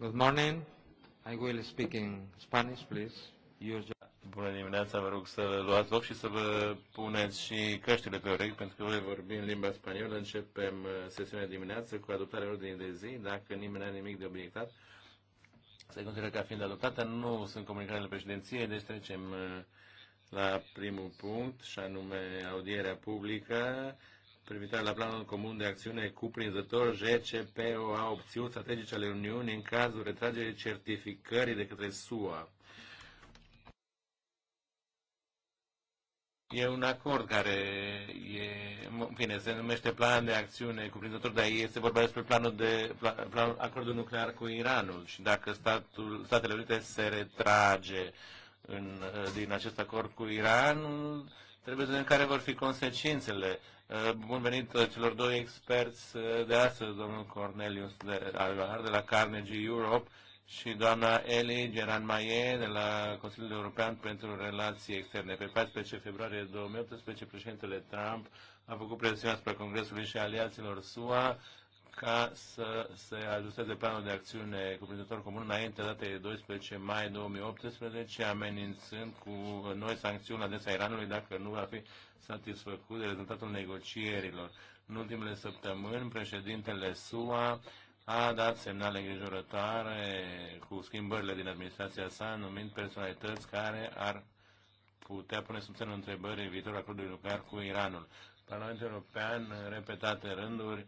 Good morning. I will speak in Spanish, please. Use Bună dimineața, vă rog să luați loc și să vă puneți și căștile pe urechi, pentru că voi vorbi în limba spaniolă. Începem uh, sesiunea dimineață cu adoptarea ordinii de zi. Dacă nimeni are nimic de obiectat, se consideră ca fiind adoptată. Nu sunt comunicările președinției, deci trecem uh, la primul punct, și anume audierea publică privitoare la planul comun de acțiune cuprinzător GCPOA opțiuni strategice ale Uniunii în cazul retragerii certificării de către SUA. E un acord care e, în fine, se numește plan de acțiune cuprinzător, dar este vorba despre planul de, planul, acordul nuclear cu Iranul și dacă statul, Statele Unite se retrage în, din acest acord cu Iranul, trebuie să vedem care vor fi consecințele Eh, bun venit eh, celor doi experți eh, de astăzi, domnul Cornelius de Alvar de la Carnegie Europe și doamna Eli Geran Maie de la Consiliul European pentru Relații Externe. Pe 14 februarie 2018, președintele Trump a făcut presiune asupra Congresului și aliaților SUA ca să se ajusteze planul de acțiune cuprinzător comun înainte datei 12 mai 2018, amenințând cu noi sancțiuni adresa Iranului dacă nu va fi satisfăcut de rezultatul negocierilor. În ultimele săptămâni, președintele SUA a dat semnale îngrijorătoare cu schimbările din administrația sa, numind personalități care ar putea pune sub semnul întrebării viitorul acordului nuclear cu Iranul. Parlamentul European, repetate rânduri,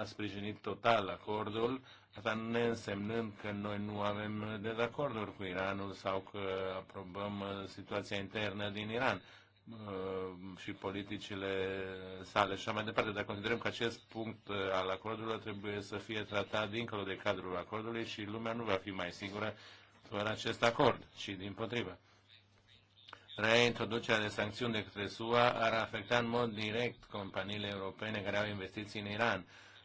a sprijinit total acordul, asta ne însemnând că noi nu avem dezacorduri cu Iranul sau că aprobăm uh, situația internă din Iran uh, și politicile sale și așa mai departe, dar considerăm că acest punct uh, al acordului trebuie să fie tratat dincolo de cadrul acordului și lumea nu va fi mai sigură fără acest acord, ci din potrivă. Reintroducerea de sancțiuni de către SUA ar afecta în mod direct companiile europene care au investiții în Iran.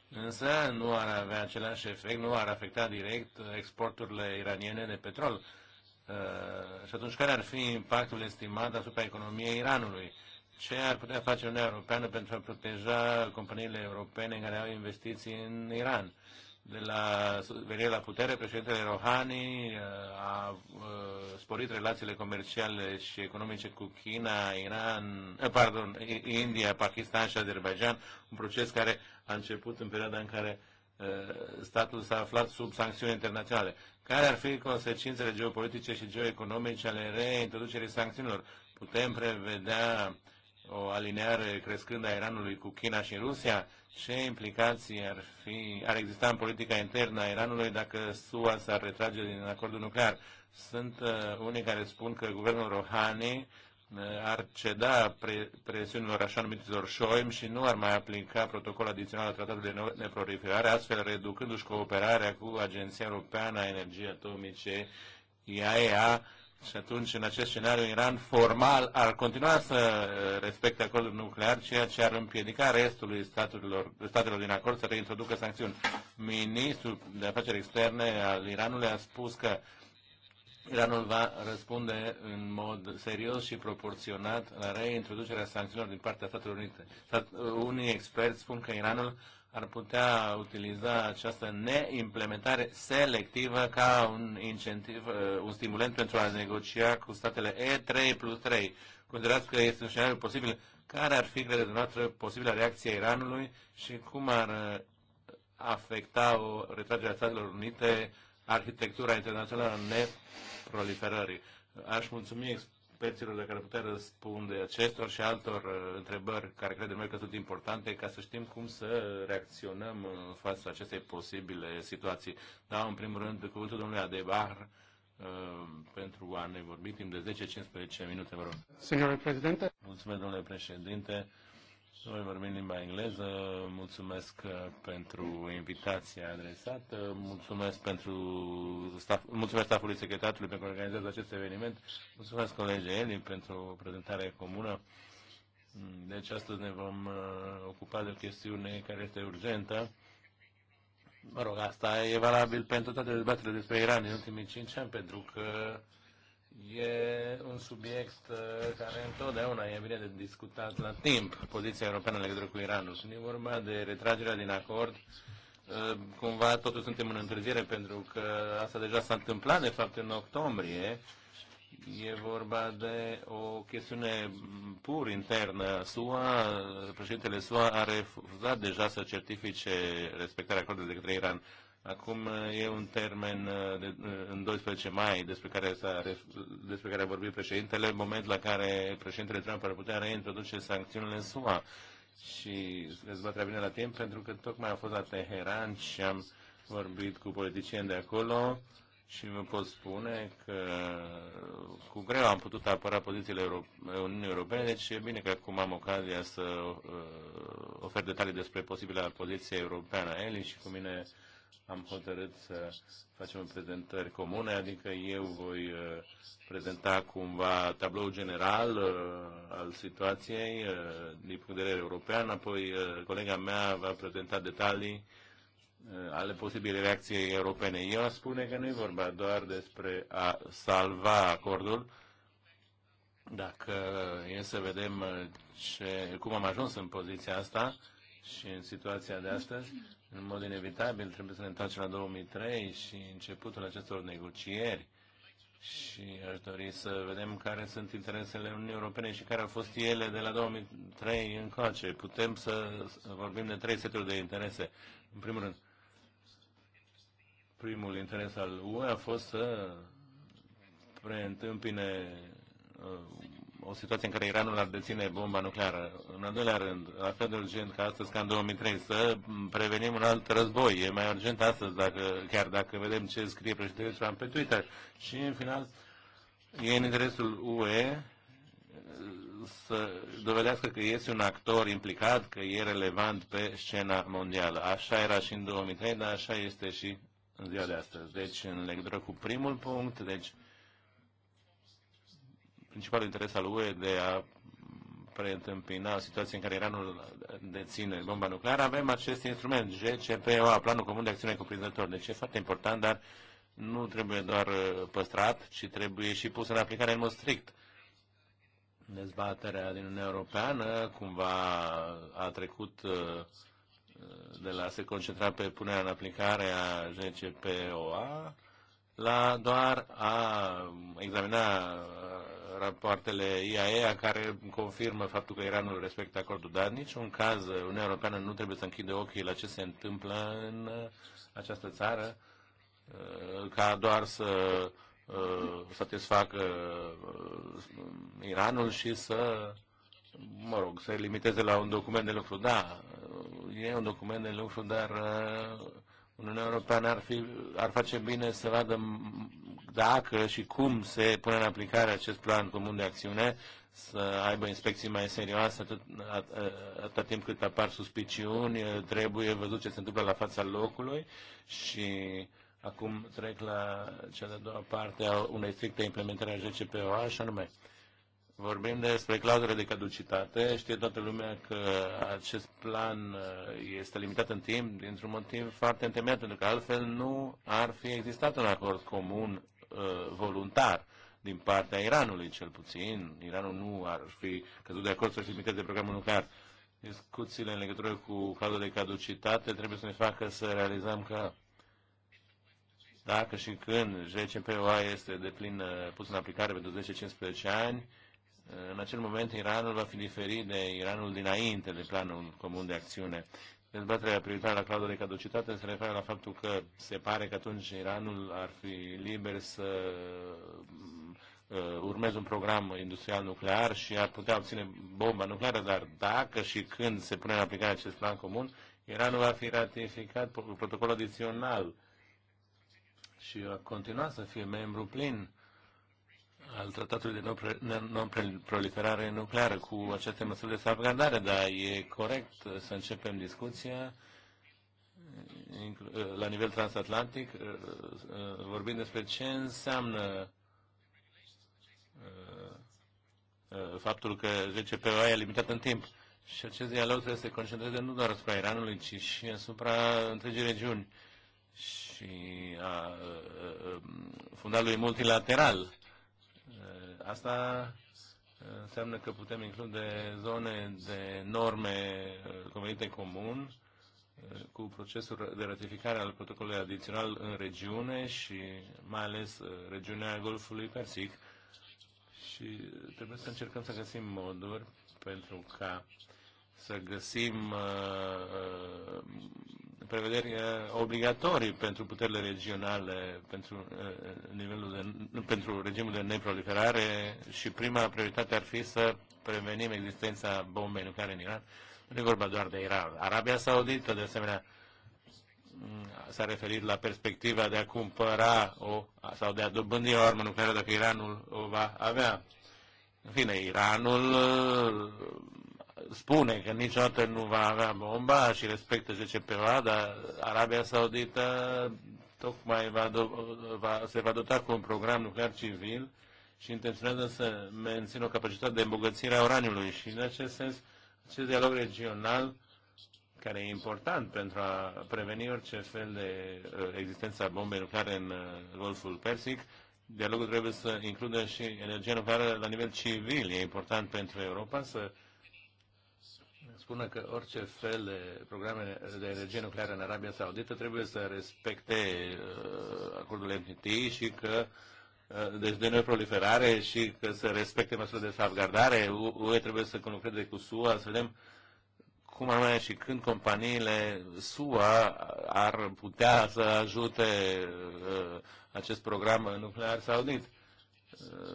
Însă nu ar avea același efect, nu ar afecta direct exporturile iraniene de petrol. Uh, și atunci, care ar fi impactul estimat asupra economiei Iranului? Ce ar putea face Uniunea Europeană pentru a proteja companiile europene care au investiții în Iran? De la venirea la putere, președintele Rouhani uh, a uh, sporit relațiile comerciale și economice cu China, Iran, uh, pardon, India, Pakistan și Azerbaijan, un proces care a început în perioada în care statul s-a aflat sub sancțiuni internaționale. Care ar fi consecințele geopolitice și geoeconomice ale reintroducerii sancțiunilor? Putem prevedea o alineare crescândă a Iranului cu China și Rusia? Ce implicații ar, fi, ar exista în politica internă a Iranului dacă SUA s-ar retrage din acordul nuclear? Sunt uh, unii care spun că guvernul Rohani uh, ar ceda pre, presiunilor așa numitilor șoim și nu ar mai aplica protocol adițional al tratatului de neproliferare, astfel reducându-și cooperarea cu Agenția Europeană a Energiei Atomice, IAEA, și atunci, în acest scenariu, Iran formal ar continua să uh, respecte acordul nuclear, ceea ce ar împiedica restului statelor, statelor din acord să reintroducă sancțiuni. Ministrul de afaceri externe al Iranului a spus că Iranul va răspunde în mod serios și proporționat la reintroducerea sancțiunilor din partea Statelor Unite. Unii experți spun că Iranul ar putea utiliza această neimplementare selectivă ca un incentiv, uh, un stimulant pentru a negocia cu statele E3 plus 3. Considerați că este un scenariu posibil. Care ar fi, credeți dumneavoastră, posibilă reacția Iranului și cum ar uh, afecta o retragerea Statelor Unite arhitectura internațională neproliferării? Aș mulțumi experților dacă ar putea răspunde acestor și altor uh, întrebări care credem noi că sunt importante ca să știm cum să reacționăm în fața acestei posibile situații. Da, în primul rând, cuvântul domnului Adebar uh, pentru a ne vorbi timp de 10-15 minute, vă rog. Mulțumesc, domnule președinte. Noi vorbim limba engleză. Mulțumesc pentru invitația adresată. Mulțumesc pentru staff, mulțumesc staffului secretatului pentru că organizează acest eveniment. Mulțumesc colegii Eli pentru prezentarea comună. Deci astăzi ne vom uh, ocupa de o chestiune care este urgentă. Mă rog, asta e valabil pentru toate dezbaterile despre Iran în ultimii 5 ani, pentru că E un subiect uh, care întotdeauna e bine de discutat la timp, poziția europeană în legătură cu Iranul. Și nu e vorba de retragerea din acord. Uh, cumva totuși suntem în întârziere pentru că asta deja s-a întâmplat de fapt în octombrie. E vorba de o chestiune pur internă. SUA, președintele SUA a refuzat deja să certifice respectarea acordului de către Iran. Acum uh, e un termen uh, de, uh, în 12 mai despre care, s-a, despre care a vorbit președintele, moment la care președintele Trump ar putea reintroduce sancțiunile în SUA. Și va trebui la timp pentru că tocmai am fost la Teheran și am vorbit cu politicieni de acolo și vă pot spune că cu greu am putut apăra pozițiile Euro- Uniunii Europene, deci e bine că acum am ocazia să uh, ofer detalii despre posibila poziție europeană a și cu mine am hotărât să facem prezentări comune, adică eu voi uh, prezenta cumva tabloul general uh, al situației uh, din punct de vedere european, apoi colega mea va prezenta detalii ale posibile reacției europene. Eu spune că nu e vorba doar despre a salva acordul, dacă e să vedem ce, cum am ajuns în poziția asta și în situația de astăzi, în mod inevitabil trebuie să ne întoarcem la 2003 și începutul acestor negocieri și aș dori să vedem care sunt interesele Uniunii Europene și care au fost ele de la 2003 încoace. Putem să vorbim de trei seturi de interese. În primul rând, primul interes al UE a fost să preîntâmpine uh, o situație în care Iranul ar deține bomba nucleară. În al doilea rând, la fel de urgent ca astăzi, ca în 2003, să prevenim un alt război. E mai urgent astăzi, dacă, chiar dacă vedem ce scrie președintele Trump pe Twitter. Și, în final, e în interesul UE să dovedească că este un actor implicat, că e relevant pe scena mondială. Așa era și în 2003, dar așa este și în ziua de astăzi. Deci, în legătură cu primul punct, deci principalul interes al UE de a preîntâmpina situația în care Iranul deține bomba nucleară, avem acest instrument, GCPOA, Planul Comun de Acțiune Cuprinzător. Deci e foarte important, dar nu trebuie doar uh, păstrat, ci trebuie și pus în aplicare în mod strict. Dezbaterea din Uniunea Europeană cumva a trecut uh, de la se concentra pe punerea în aplicare a GCPOA la doar a examina uh, rapoartele IAEA care confirmă faptul că Iranul respectă acordul, dar în niciun caz Uniunea Europeană nu trebuie să închide ochii la ce se întâmplă în uh, această țară uh, ca doar să uh, satisfacă Iranul și să, mă rog, să limiteze la un document de lucru. Da, e un document de lucru, dar Uniunea Europeană ar, fi, ar face bine să vadă dacă și cum se pune în aplicare acest plan comun de acțiune, să aibă inspecții mai serioase atât, atât, atât timp cât apar suspiciuni, trebuie văzut ce se întâmplă la fața locului și acum trec la cea de-a doua parte a unei stricte implementări a GCPOA, și anume Vorbim despre clauzele de caducitate. Știe toată lumea că acest plan uh, este limitat în timp dintr-un motiv foarte întemeiat, pentru că altfel nu ar fi existat un acord comun uh, voluntar din partea Iranului, cel puțin. Iranul nu ar fi căzut de acord să-și limiteze programul nuclear. Discuțiile în legătură cu clauzele de caducitate trebuie să ne facă să realizăm că dacă și când GCPOA este de plin uh, pus în aplicare pentru 10-15 ani, în acel moment, Iranul va fi diferit de Iranul dinainte de planul comun de acțiune. Dezbaterea privitoare la clauza de caducitate se referă la faptul că se pare că atunci Iranul ar fi liber să uh, urmeze un program industrial nuclear și ar putea obține bomba nucleară, dar dacă și când se pune în aplicare acest plan comun, Iranul va fi ratificat protocolul adițional și va continua să fie membru plin al tratatului de non-proliferare nucleară cu aceste măsuri de salvgardare, dar e corect să începem discuția eh, la nivel transatlantic, eh, eh, vorbind despre ce înseamnă faptul că GCPOA e limitat în timp. Și acest dialog trebuie să se concentreze nu doar asupra Iranului, ci și asupra întregii regiuni și a, a, a fundalului multilateral Asta uh, înseamnă că putem include zone de norme uh, convenite comun uh, cu procesul de ratificare al protocolului adițional în regiune și mai ales regiunea Golfului Persic și trebuie să încercăm să găsim moduri pentru ca să găsim uh, prevederi uh, obligatorii pentru puterile regionale, pentru, uh, nivelul de, pentru regimul de neproliferare și prima prioritate ar fi să prevenim existența bombei nucleare în Iran. Nu e vorba doar de Iran. Arabia Saudită, de asemenea, mm, s-a referit la perspectiva de a cumpăra o, sau de a dobândi o armă nucleară dacă Iranul o va avea. În fine, Iranul uh, spune că niciodată nu va avea bomba și respectă GCPOA, dar Arabia Saudită tocmai va do, va, se va dota cu un program nuclear civil și intenționează să mențină o capacitate de îmbogățire a uraniului. Și în acest sens, acest dialog regional, care e important pentru a preveni orice fel de uh, existență a bombei nucleare în uh, Golful Persic, dialogul trebuie să includă și energia nucleară la nivel civil. E important pentru Europa să spună că orice fel de programe de energie nucleară în Arabia Saudită trebuie să respecte uh, acordul MTT și că uh, deci de neproliferare și că să respecte măsurile de salvgardare. UE trebuie să lucreze cu SUA, să vedem cum anume și când companiile SUA ar putea să ajute uh, acest program nuclear saudit.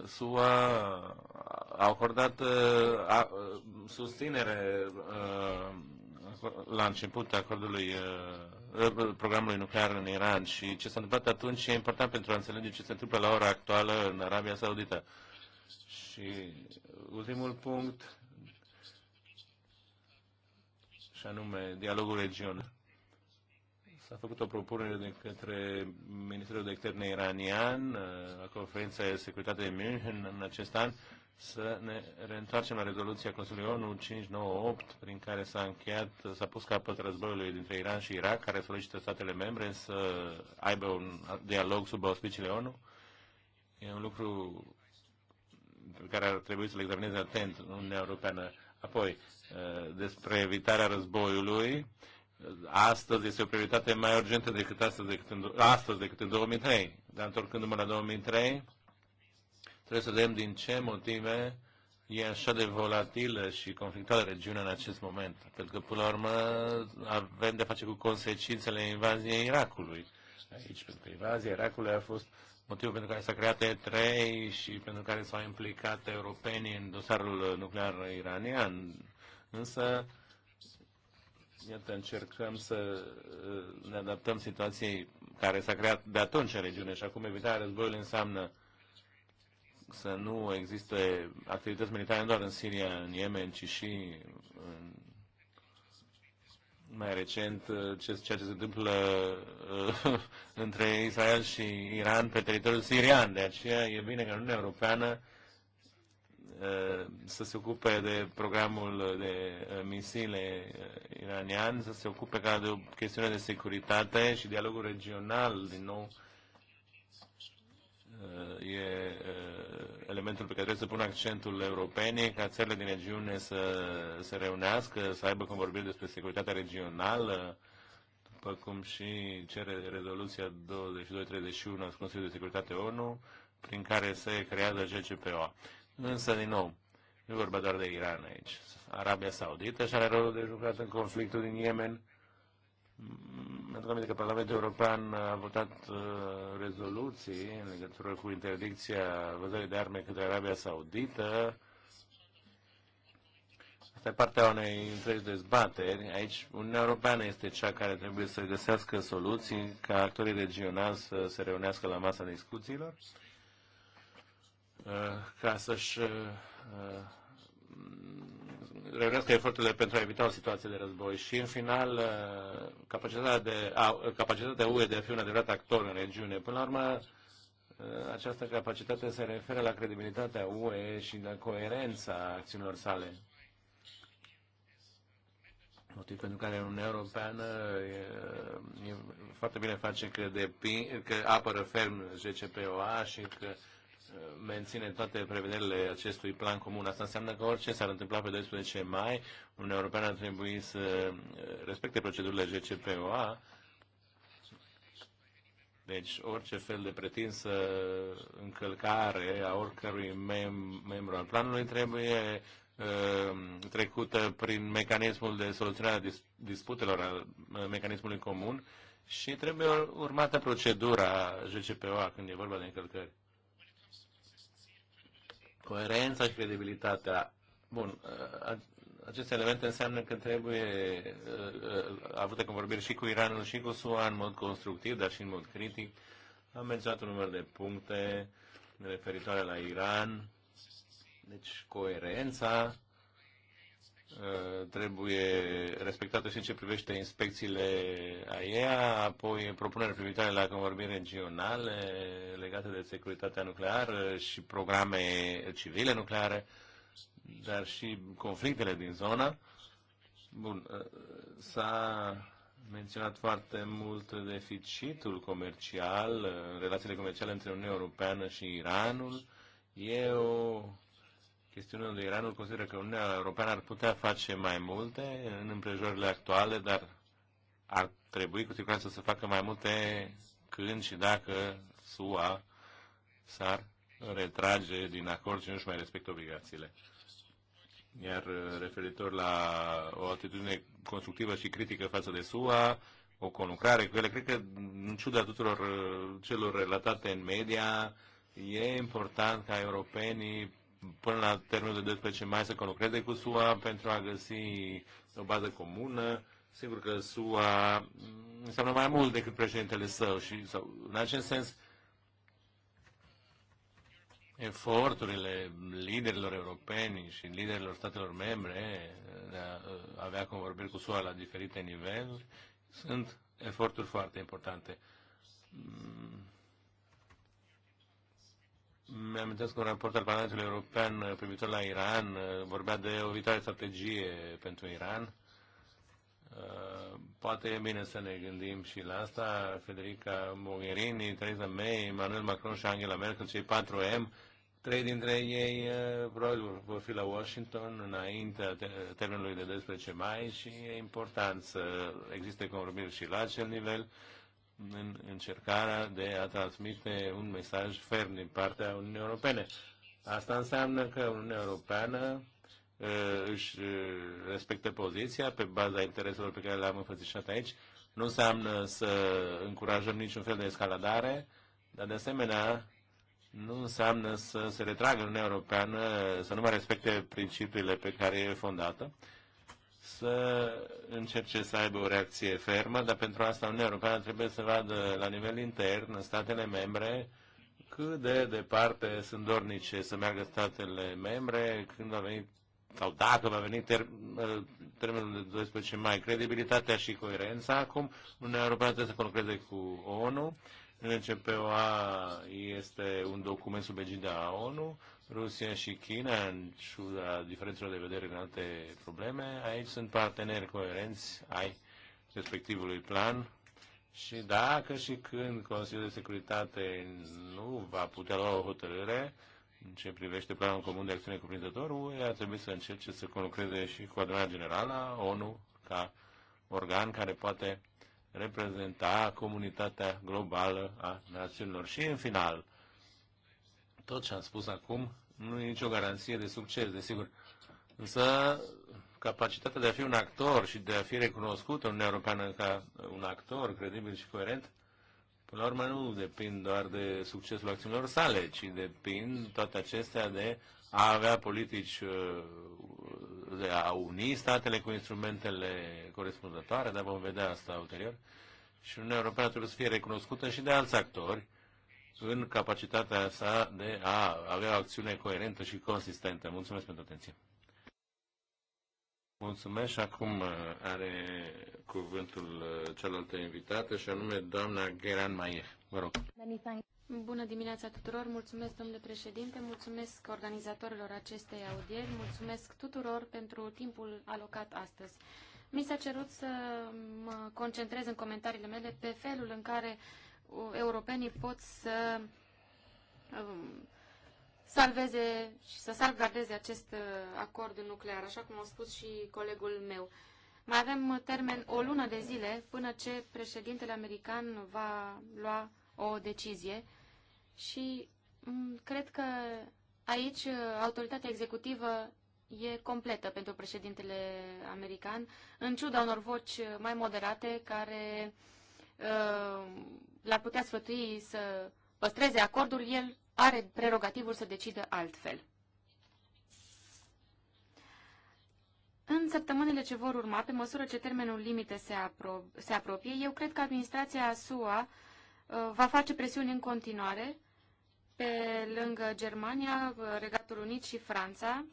SUA a acordat uh, a, uh, susținere uh, la început acordului programului nuclear în Iran și ce s-a întâmplat atunci e important pentru a înțelege ce se întâmplă la ora actuală în Arabia Saudită. Și ultimul punct, și anume dialogul regional. S-a făcut o propunere de către Ministerul de Externe iranian uh, la conferința de securitate de München în acest an să ne reîntoarcem la rezoluția Consiliului ONU 598 prin care s-a încheiat, s-a pus capăt războiului dintre Iran și Irak care solicită statele membre să aibă un dialog sub auspiciile ONU. E un lucru pe care ar trebui să-l examineze atent Uniunea Europeană. Apoi, uh, despre evitarea războiului, astăzi este o prioritate mai urgentă decât astăzi decât în, astăzi decât în 2003. Dar întorcându-mă la 2003, trebuie să vedem din ce motive e așa de volatilă și conflictuală regiunea în acest moment. Pentru că, până la urmă, avem de face cu consecințele invaziei Irakului. Aici, pentru că invazia Irakului a fost motivul pentru care s-a creat E3 și pentru care s-au implicat europenii în dosarul nuclear iranian. Însă, Iată, încercăm să uh, ne adaptăm situației care s-a creat de atunci în regiune și acum evitarea războiului înseamnă să nu existe activități militare nu doar în Siria, în Yemen, ci și în mai recent uh, ceea ce se întâmplă uh, între Israel și Iran pe teritoriul sirian. De aceea e bine că Uniunea Europeană Uh, să se ocupe de programul de uh, misiile uh, iranian, să se ocupe ca de o chestiune de securitate și dialogul regional, din nou, e elementul pe care trebuie să pun accentul europenii, ca țările din regiune să se reunească, să aibă convorbiri despre securitatea regională, după cum și cere rezoluția 2231 a Consiliului de Securitate ONU, prin care se creează GCPOA. Însă, din nou, nu e vorba doar de Iran aici. Arabia Saudită și are rolul de jucat în conflictul din Yemen. Pentru mm, că, că Parlamentul European a votat uh, rezoluții în legătură cu interdicția vânzării de arme către Arabia Saudită. Asta e partea unei întregi dezbateri. Aici Uniunea Europeană este cea care trebuie să găsească soluții ca actorii regionali să se reunească la masa discuțiilor Uh, ca să-și uh, uh, reunească eforturile pentru a evita o situație de război și, în final, capacitatea, de, a, capacitatea UE de a fi un adevărat actor în regiune. Până la urmă, această capacitate se referă la credibilitatea UE și la coerența acțiunilor sale. Motiv pentru care Uniunea Europeană e, e, foarte bine face că, depi, că apără ferm GCPOA și că menține toate prevederile acestui plan comun. Asta înseamnă că orice s-ar întâmpla pe 12 mai, Uniunea Europeană ar trebui să uh, respecte procedurile GCPOA, deci orice fel de pretinsă încălcare a oricărui mem- membru al planului trebuie uh, trecută prin mecanismul de soluționare a dis- disputelor, al uh, mecanismului comun și trebuie urmată procedura GCPOA când e vorba de încălcări coerența și credibilitatea. Bun, ă, aceste elemente înseamnă că trebuie ă, ă, avute convorbiri și cu Iranul și cu SUA în mod constructiv, dar și în mod critic. Am menționat un număr de puncte referitoare la Iran. Deci coerența Uh, trebuie respectată și în ce privește inspecțiile AIEA, apoi propuneri privitoare la convorbiri regionale legate de securitatea nucleară și programe civile nucleare, dar și conflictele din zona. Bun, uh, s-a menționat foarte mult deficitul comercial, uh, relațiile comerciale între Uniunea Europeană și Iranul. E o chestiunea unde Iranul consideră că Uniunea Europeană ar putea face mai multe în împrejurările actuale, dar ar trebui cu siguranță să facă mai multe când și dacă SUA s-ar retrage din acord și nu-și mai respectă obligațiile. Iar uh, referitor la o atitudine constructivă și critică față de SUA, o conlucrare cu ele, cred că în ciuda tuturor uh, celor relatate în media, e important ca europenii până la termenul de 12 mai să conlucreze cu SUA pentru a găsi o bază comună. Sigur că SUA înseamnă mai mult decât președintele său și sau, în acest sens eforturile liderilor europeni și liderilor statelor membre de a uh, avea convorbiri cu SUA la diferite niveluri sunt eforturi foarte importante mm, mi-am inteles că un raport al Parlamentului European uh, privitor la Iran uh, vorbea de o viitoare strategie pentru Iran. Uh, poate e bine să ne gândim și la asta. Federica Mogherini, Theresa May, Emmanuel Macron și Angela Merkel, cei 4M, trei dintre ei probabil vor fi la Washington înaintea termenului de 12 mai și e important să existe convorbiri și la acel nivel în încercarea de a transmite un mesaj ferm din partea Uniunii Europene. Asta înseamnă că Uniunea Europeană uh, își uh, respectă poziția pe baza intereselor pe care le-am înfățișat aici. Nu înseamnă să încurajăm niciun fel de escaladare, dar de asemenea nu înseamnă să se retragă Uniunea Europeană, să nu mai respecte principiile pe care e fondată să încerce să aibă o reacție fermă, dar pentru asta Uniunea Europeană trebuie să vadă la nivel intern, în statele membre, cât de departe sunt dornice să meargă statele membre când a venit sau dacă va veni ter, termenul de 12 mai, credibilitatea și coerența. Acum, Uniunea Europeană trebuie să concreze cu ONU. NCPOA este un document sub egida ONU Rusia și China, în ciuda diferențelor de vedere în alte probleme, aici sunt parteneri coerenți ai respectivului plan și dacă și când Consiliul de Securitate nu va putea lua o hotărâre în ce privește planul comun de acțiune cuprinzător, UE ar trebui să încerce să conlucreze și cu adunarea generală ONU ca organ care poate reprezenta comunitatea globală a națiunilor. Și în final, tot ce am spus acum nu e nicio garanție de succes, desigur. Însă capacitatea de a fi un actor și de a fi recunoscut în Uniunea Europeană ca un actor credibil și coerent, până la urmă nu depind doar de succesul acțiunilor sale, ci depind toate acestea de a avea politici uh, de a uni statele cu instrumentele corespunzătoare, dar vom vedea asta ulterior. Și Uniunea Europeană trebuie să fie recunoscută și de alți actori, în capacitatea sa de a avea o acțiune coerentă și consistentă. Mulțumesc pentru atenție. Mulțumesc și acum uh, are cuvântul uh, cealaltă invitată și anume doamna Geran Maier. Vă rog. Bună dimineața tuturor, mulțumesc domnule președinte, mulțumesc organizatorilor acestei audieri, mulțumesc tuturor pentru timpul alocat astăzi. Mi s-a cerut să mă concentrez în comentariile mele pe felul în care uh, europenii pot să um, salveze și să salvgardeze acest uh, acord nuclear, așa cum a spus și colegul meu. Mai avem termen o lună de zile până ce președintele american va lua o decizie și mm, cred că aici uh, autoritatea executivă e completă pentru președintele american, în ciuda unor voci uh, mai moderate care uh, l-ar putea sfătui să păstreze acordul, el are prerogativul să decidă altfel. În săptămânile ce vor urma, pe măsură ce termenul limite se, apro se apropie, eu cred că administrația SUA uh, va face presiuni în continuare pe lângă Germania, uh, Regatul Unit și Franța,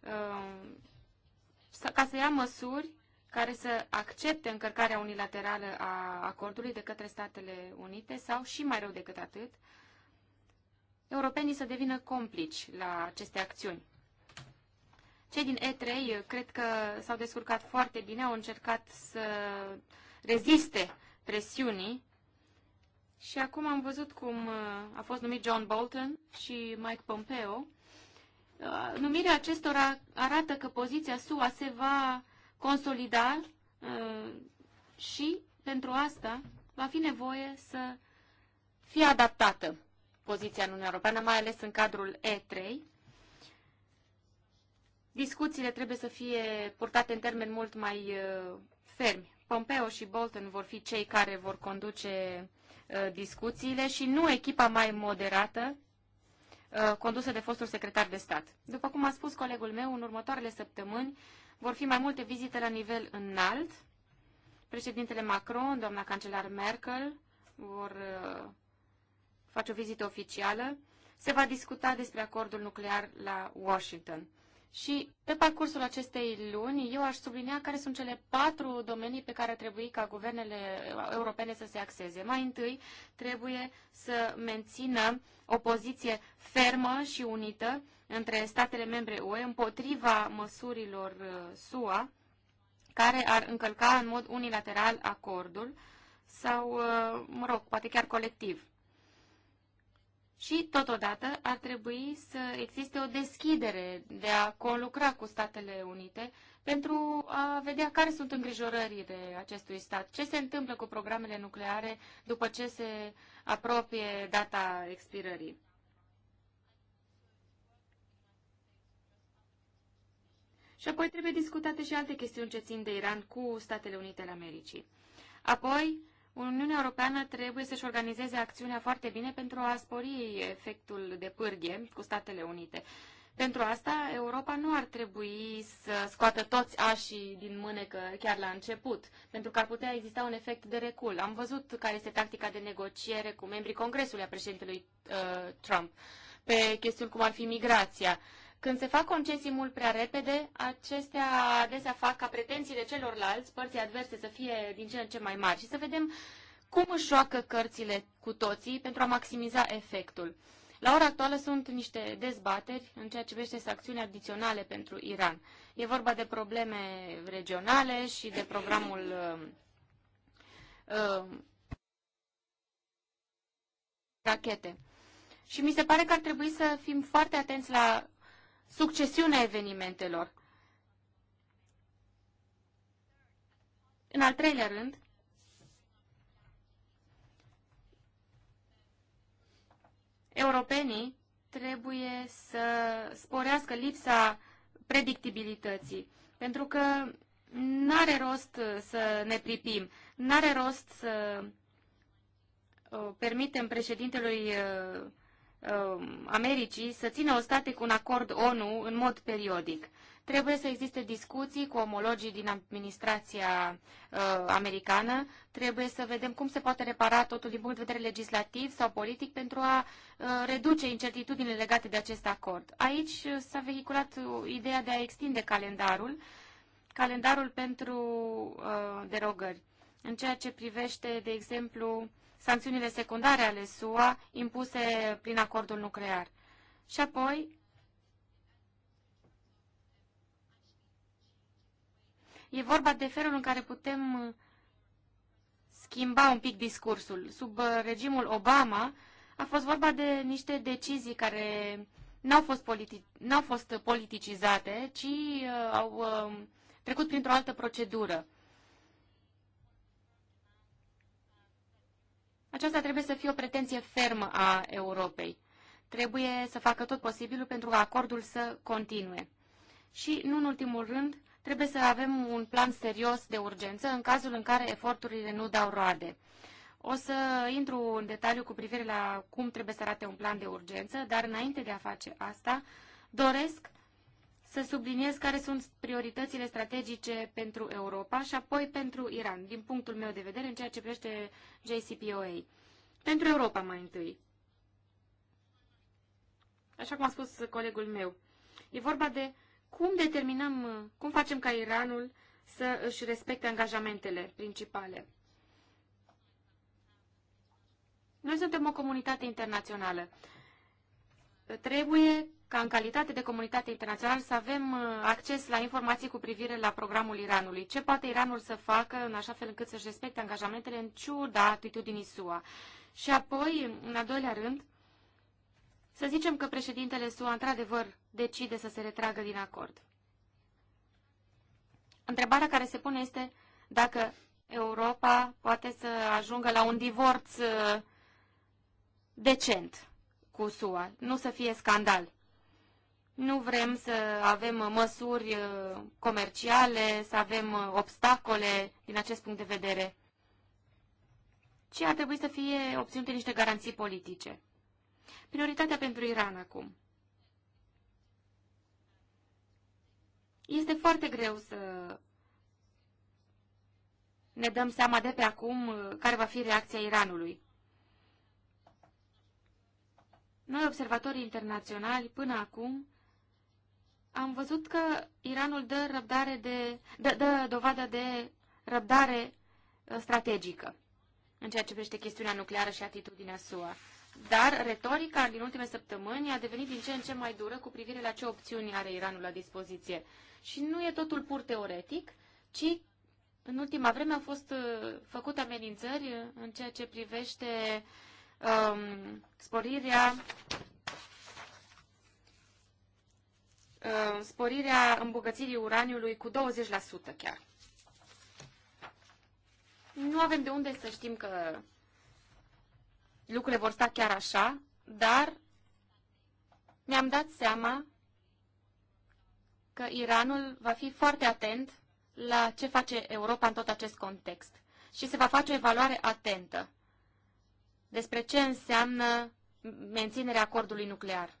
uh, ca să ia măsuri care să accepte încărcarea unilaterală a acordului de către Statele Unite sau, și mai rău decât atât, europenii să devină complici la aceste acțiuni. Cei din E3 eh, cred că s-au descurcat foarte bine, au încercat să reziste presiunii și acum am văzut cum eh, a fost numit John Bolton și Mike Pompeo. Eh, numirea acestora arată că poziția SUA se va consolida uh, și pentru asta va fi nevoie să fie adaptată poziția în Uniunea Europeană, mai ales în cadrul E3. Discuțiile trebuie să fie purtate în termeni mult mai uh, fermi. Pompeo și Bolton vor fi cei care vor conduce uh, discuțiile și nu echipa mai moderată condusă de fostul secretar de stat. După cum a spus colegul meu, în următoarele săptămâni vor fi mai multe vizite la nivel înalt. Președintele Macron, doamna cancelar Merkel vor uh, face o vizită oficială. Se va discuta despre acordul nuclear la Washington. Și pe parcursul acestei luni, eu aș sublinia care sunt cele patru domenii pe care ar trebui ca guvernele europene să se axeze. Mai întâi, trebuie să mențină o poziție fermă și unită între statele membre UE împotriva măsurilor uh, SUA care ar încălca în mod unilateral acordul sau, uh, mă rog, poate chiar colectiv. Și, totodată, ar trebui să existe o deschidere de a conlucra cu Statele Unite pentru a vedea care sunt îngrijorările acestui stat, ce se întâmplă cu programele nucleare după ce se apropie data expirării. Și apoi trebuie discutate și alte chestiuni ce țin de Iran cu Statele Unite ale Americii. Apoi, Uniunea Europeană trebuie să-și organizeze acțiunea foarte bine pentru a spori efectul de pârghie cu Statele Unite. Pentru asta, Europa nu ar trebui să scoată toți așii din mânecă chiar la început, pentru că ar putea exista un efect de recul. Am văzut care este tactica de negociere cu membrii Congresului a președintelui uh, Trump pe chestiuni cum ar fi migrația. Când se fac concesii mult prea repede, acestea adesea fac ca pretențiile celorlalți, părții adverse, să fie din ce în ce mai mari și să vedem cum își joacă cărțile cu toții pentru a maximiza efectul. La ora actuală sunt niște dezbateri în ceea ce privește sancțiuni adiționale pentru Iran. E vorba de probleme regionale și de programul uh, uh, rachete. Și mi se pare că ar trebui să fim foarte atenți la succesiunea evenimentelor. În al treilea rând, europenii trebuie să sporească lipsa predictibilității, pentru că n-are rost să ne pripim, n-are rost să permitem președintelui uh, Um, Americii să țină o state cu un acord ONU în mod periodic. Trebuie să existe discuții cu omologii din administrația uh, americană, trebuie să vedem cum se poate repara totul din punct de vedere legislativ sau politic pentru a uh, reduce incertitudinile legate de acest acord. Aici uh, s-a vehiculat uh, ideea de a extinde calendarul, calendarul pentru uh, derogări. În ceea ce privește, de exemplu, uh, sancțiunile secundare ale SUA impuse prin acordul nuclear. Și apoi e vorba de felul în care putem uh, schimba un pic discursul. Sub uh, regimul Obama a fost vorba de niște decizii care n-au fost, politi- fost politicizate, ci uh, au uh, trecut printr-o altă procedură. Aceasta trebuie să fie o pretenție fermă a Europei. Trebuie să facă tot posibilul pentru ca acordul să continue. Și, nu în ultimul rând, trebuie să avem un plan serios de urgență în cazul în care eforturile nu dau roade. O să intru în detaliu cu privire la cum trebuie să arate un plan de urgență, dar înainte de a face asta, doresc să subliniez care sunt prioritățile strategice pentru Europa și apoi pentru Iran, din punctul meu de vedere, în ceea ce privește JCPOA. Pentru Europa mai întâi. Așa cum a spus colegul meu, e vorba de cum determinăm, cum facem ca Iranul să își respecte angajamentele principale. Noi suntem o comunitate internațională. Trebuie ca în calitate de comunitate internațională să avem uh, acces la informații cu privire la programul Iranului. Ce poate Iranul să facă în așa fel încât să-și respecte angajamentele în ciuda atitudinii SUA? Și apoi, în al doilea rând, să zicem că președintele SUA într-adevăr decide să se retragă din acord. Întrebarea care se pune este dacă Europa poate să ajungă la un divorț uh, decent cu SUA, nu să fie scandal. Nu vrem să avem uh, măsuri uh, comerciale, să avem uh, obstacole din acest punct de vedere, ci ar trebui să fie obținute niște garanții politice. Prioritatea pentru Iran acum. Este foarte greu să ne dăm seama de pe acum care va fi reacția Iranului. Noi, observatorii internaționali, până acum, am văzut că Iranul dă, răbdare de, dă, dă dovadă de răbdare uh, strategică în ceea ce privește chestiunea nucleară și atitudinea SUA. Dar retorica din ultime săptămâni a devenit din ce în ce mai dură cu privire la ce opțiuni are Iranul la dispoziție. Și nu e totul pur teoretic, ci în ultima vreme au fost uh, făcute amenințări uh, în ceea ce privește um, sporirea Uh, sporirea îmbogățirii uraniului cu 20% chiar. Nu avem de unde să știm că lucrurile vor sta chiar așa, dar mi-am dat seama că Iranul va fi foarte atent la ce face Europa în tot acest context și se va face o evaluare atentă despre ce înseamnă menținerea acordului nuclear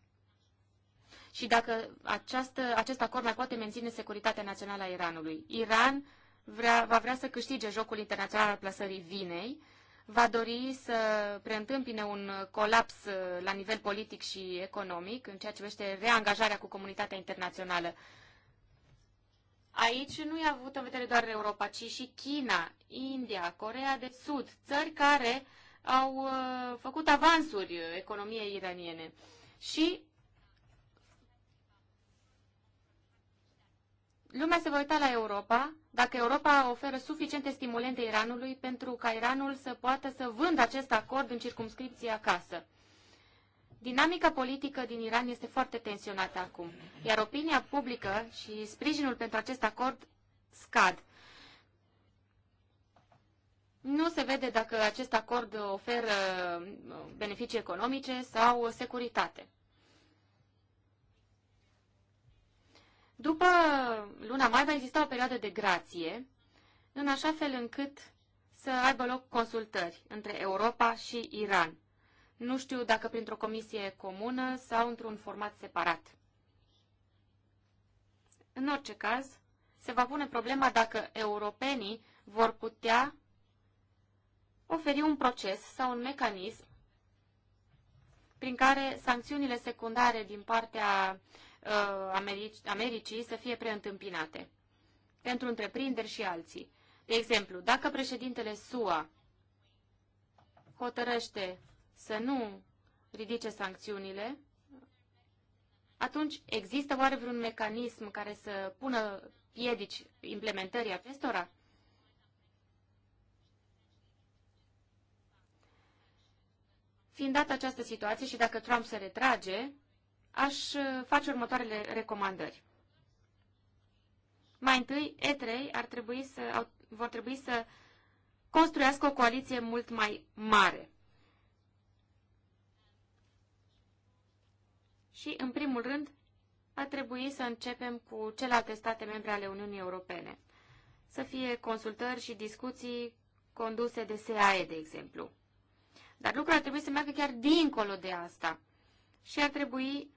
și dacă această, acest acord mai poate menține securitatea națională a Iranului. Iran vrea, va vrea să câștige jocul internațional al plasării vinei, va dori să preîntâmpine un colaps uh, la nivel politic și economic în ceea ce privește reangajarea cu comunitatea internațională. Aici nu i-a avut în vedere doar Europa, ci și China, India, Corea de Sud, țări care au uh, făcut avansuri economiei iraniene. Și Lumea se va uita la Europa dacă Europa oferă suficiente stimulente Iranului pentru ca Iranul să poată să vândă acest acord în circumscripție acasă. Dinamica politică din Iran este foarte tensionată acum, iar opinia publică și sprijinul pentru acest acord scad. Nu se vede dacă acest acord oferă beneficii economice sau securitate. După luna mai va exista o perioadă de grație, în așa fel încât să aibă loc consultări între Europa și Iran. Nu știu dacă printr-o comisie comună sau într-un format separat. În orice caz, se va pune problema dacă europenii vor putea oferi un proces sau un mecanism prin care sancțiunile secundare din partea Uh, Americii să fie preîntâmpinate pentru întreprinderi și alții. De exemplu, dacă președintele SUA hotărăște să nu ridice sancțiunile, atunci există oare vreun mecanism care să pună piedici implementării acestora? Fiind dată această situație și dacă Trump se retrage, aș uh, face următoarele recomandări. Mai întâi, E3 ar trebui să, vor trebui să construiască o coaliție mult mai mare. Și, în primul rând, ar trebui să începem cu celelalte state membre ale Uniunii Europene. Să fie consultări și discuții conduse de SAE, de exemplu. Dar lucrurile ar trebui să meargă chiar dincolo de asta. Și ar trebui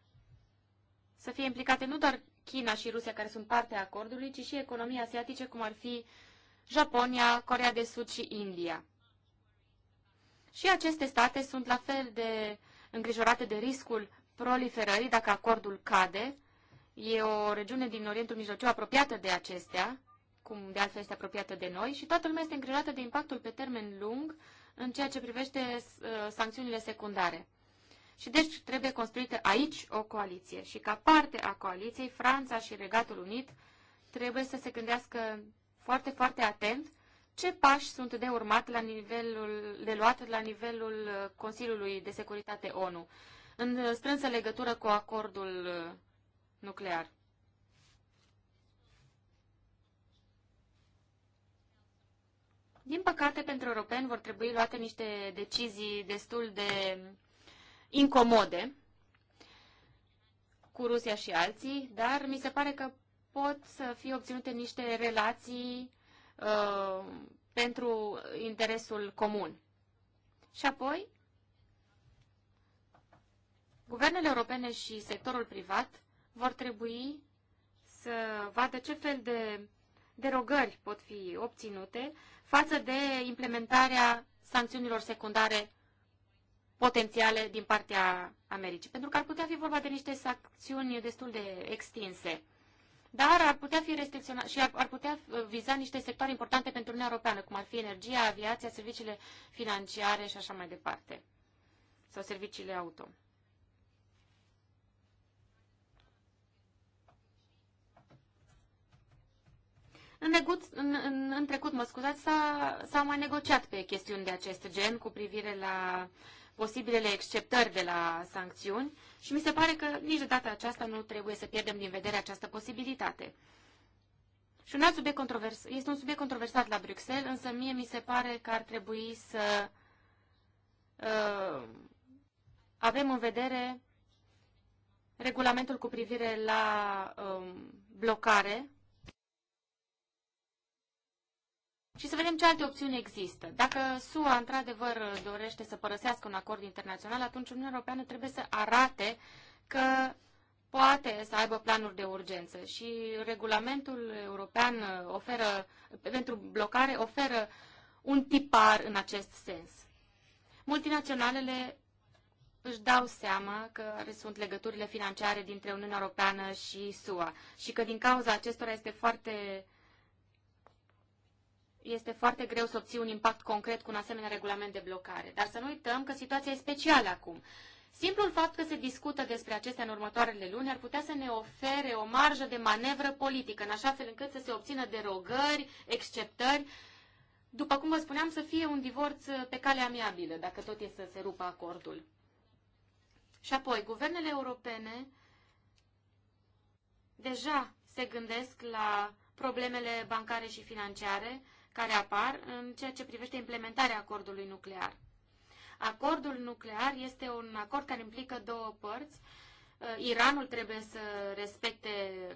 să fie implicate nu doar China și Rusia, care sunt parte a acordului, ci și economii asiatice, cum ar fi Japonia, Corea de Sud și India. Și aceste state sunt la fel de îngrijorate de riscul proliferării dacă acordul cade. E o regiune din Orientul Mijlociu apropiată de acestea, cum de altfel este apropiată de noi, și toată lumea este îngrijorată de impactul pe termen lung în ceea ce privește uh, sancțiunile secundare și deci trebuie construită aici o coaliție. Și ca parte a coaliției, Franța și Regatul Unit trebuie să se gândească foarte, foarte atent ce pași sunt de urmat la nivelul, de luat la nivelul Consiliului de Securitate ONU, în strânsă legătură cu acordul nuclear. Din păcate, pentru europeni vor trebui luate niște decizii destul de incomode cu Rusia și alții, dar mi se pare că pot să fie obținute niște relații uh, pentru interesul comun. Și apoi, guvernele europene și sectorul privat vor trebui să vadă ce fel de derogări pot fi obținute față de implementarea sancțiunilor secundare potențiale din partea Americii, pentru că ar putea fi vorba de niște sancțiuni destul de extinse. Dar ar putea fi restricționat și ar, ar putea uh, viza niște sectoare importante pentru Uniunea Europeană, cum ar fi energia, aviația, serviciile financiare și așa mai departe, sau serviciile auto. În, negut, în, în, în trecut, mă scuzați, s-au mai negociat pe chestiuni de acest gen cu privire la uh, posibilele exceptări de la sancțiuni și mi se pare că nici de data aceasta nu trebuie să pierdem din vedere această posibilitate. Și un alt subiect controvers, este un subiect controversat la Bruxelles, însă mie mi se pare că ar trebui să uh, avem în vedere regulamentul cu privire la uh, blocare și să vedem ce alte opțiuni există. Dacă SUA într-adevăr dorește să părăsească un acord internațional, atunci Uniunea Europeană trebuie să arate că poate să aibă planuri de urgență și regulamentul european oferă, pentru blocare oferă un tipar în acest sens. Multinaționalele își dau seama că sunt legăturile financiare dintre Uniunea Europeană și SUA și că din cauza acestora este foarte este foarte greu să obții un impact concret cu un asemenea regulament de blocare. Dar să nu uităm că situația e specială acum. Simplul fapt că se discută despre acestea în următoarele luni ar putea să ne ofere o marjă de manevră politică, în așa fel încât să se obțină derogări, exceptări, după cum vă spuneam, să fie un divorț uh, pe cale amiabilă, dacă tot e să se rupă acordul. Și apoi, guvernele europene deja se gândesc la problemele bancare și financiare, care apar în ceea ce privește implementarea acordului nuclear. Acordul nuclear este un acord care implică două părți. Uh, Iranul trebuie să respecte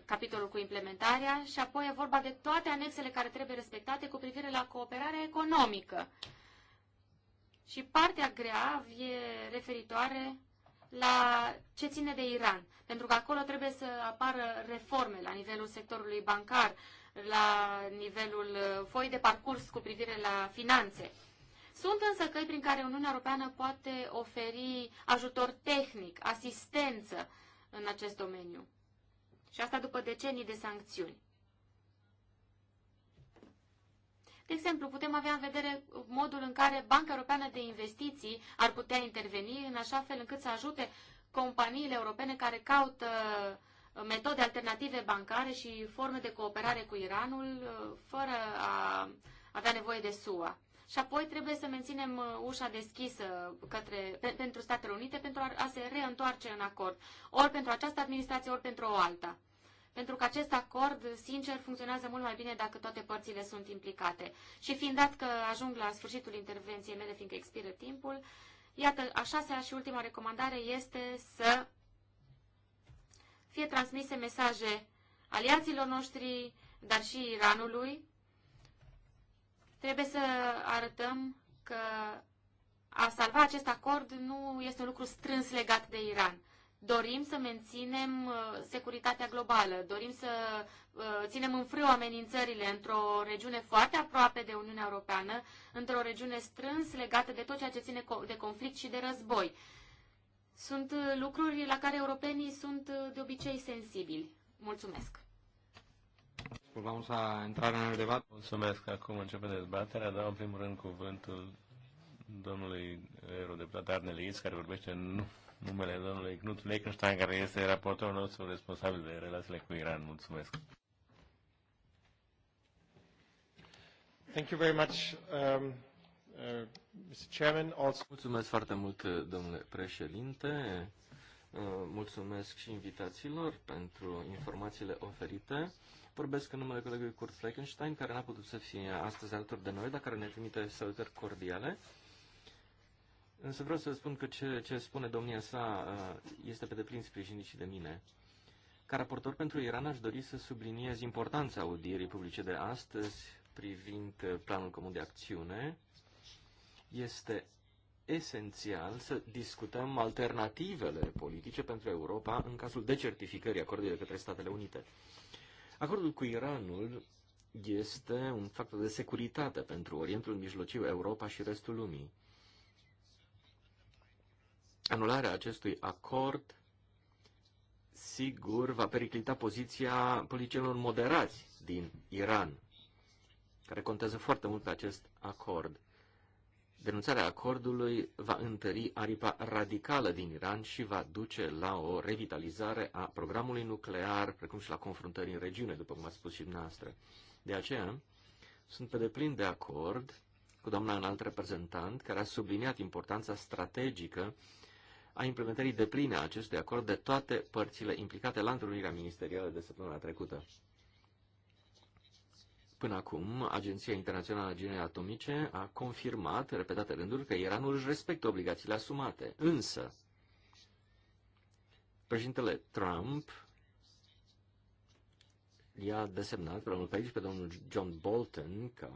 capitolul cu implementarea și apoi e vorba de toate anexele care trebuie respectate cu privire la cooperarea economică. Și partea grea e referitoare la ce ține de Iran, pentru că acolo trebuie să apară reforme la nivelul sectorului bancar, la nivelul uh, foi de parcurs cu privire la finanțe. Sunt însă căi prin care Uniunea Europeană poate oferi ajutor tehnic, asistență în acest domeniu. Și asta după decenii de sancțiuni. De exemplu, putem avea în vedere modul în care Banca Europeană de Investiții ar putea interveni în așa fel încât să ajute companiile europene care caută uh, metode alternative bancare și forme de cooperare cu Iranul uh, fără a avea nevoie de SUA. Și apoi trebuie să menținem uh, ușa deschisă către, pe, pentru Statele Unite pentru a, a se reîntoarce în acord, ori pentru această administrație, ori pentru o alta. Pentru că acest acord, sincer, funcționează mult mai bine dacă toate părțile sunt implicate. Și fiind dat că ajung la sfârșitul intervenției mele, fiindcă expiră timpul, iată, a șasea și ultima recomandare este să fie transmise mesaje aliaților noștri, dar și Iranului. Trebuie să arătăm că a salva acest acord nu este un lucru strâns legat de Iran. Dorim să menținem uh, securitatea globală, dorim să uh, ținem în frâu amenințările într-o regiune foarte aproape de Uniunea Europeană, într-o regiune strâns legată de tot ceea ce ține de conflict și de război. Sunt uh, lucruri la care europenii sunt uh, de obicei sensibili. Mulțumesc! Deci, vamos a entrar în debat. Mulțumesc. Acum începe dezbaterea. Dau în primul rând cuvântul domnului eurodeputat Arneliț, care vorbește în numele domnului Knut Fleckenstein, care este raportorul nostru responsabil de relațiile cu Iran. Mulțumesc. Thank you very much. Um... Uh, mulțumesc foarte mult, domnule președinte. Uh, mulțumesc și invitațiilor pentru informațiile oferite. Vorbesc în numele colegului Kurt Fleckenstein, care n-a putut să fie astăzi alături de noi, dar care ne trimite salutări cordiale. Însă vreau să spun că ce, ce spune domnia sa uh, este pe deplin sprijinit și de mine. Ca raportor pentru Iran aș dori să subliniez importanța audierii publice de astăzi privind planul comun de acțiune este esențial să discutăm alternativele politice pentru Europa în cazul decertificării acordului de către Statele Unite. Acordul cu Iranul este un factor de securitate pentru Orientul Mijlociu, Europa și restul lumii. Anularea acestui acord, sigur, va periclita poziția politicilor moderați din Iran, care contează foarte mult pe acest acord. Denunțarea acordului va întări aripa radicală din Iran și va duce la o revitalizare a programului nuclear, precum și la confruntări în regiune, după cum a spus și dumneavoastră. De aceea, sunt pe deplin de acord cu doamna înalt reprezentant, care a subliniat importanța strategică a implementării depline a acestui acord de toate părțile implicate la întâlnirea ministerială de săptămâna trecută. Până acum, Agenția Internațională a Energiei Atomice a confirmat, repetate rânduri, că Iranul își respectă obligațiile asumate. Însă, președintele Trump i-a desemnat pe domnul Page, pe domnul John Bolton, ca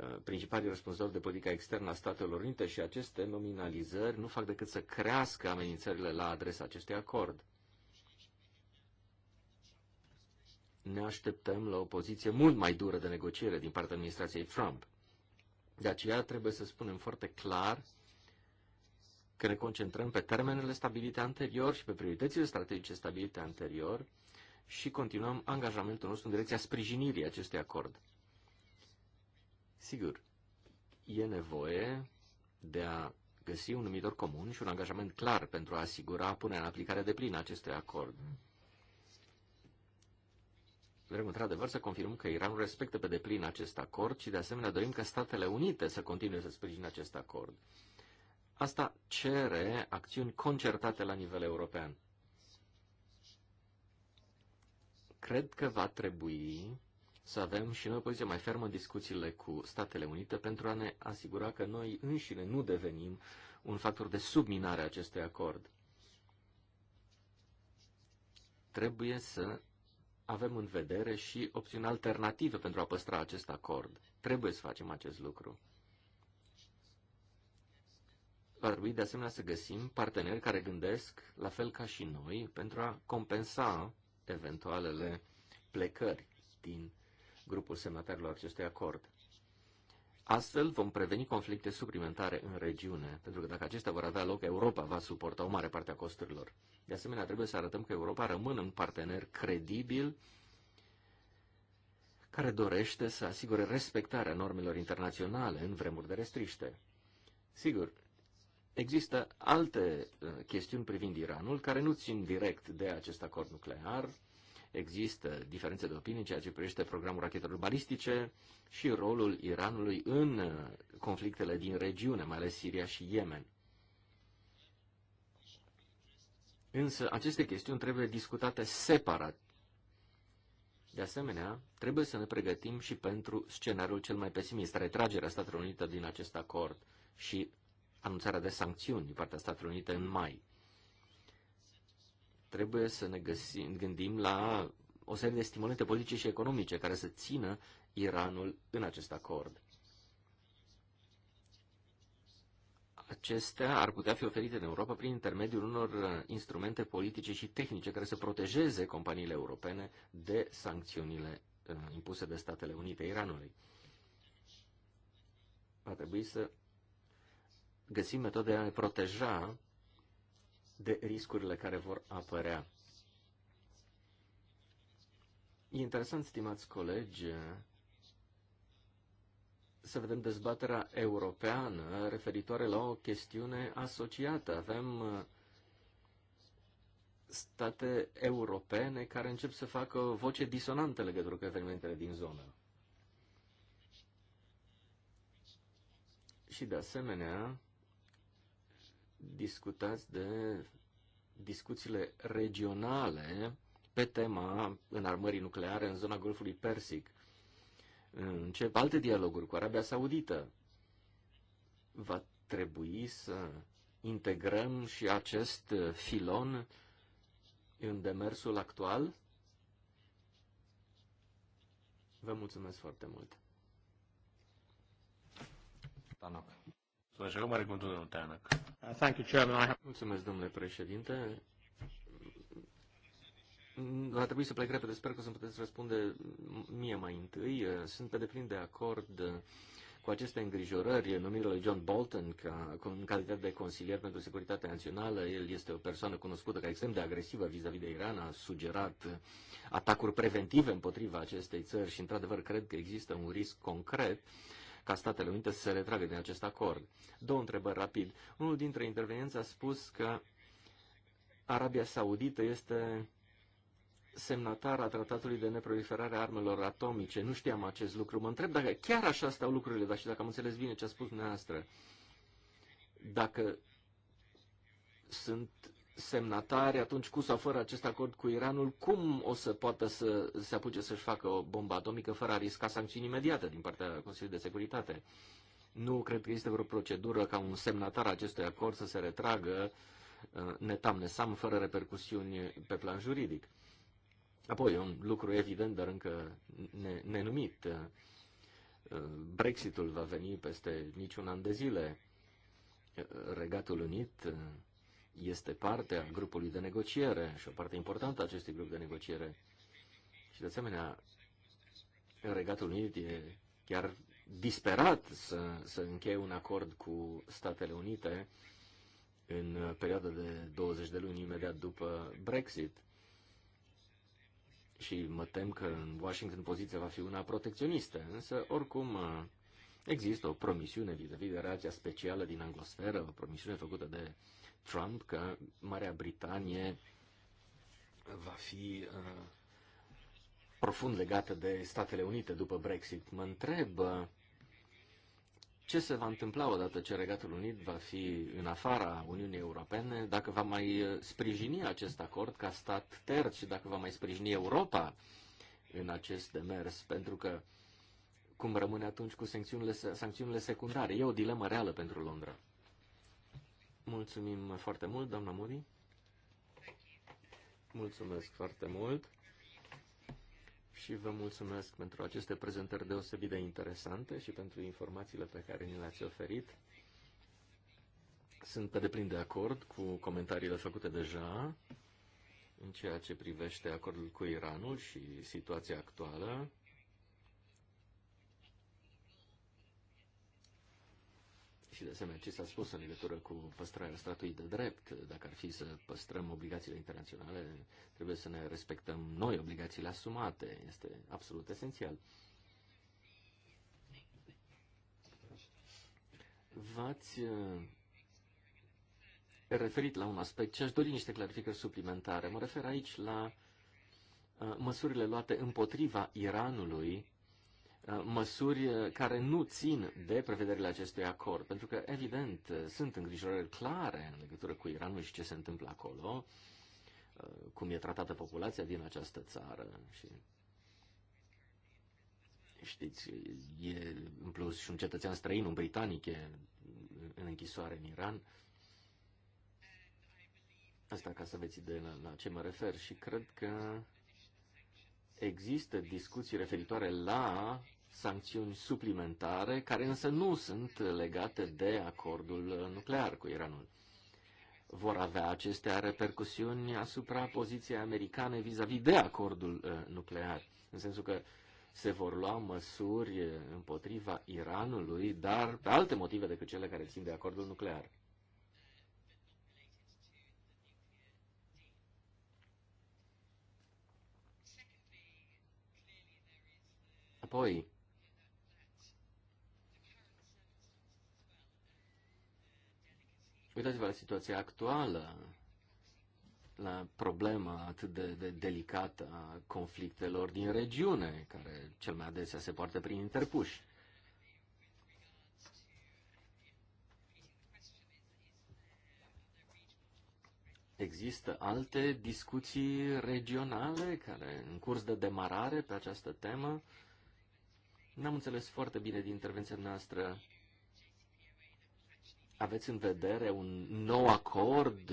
uh, principalii responsabili de politica externă a Statelor Unite și aceste nominalizări nu fac decât să crească amenințările la adresa acestui acord. ne așteptăm la o poziție mult mai dură de negociere din partea administrației Trump. De aceea trebuie să spunem foarte clar că ne concentrăm pe termenele stabilite anterior și pe prioritățile strategice stabilite anterior și continuăm angajamentul nostru în direcția sprijinirii acestui acord. Sigur, e nevoie de a găsi un numitor comun și un angajament clar pentru a asigura punerea în aplicare de plină acestui acord vrem într-adevăr să confirmăm că Iranul respectă pe deplin acest acord și de asemenea dorim ca Statele Unite să continue să sprijine acest acord. Asta cere acțiuni concertate la nivel european. Cred că va trebui să avem și noi o poziție mai fermă în discuțiile cu Statele Unite pentru a ne asigura că noi înșine nu devenim un factor de subminare a acestui acord. Trebuie să avem în vedere și opțiuni alternative pentru a păstra acest acord. Trebuie să facem acest lucru. Ar trebui de asemenea să găsim parteneri care gândesc la fel ca și noi pentru a compensa eventualele plecări din grupul semnatarilor acestui acord. Astfel vom preveni conflicte suplimentare în regiune, pentru că dacă acestea vor avea loc, Europa va suporta o mare parte a costurilor. De asemenea, trebuie să arătăm că Europa rămâne un partener credibil care dorește să asigure respectarea normelor internaționale în vremuri de restriște. Sigur, există alte uh, chestiuni privind Iranul care nu țin direct de acest acord nuclear, Există diferențe de opinie în ceea ce privește programul rachetelor balistice și rolul Iranului în uh, conflictele din regiune, mai ales Siria și Yemen. Însă aceste chestiuni trebuie discutate separat. De asemenea, trebuie să ne pregătim și pentru scenariul cel mai pesimist, retragerea Statelor Unite din acest acord și anunțarea de sancțiuni din partea Statelor Unite în mai trebuie să ne găsim, gândim la o serie de stimulente politice și economice care să țină Iranul în acest acord. Acestea ar putea fi oferite în Europa prin intermediul unor uh, instrumente politice și tehnice care să protejeze companiile europene de sancțiunile uh, impuse de Statele Unite Iranului. Va trebui să găsim metode de a ne proteja de riscurile care vor apărea. E interesant, stimați colegi, să vedem dezbaterea europeană referitoare la o chestiune asociată. Avem uh, state europene care încep să facă o voce disonantă legătură cu evenimentele din zonă. Și de asemenea, discutați de discuțiile regionale pe tema înarmării nucleare în zona Golfului Persic. Încep alte dialoguri cu Arabia Saudită. Va trebui să integrăm și acest filon în demersul actual? Vă mulțumesc foarte mult. Tanok. Uh, thank you, Chairman. I have... Mulțumesc, domnule președinte. Va trebui să plec repede, sper că o să-mi puteți răspunde mie mai întâi. Uh, sunt pe deplin de acord uh, cu aceste îngrijorări, numirea lui John Bolton ca, în calitate de consilier pentru securitatea națională, el este o persoană cunoscută ca extrem de agresivă vis-a-vis -vis de Iran, a sugerat atacuri preventive împotriva acestei țări și, într-adevăr, cred că există un risc concret ca Statele Unite să se retragă din acest acord. Două întrebări rapid. Unul dintre intervenienți a spus că Arabia Saudită este semnatar a tratatului de neproliferare a armelor atomice. Nu știam acest lucru. Mă întreb dacă chiar așa stau lucrurile, dar și dacă am înțeles bine ce a spus dumneavoastră. Dacă sunt semnatari atunci cu sau fără acest acord cu Iranul, cum o să poată să se apuce să-și facă o bombă atomică fără a risca sancțiuni imediate din partea Consiliului de Securitate? Nu cred că este vreo procedură ca un semnatar acestui acord să se retragă uh, netam nesam fără repercusiuni pe plan juridic. Apoi, un lucru evident, dar încă nenumit, uh, Brexitul va veni peste niciun an de zile. Uh, Regatul Unit este parte a grupului de negociere și o parte importantă a acestui grup de negociere. Și de asemenea, Regatul Unit e chiar disperat să, să încheie un acord cu Statele Unite în perioada de 20 de luni imediat după Brexit. Și mă tem că în Washington poziția va fi una protecționistă, însă oricum există o promisiune vis-a-vis de relația specială din anglosferă, o promisiune făcută de Trump că Marea Britanie va fi uh, profund legată de Statele Unite după Brexit. Mă întreb uh, ce se va întâmpla odată ce Regatul Unit va fi în afara Uniunii Europene, dacă va mai uh, sprijini acest acord ca stat terț și dacă va mai sprijini Europa în acest demers, pentru că cum rămâne atunci cu sancțiunile, sancțiunile secundare? E o dilemă reală pentru Londra. Mulțumim foarte mult, doamna Muri. Mulțumesc foarte mult și vă mulțumesc pentru aceste prezentări deosebit de interesante și pentru informațiile pe care ni le-ați oferit. Sunt pe deplin de acord cu comentariile făcute deja în ceea ce privește acordul cu Iranul și situația actuală. și de asemenea ce s-a spus în legătură cu păstrarea statului de drept. Dacă ar fi să păstrăm obligațiile internaționale, trebuie să ne respectăm noi obligațiile asumate. Este absolut esențial. V-ați uh, referit la un aspect ce aș dori niște clarificări suplimentare. Mă refer aici la uh, măsurile luate împotriva Iranului Uh, măsuri uh, care nu țin de prevederile acestui acord, pentru că, evident, uh, sunt îngrijorări clare în legătură cu Iranul și ce se întâmplă acolo, cum e tratată populația din această țară și știți, e în plus și un cetățean străin, un britanic, e în închisoare în Iran. Asta ca să aveți idee la, la ce mă refer și cred că există discuții referitoare la sancțiuni suplimentare, care însă nu sunt legate de acordul nuclear cu Iranul. Vor avea acestea repercusiuni asupra poziției americane vis-a-vis -vis de acordul uh, nuclear, în sensul că se vor lua măsuri împotriva Iranului, dar pe alte motive decât cele care țin de acordul nuclear. Apoi, Uitați-vă la situația actuală, la problema atât de, de delicată a conflictelor din regiune, care cel mai adesea se poartă prin interpuși. Există alte discuții regionale care în curs de demarare pe această temă. N-am înțeles foarte bine din intervenția noastră aveți în vedere un nou acord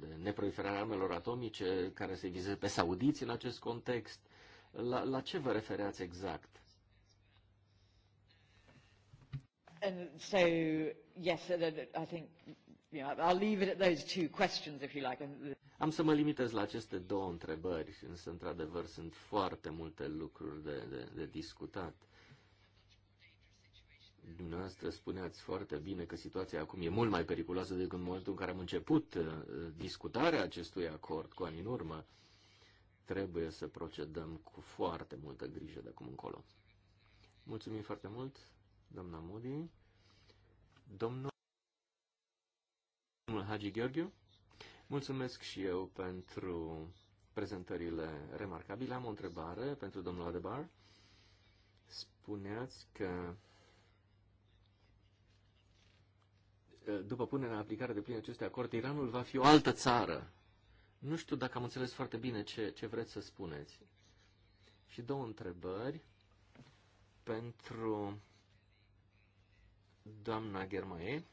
de neproliferare armelor atomice care se vizeze pe saudiți în acest context? La, la ce vă refereați exact? And so, yes, uh, I think you know, I'll leave it at those two questions, if you like. Am să mă limitez la aceste două întrebări, însă, într-adevăr, sunt foarte multe lucruri de, de, de discutat. Dumneavoastră spuneați foarte bine că situația acum e mult mai periculoasă decât în momentul în care am început uh, discutarea acestui acord cu ani în urmă. Trebuie să procedăm cu foarte multă grijă de acum încolo. Mulțumim foarte mult, doamna Modi. Domnul, domnul Hagi Gheorghiu, mulțumesc și eu pentru prezentările remarcabile. Am o întrebare pentru domnul Adebar. Spuneați că după punerea în aplicare de plin acestui acord, Iranul va fi o altă țară. Nu știu dacă am înțeles foarte bine ce, ce vreți să spuneți. Și două întrebări pentru doamna Germae.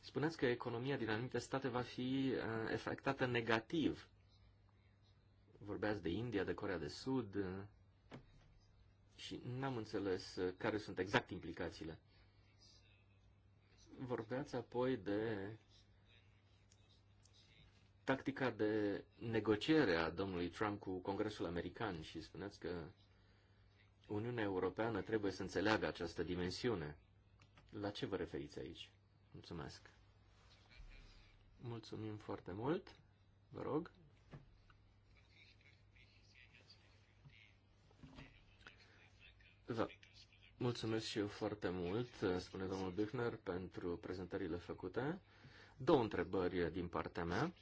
Spuneți că economia din anumite state va fi afectată uh, negativ. Vorbeați de India, de Corea de Sud uh, și n-am înțeles uh, care sunt exact implicațiile. Vorbeați apoi de tactica de negociere a domnului Trump cu Congresul American și spuneați că Uniunea Europeană trebuie să înțeleagă această dimensiune. La ce vă referiți aici? Mulțumesc. Mulțumim foarte mult. Vă rog. Vă da. Mulțumesc și eu foarte mult, spune domnul Büchner, pentru prezentările făcute. Două întrebări din partea mea.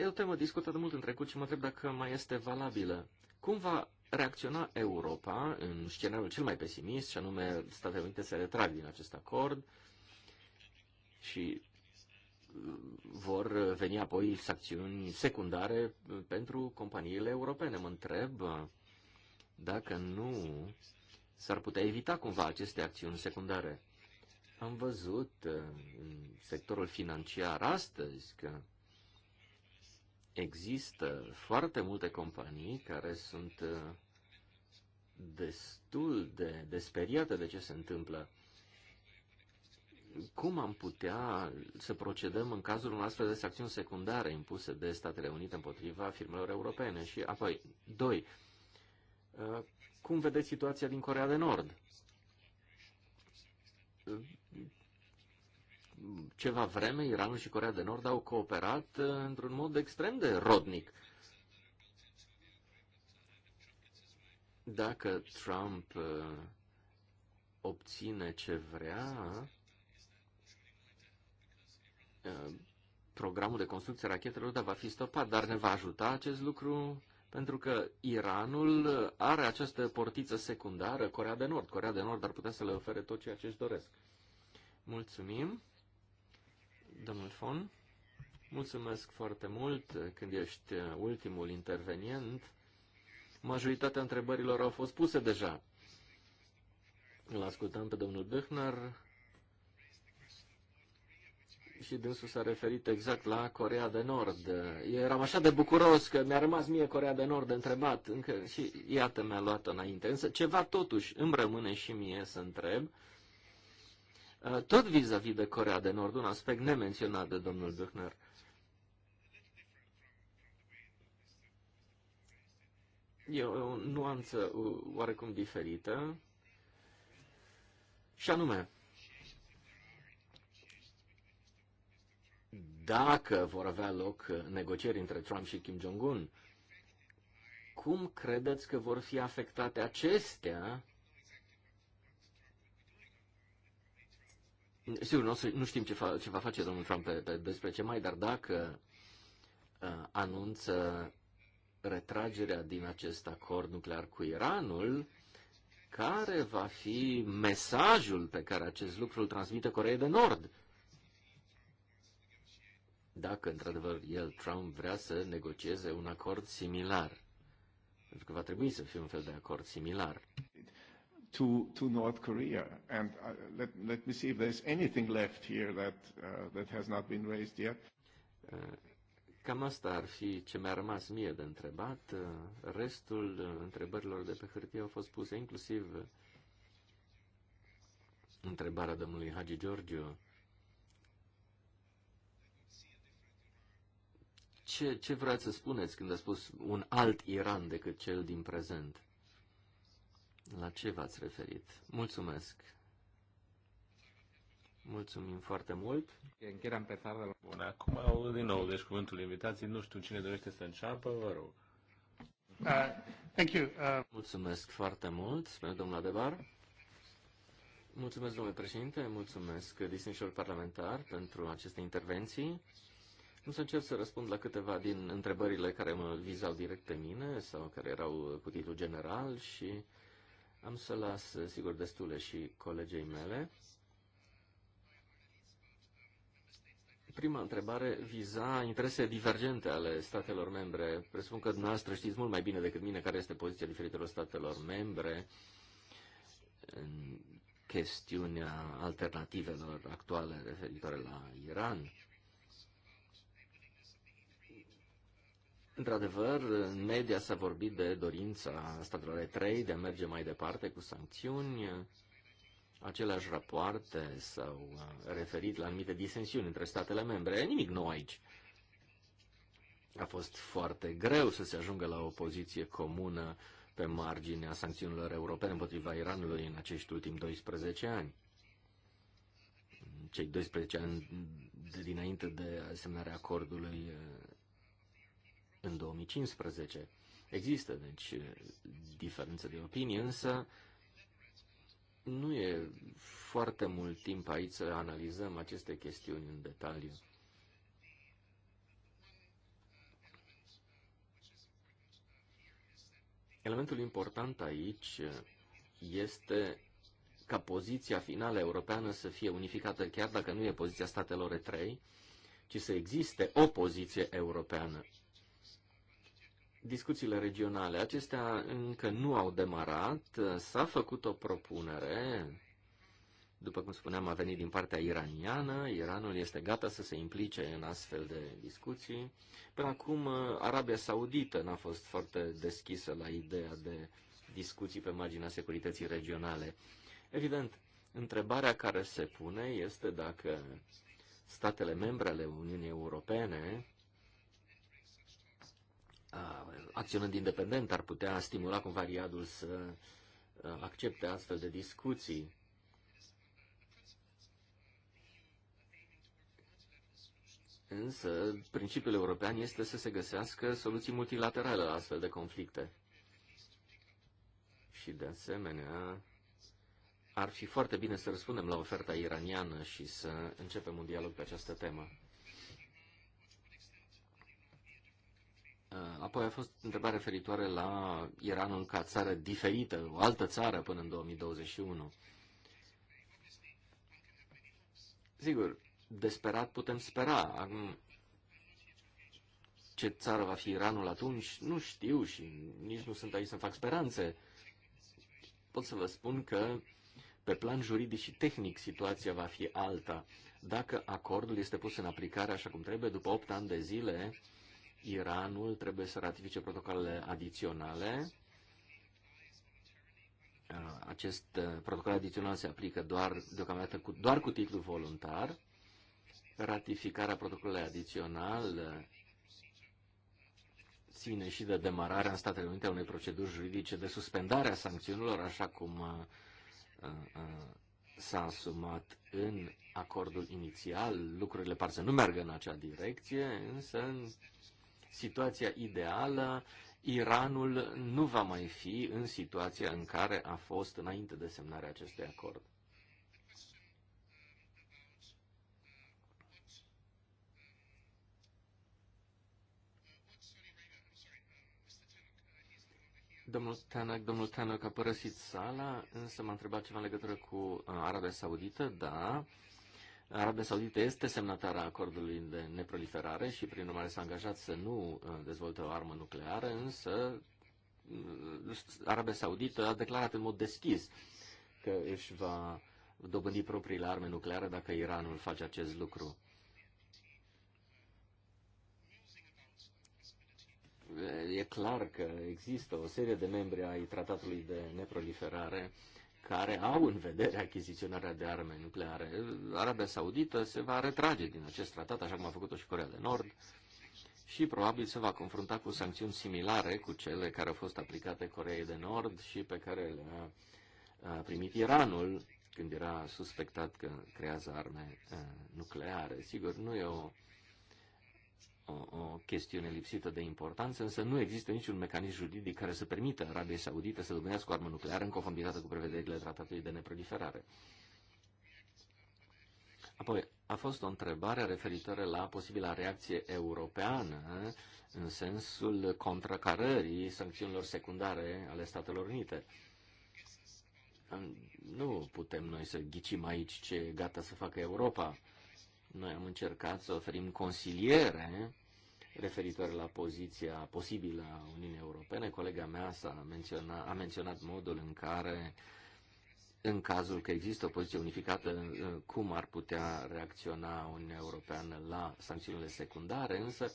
E o temă discutată mult în trecut și mă întreb dacă mai este valabilă. Cum va reacționa Europa în scenariul cel mai pesimist, și anume Statele Unite se retrag din acest acord și vor veni apoi sancțiuni secundare pentru companiile europene. Mă întreb dacă nu s-ar putea evita cumva aceste acțiuni secundare. Am văzut în sectorul financiar astăzi că există foarte multe companii care sunt destul de, de speriate de ce se întâmplă cum am putea să procedăm în cazul unor astfel de sancțiuni secundare impuse de Statele Unite împotriva firmelor europene? Și apoi, doi, uh, cum vedeți situația din Corea de Nord? Ceva vreme, Iranul și Corea de Nord au cooperat uh, într-un mod extrem de rodnic. Dacă Trump uh, obține ce vrea, Uh, programul de construcție rachetelor, dar va fi stopat. Dar ne va ajuta acest lucru pentru că Iranul are această portiță secundară, Corea de Nord. Corea de Nord ar putea să le ofere tot ceea ce își doresc. Mulțumim, domnul Fon. Mulțumesc foarte mult când ești ultimul intervenient. Majoritatea întrebărilor au fost puse deja. Îl ascultăm pe domnul Büchner, și dânsul s-a referit exact la Corea de Nord. Eu eram așa de bucuros că mi-a rămas mie Corea de Nord întrebat încă și iată mi-a luat înainte. Însă ceva totuși îmi rămâne și mie să întreb. Tot vis-a-vis -vis de Corea de Nord, un aspect nemenționat de domnul Buchner. E o nuanță oarecum diferită. Și anume, dacă vor avea loc uh, negocieri între Trump și Kim Jong-un, cum credeți că vor fi afectate acestea? Sigur, nu, știm ce, ce va face domnul Trump pe, pe 12 mai, dar dacă uh, anunță retragerea din acest acord nuclear cu Iranul, care va fi mesajul pe care acest lucru îl transmite Coreei de Nord? dacă într-adevăr el, Trump, vrea să negocieze un acord similar. Pentru că va trebui să fie un fel de acord similar. To, to North Korea. And uh, let, let me see if there's anything left here that, uh, that has not been raised yet. Uh, cam asta ar fi ce mi-a rămas mie de întrebat. Uh, restul uh, întrebărilor de pe hârtie au fost puse, inclusiv întrebarea domnului Hagi Georgiu ce, ce vreați să spuneți când ați spus un alt Iran decât cel din prezent? La ce v-ați referit? Mulțumesc! Mulțumim foarte mult! Bun, acum au din nou, deci cuvântul invitației, nu știu cine dorește să înceapă, vă rog. Uh, thank you. Uh... Mulțumesc foarte mult, spune domnul Adebar. Mulțumesc, domnule președinte, mulțumesc distinșor parlamentar pentru aceste intervenții. Am să încerc să răspund la câteva din întrebările care mă vizau direct pe mine sau care erau cu titlu general și am să las, sigur, destule și colegei mele. Prima întrebare viza interese divergente ale statelor membre. Presupun că dumneavoastră știți mult mai bine decât mine care este poziția diferitelor statelor membre în chestiunea alternativelor actuale referitoare la Iran. Într-adevăr, în media s-a vorbit de dorința statelor 3 de a merge mai departe cu sancțiuni. Aceleași rapoarte s-au uh, referit la anumite disensiuni între statele membre. Nimic nou aici. A fost foarte greu să se ajungă la o poziție comună pe marginea sancțiunilor europene împotriva Iranului în acești ultimi 12 ani. Cei 12 ani dinainte de asemnarea acordului uh, în 2015. Există, deci, diferență de opinie, însă nu e foarte mult timp aici să analizăm aceste chestiuni în detaliu. Elementul important aici este ca poziția finală europeană să fie unificată, chiar dacă nu e poziția statelor E3, ci să existe o poziție europeană discuțiile regionale. Acestea încă nu au demarat. S-a făcut o propunere, după cum spuneam, a venit din partea iraniană. Iranul este gata să se implice în astfel de discuții. Până acum, uh, Arabia Saudită n-a fost foarte deschisă la ideea de discuții pe marginea securității regionale. Evident, întrebarea care se pune este dacă statele membre ale Uniunii Europene acționând independent, ar putea stimula cumva Riadul să accepte astfel de discuții. Însă, principiul european este să se găsească soluții multilaterale la astfel de conflicte. Și, de asemenea, ar fi foarte bine să răspundem la oferta iraniană și să începem un dialog pe această temă. Uh, apoi a fost întrebare referitoare la Iranul ca țară diferită, o altă țară până în 2021. Sigur, desperat putem spera. Acum, ce țară va fi Iranul atunci, nu știu și nici nu sunt aici să fac speranțe. Pot să vă spun că pe plan juridic și tehnic situația va fi alta. Dacă acordul este pus în aplicare așa cum trebuie, după 8 ani de zile, Iranul trebuie să ratifice protocolele adiționale. Uh, acest uh, protocol adițional se aplică doar, deocamdată cu, doar cu titlu voluntar. Ratificarea protocolului adițional uh, ține și de demararea în Statele Unite a unei proceduri juridice de suspendare a sancțiunilor, așa cum s-a asumat în acordul inițial. Lucrurile par să nu meargă în acea direcție, însă situația ideală, Iranul nu va mai fi în situația în care a fost înainte de semnarea acestui acord. Domnul Tanak, domnul Tanak a părăsit sala, însă m-a întrebat ceva în legătură cu uh, Arabia Saudită, da. Arabia Saudită este semnatara acordului de neproliferare și, prin urmare, s-a angajat să nu uh, dezvolte o armă nucleară, însă uh, Arabia Saudită a declarat în mod deschis că își va dobândi propriile arme nucleare dacă Iranul face acest lucru. E clar că există o serie de membri ai tratatului de neproliferare uh, care au în vedere achiziționarea de arme nucleare. Arabia Saudită se va retrage din acest tratat, așa cum a făcut-o și Corea de Nord, și probabil se va confrunta cu sancțiuni similare cu cele care au fost aplicate Coreei de Nord și pe care le-a primit Iranul când era suspectat că creează arme nucleare. Sigur, nu e o o, o chestiune lipsită de importanță, însă nu există niciun mecanism juridic care să permită Arabiei Saudite să domnească o armă nucleară în conformitate cu prevederile tratatului de neproliferare. Apoi, a fost o întrebare referitoare la posibila reacție europeană în sensul contracarării sancțiunilor secundare ale Statelor Unite. Nu putem noi să ghicim aici ce e gata să facă Europa. Noi am încercat să oferim consiliere referitor la poziția posibilă a Uniunii Europene. Colega mea s-a menționat, a menționat modul în care, în cazul că există o poziție unificată, cum ar putea reacționa Uniunea Europeană la sancțiunile secundare, însă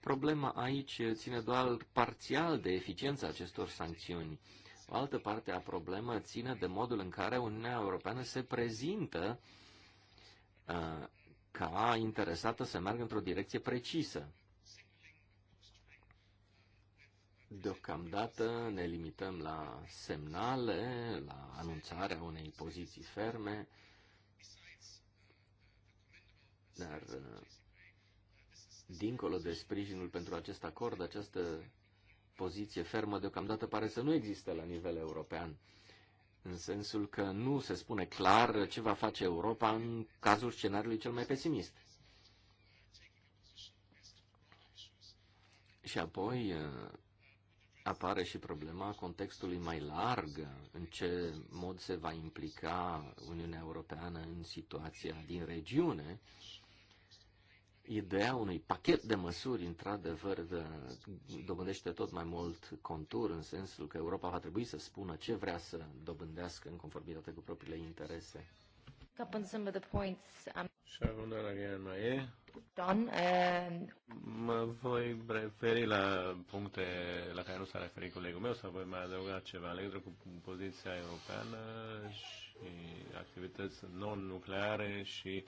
problema aici ține doar parțial de eficiența acestor sancțiuni. O altă parte a problemă ține de modul în care Uniunea Europeană se prezintă uh, ca interesată să meargă într-o direcție precisă. Deocamdată ne limităm la semnale, la anunțarea unei poziții ferme, dar dincolo de sprijinul pentru acest acord, această poziție fermă deocamdată pare să nu existe la nivel european în sensul că nu se spune clar ce va face Europa în cazul scenariului cel mai pesimist. Și apoi uh, apare și problema contextului mai larg, uh, în ce mod se va implica Uniunea Europeană în situația din regiune, ideea unui pachet de măsuri, într-adevăr, dobândește tot mai mult contur, în sensul că Europa va trebui să spună ce vrea să dobândească în conformitate cu propriile interese. some of the points. și acum, doamna Ghean, mai e? Don, eh, Mă voi referi la puncte la care nu s-a referit colegul meu sau voi mai adăuga ceva legătură cu poziția europeană și activități non-nucleare și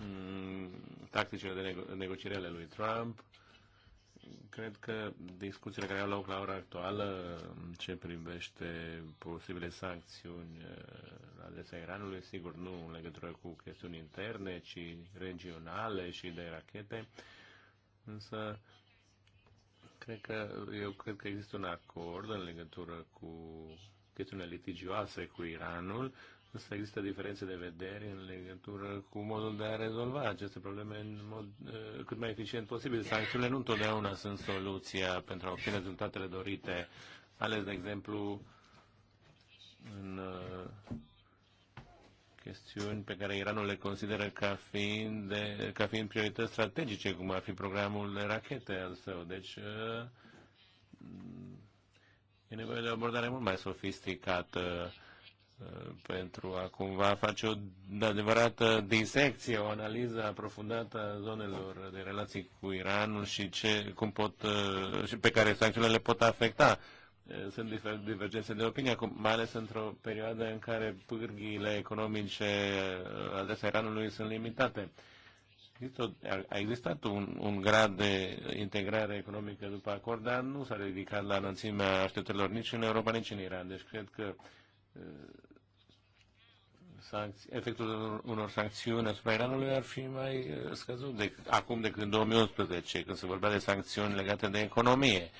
mm, tacticile de nego negociere ale lui Trump. Cred că discuțiile care au loc la ora actuală în ce privește posibile sancțiuni uh, adresa Iranului, sigur nu în legătură cu chestiuni interne, ci regionale și de rachete, însă cred că, eu cred că există un acord în legătură cu chestiunile litigioasă cu Iranul, însă există diferențe de vedere în legătură cu modul de a rezolva aceste probleme în mod uh, cât mai eficient posibil. Sancțiunile nu întotdeauna sunt soluția pentru a obține rezultatele dorite, ales, de exemplu, în uh, chestiuni pe care Iranul le consideră ca fiind, de, ca fiind priorități strategice, cum ar fi programul de rachete al său. Deci, uh, E nevoie de o abordare mult mai sofisticată uh, pentru a cumva face o adevărată uh, disecție, o analiză aprofundată a zonelor de relații cu Iranul și, ce, cum pot, uh, și pe care sancțiunile le pot afecta. Sunt divergențe de opinie, mai ales într-o perioadă în care pârghiile economice adesea Iranului sunt limitate. Există, a existat un, un grad de integrare economică după acord, dar nu s-a ridicat la înălțimea așteptărilor nici în Europa, nici în Iran. Deci cred că sancți, efectul unor sancțiuni asupra Iranului ar fi mai scăzut decât, acum decât în 2011, când se vorbea de sancțiuni legate de economie.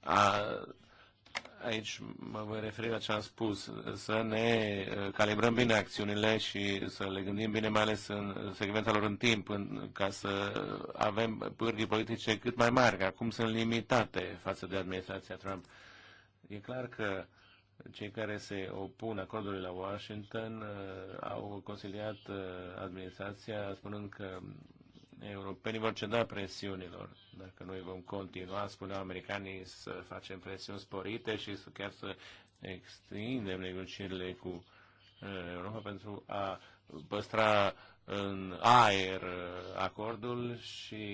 A, aici mă voi referi la ce am spus, să ne uh, calibrăm bine acțiunile și să le gândim bine, mai ales în secvența lor în timp, în, ca să avem pârghii politice cât mai mari, că acum sunt limitate față de administrația Trump. E clar că cei care se opun acordului la Washington uh, au consiliat uh, administrația spunând că europenii vor ceda presiunilor dacă noi vom continua, spuneau americanii, să facem presiuni sporite și să chiar să extindem negocierile cu uh, Europa pentru a păstra în aer uh, acordul și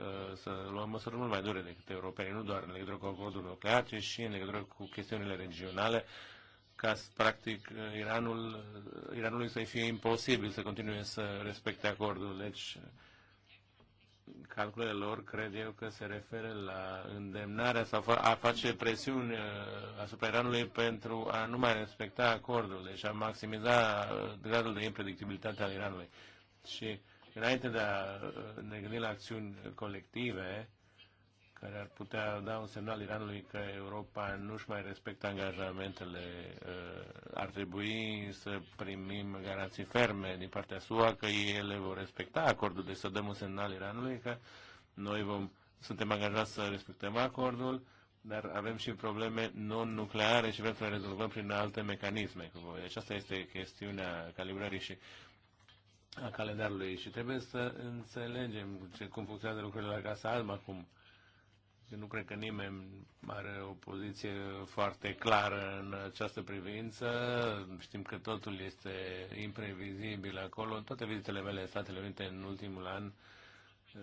uh, să luăm măsuri mult mai dure decât europenii, nu doar în legătură cu acordul nuclear, ci și în legătură cu chestiunile regionale, ca practic Iranul, Iranului să fie imposibil să continue să respecte acordul. Deci calculele lor cred eu că se referă la îndemnarea sau a face presiuni uh, asupra Iranului pentru a nu mai respecta acordul, deci a maximiza uh, gradul de impredictibilitate al Iranului. Și înainte de a uh, ne gândi la acțiuni colective, care ar putea da un semnal Iranului că Europa nu-și mai respectă angajamentele. Uh, ar trebui să primim garanții ferme din partea SUA că ele vor respecta acordul, deci să dăm un semnal Iranului că noi vom, suntem angajați să respectăm acordul, dar avem și probleme non-nucleare și vrem să le rezolvăm prin alte mecanisme. Deci asta este chestiunea calibrării și a calendarului și trebuie să înțelegem cum funcționează lucrurile la Casa Alba acum eu nu cred că nimeni are o poziție foarte clară în această privință. Știm că totul este imprevizibil acolo. În toate vizitele mele în Statele Unite în ultimul an, uh,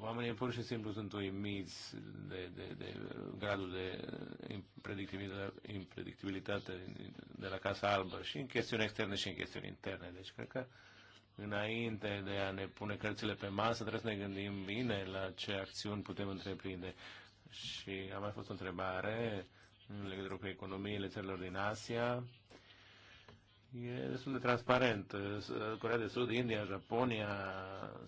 oamenii pur și simplu sunt uimiți de, de, de gradul de impredictibilitate de la Casa Albă și în chestiuni externe și în chestiuni interne. Deci cred că înainte de a ne pune cărțile pe masă, trebuie să ne gândim bine la ce acțiuni putem întreprinde. Și a mai fost o întrebare în legătură cu economiile țărilor din Asia. E destul de transparent. Corea de Sud, India, Japonia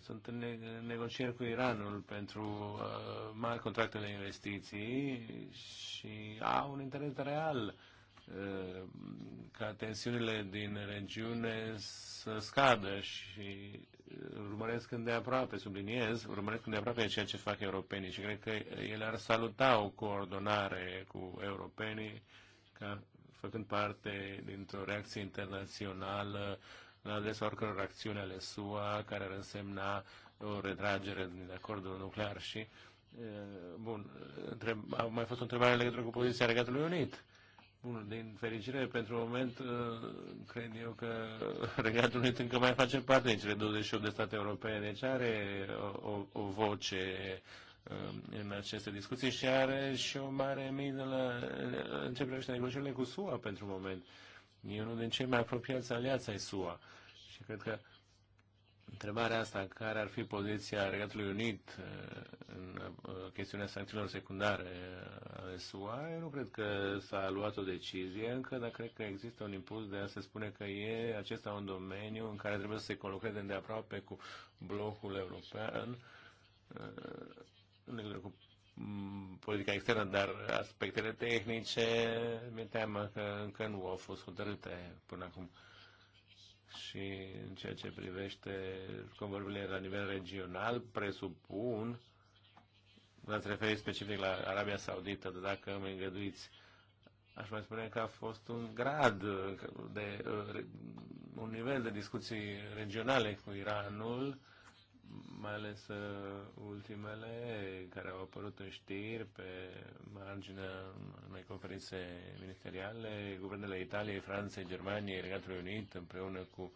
sunt în negocieri cu Iranul pentru uh, mari contracte de investiții și au un interes real Uh, ca tensiunile din regiune să scadă și uh, urmăresc îndeaproape, subliniez, urmăresc îndeaproape ceea ce fac europenii și cred că ele ar saluta o coordonare cu europenii ca făcând parte dintr-o reacție internațională la adresa oricăror acțiune ale SUA care ar însemna o retragere din acordul nuclear și uh, Bun, întreb, a mai fost o întrebare în legătură cu poziția Regatului Unit Bun, din fericire, pentru moment, uh, cred eu că Regatul Unit încă mai face parte din cele 28 de state europene, deci are uh, o, o voce uh, în aceste discuții și are și o mare miză la, începerea ce privește negocierile cu SUA pentru moment. E unul din cei mai apropiați aliați ai SUA și cred că întrebarea asta, care ar fi poziția Regatului Unit eh, în eh, chestiunea sancțiunilor secundare eh, ale SUA, eu nu cred că s-a luat o decizie încă, dar cred că există un impuls de a se spune că e acesta un domeniu în care trebuie să se conlucreze îndeaproape cu blocul european în legătură cu mm, politica externă, dar aspectele tehnice, mi-e teamă că încă nu au fost hotărâte până acum și în ceea ce privește convorbile la nivel regional, presupun, v-ați referit specific la Arabia Saudită, de dacă îmi îngăduiți, aș mai spune că a fost un grad de, uh, un nivel de discuții regionale cu Iranul, mai ales uh, ultimele care au apărut în știri pe marginea unei conferințe ministeriale. Guvernele Italiei, Franței, Germaniei, Regatului Unit, împreună cu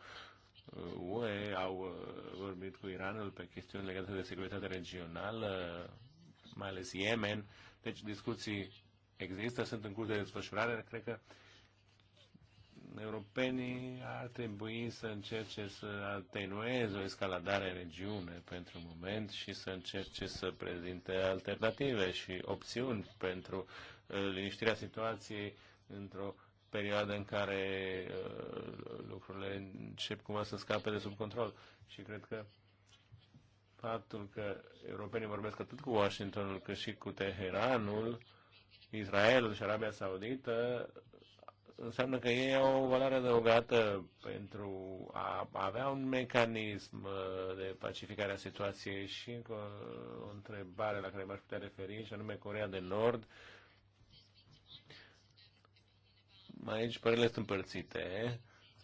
UE, uh, au uh, vorbit cu Iranul pe chestiuni legate de securitate regională, mai ales Yemen. Deci discuții există, sunt în curs de desfășurare. Cred că uh, europenii ar trebui să încerce să atenueze o escaladare în regiune pentru moment și să încerce să prezinte alternative și opțiuni pentru uh, liniștirea situației într-o perioadă în care uh, lucrurile încep cumva să scape de sub control. Și cred că faptul că europenii vorbesc atât cu Washingtonul cât și cu Teheranul, Israelul și Arabia Saudită înseamnă că ei au o valoare adăugată pentru a avea un mecanism uh, de pacificare a situației și încă o întrebare la care m-aș putea referi, și anume Corea de Nord. Aici părerile sunt împărțite,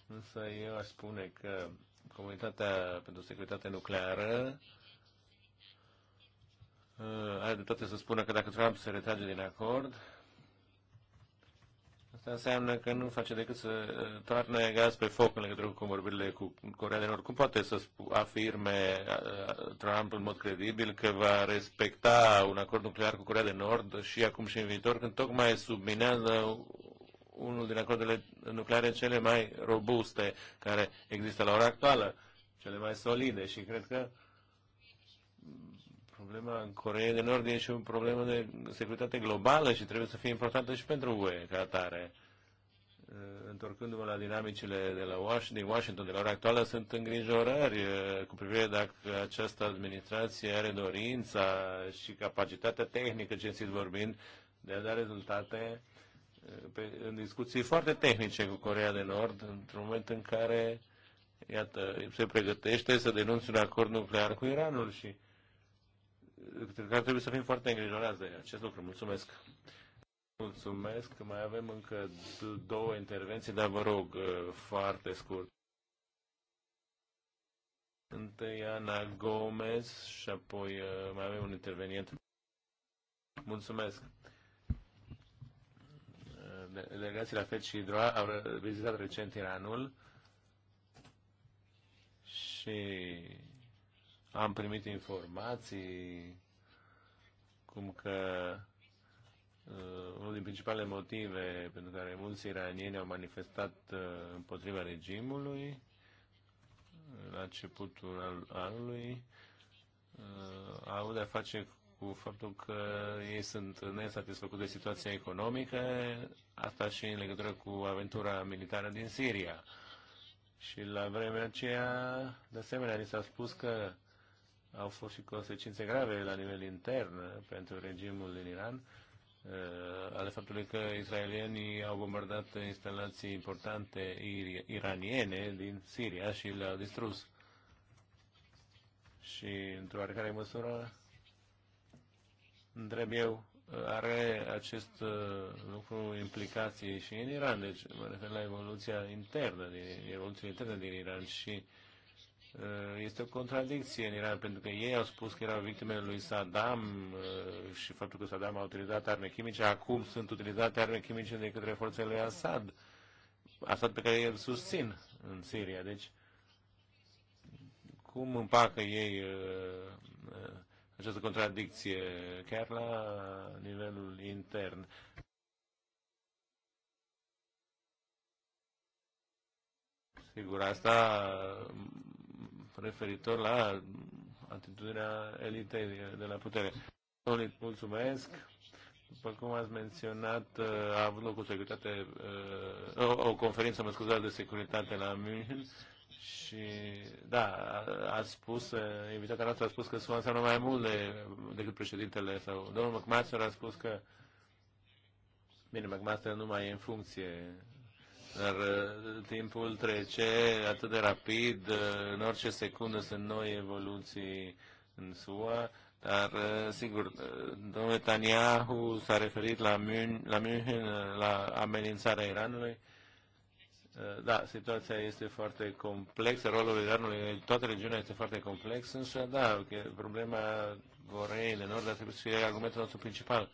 însă eu aș spune că Comunitatea pentru Securitate Nucleară uh, are de toate să spună că dacă Trump se retrage din acord, Asta înseamnă că nu face decât să uh, toarne gaz pe foc în legătură cu convorbirile cu Corea de Nord. Cum poate să afirme uh, Trump în mod credibil că va respecta un acord nuclear cu Corea de Nord și acum și în viitor, când tocmai subminează unul din acordurile nucleare cele mai robuste care există la ora actuală, cele mai solide și cred că Problema în Coreea de Nord e și o problemă de securitate globală și trebuie să fie importantă și pentru UE ca atare. Uh, întorcându-mă la dinamicile de la Washington, din Washington, de la ora actuală, sunt îngrijorări uh, cu privire dacă această administrație are dorința și capacitatea tehnică, cinstit vorbind, de a da rezultate uh, pe, în discuții foarte tehnice cu Corea de Nord, într-un moment în care, iată, se pregătește să denunțe un acord nuclear cu Iranul și către care trebuie să fim foarte îngrijorați de acest lucru. Mulțumesc! Mulțumesc mai avem încă două intervenții, dar vă rog, uh, foarte scurt. Întâi Ana Gomez și apoi uh, mai avem un intervenient. Mulțumesc! Uh, delegații la FED și Hidroa au vizitat recent Iranul și am primit informații cum că uh, unul din principalele motive pentru care mulți iranieni au manifestat uh, împotriva regimului uh, la începutul anului uh, au de-a face cu faptul că ei sunt nesatisfăcuți de situația economică, asta și în legătură cu aventura militară din Siria. Și la vremea aceea, de asemenea, ni s-a spus că au fost și consecințe grave la nivel intern pentru regimul din Iran, uh, ale faptului că israelienii au bombardat instalații importante iraniene din Siria și le-au distrus. Și, într-o oarecare măsură, întreb eu, are acest uh, lucru implicații și în Iran, deci mă refer la evoluția internă, din, evoluția internă din Iran și uh, Eh, este o contradicție în Iran, pentru că ei au spus că erau victimele lui Saddam eh, și faptul că Saddam a utilizat arme chimice, acum sunt utilizate arme chimice de către forțele Assad, Assad pe care îl susțin în Siria. Deci, cum împacă ei eh, această contradicție chiar la nivelul intern? Sigur, asta referitor la atitudinea elitei de la putere. Mulțumesc! După cum ați menționat, uh, a avut loc o, securitate, uh, o, conferință, mă scuzați, de securitate la München și, da, a spus, uh, invitata noastră a spus că sunt înseamnă mai mult de, decât președintele sau domnul McMaster a spus că Bine, McMaster nu mai e în funcție dar uh, timpul trece atât de rapid, uh, în orice secundă sunt noi evoluții în SUA, dar uh, sigur, domnul Netanyahu s-a referit la, Mün, la München, la amenințarea Iranului. Da, situația este foarte complexă, rolul Iranului în toată regiunea este foarte complex, însă da, problema Coreei de Nord ar trebui să fie argumentul nostru principal.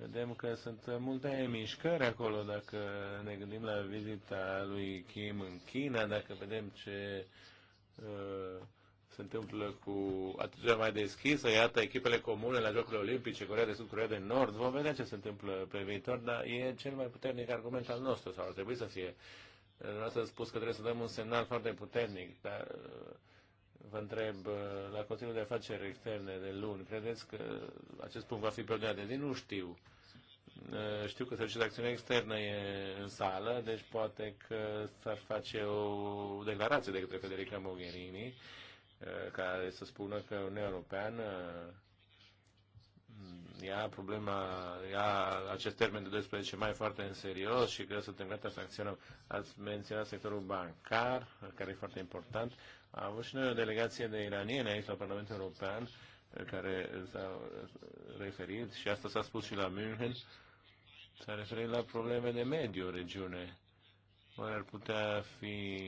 Vedem că sunt multe mișcări acolo, dacă ne gândim la vizita lui Kim în China, dacă vedem ce uh, se întâmplă cu atitudinea mai deschisă, iată echipele comune la Jocurile Olimpice, Corea de Sud, Corea de Nord, vom vedea ce se întâmplă pe viitor, dar e cel mai puternic argument al nostru, sau ar trebui să fie. Vreau să spus că trebuie să dăm un semnal foarte puternic, dar uh, vă întreb, uh, la Consiliul de Afaceri Externe de luni, credeți că acest punct va fi pe de zi? Nu știu. Uh, știu că Serviciul Acțiune Externă e în sală, deci poate că s-ar face o declarație de către Federica Mogherini uh, care să spună că Uniunea Europeană ia problema, ia acest termen de 12 mai foarte în serios și că suntem gata să acționăm. Ați menționat sectorul bancar, care e foarte important. Am avut și noi o delegație de iranieni aici la Parlamentul European, care s-a referit, și asta s-a spus și la München, s-a referit la probleme de mediu regiune. Oare ar putea fi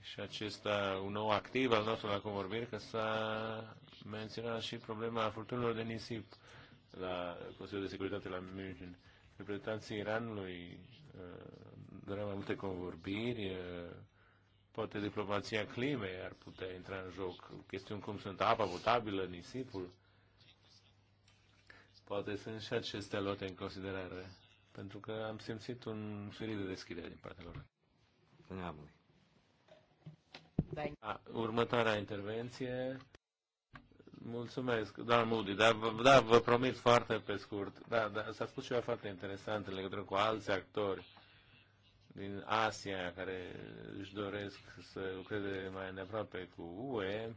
și acesta un nou activ al nostru la convorbiri, că s-a menționat și problema furtunilor de nisip la Consiliul de Securitate la München. Reprezentanții Iranului uh, doreau mai multe convorbiri, uh, poate diplomația climei ar putea intra în joc, chestiuni cum sunt apa potabilă, nisipul. Poate sunt și acestea luate în considerare, pentru că am simțit un ferit de deschidere din partea lor. Următoarea intervenție Mulțumesc, doamnă Moody, dar da, vă promit foarte pe scurt. Da, da, s-a spus ceva foarte interesant în legătură cu alți actori din Asia care își doresc să lucreze mai îndeaproape cu UE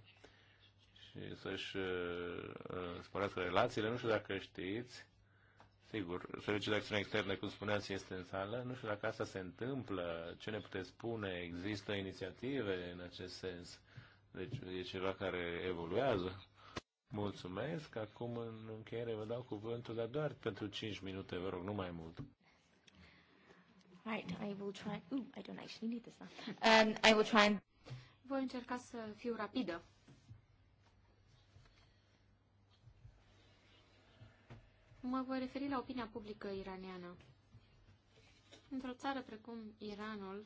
și să-și uh, uh sporească relațiile. Nu știu dacă știți, sigur, Serviciul de Acțiune Externă, cum spuneați, este în sală. Nu știu dacă asta se întâmplă, ce ne puteți spune, există inițiative în acest sens. Deci e ceva care evoluează. Mulțumesc. Acum, în încheiere, vă dau cuvântul, dar doar pentru 5 minute, vă rog, nu mai mult. Right, I will try. Ooh, I don't actually need this now. Um, I will try and... Voi încerca să fiu rapidă. Mă voi referi la opinia publică iraniană. Într-o țară precum Iranul,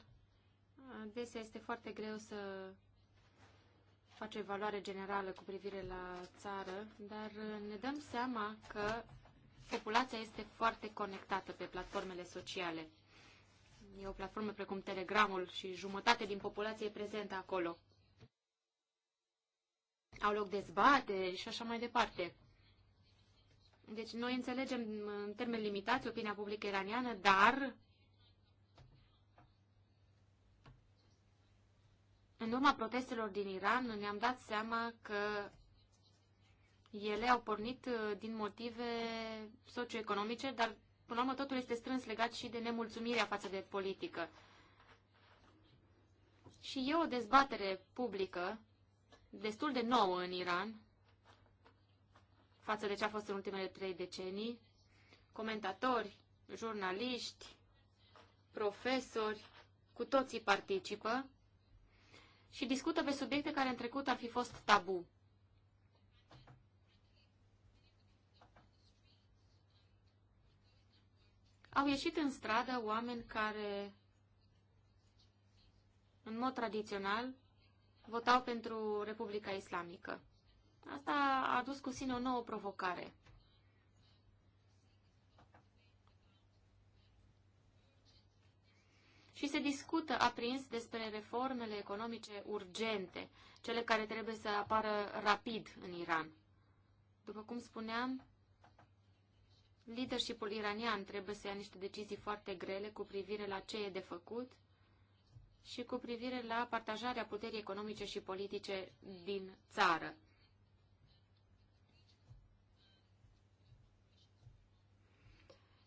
adesea este foarte greu să face o evaluare generală cu privire la țară, dar ne dăm seama că populația este foarte conectată pe platformele sociale. E o platformă precum Telegramul și jumătate din populație e prezentă acolo. Au loc dezbate și așa mai departe. Deci noi înțelegem în termeni limitați opinia publică iraniană, dar În urma protestelor din Iran ne-am dat seama că ele au pornit uh, din motive socioeconomice, dar până la urmă totul este strâns legat și de nemulțumirea față de politică. Și e o dezbatere publică destul de nouă în Iran față de ce a fost în ultimele trei decenii. Comentatori, jurnaliști, profesori, cu toții participă și discută pe subiecte care în trecut ar fi fost tabu. Au ieșit în stradă oameni care, în mod tradițional, votau pentru Republica Islamică. Asta a adus cu sine o nouă provocare. și se discută aprins despre reformele economice urgente, cele care trebuie să apară rapid în Iran. După cum spuneam, leadershipul iranian trebuie să ia niște decizii foarte grele cu privire la ce e de făcut și cu privire la partajarea puterii economice și politice din țară.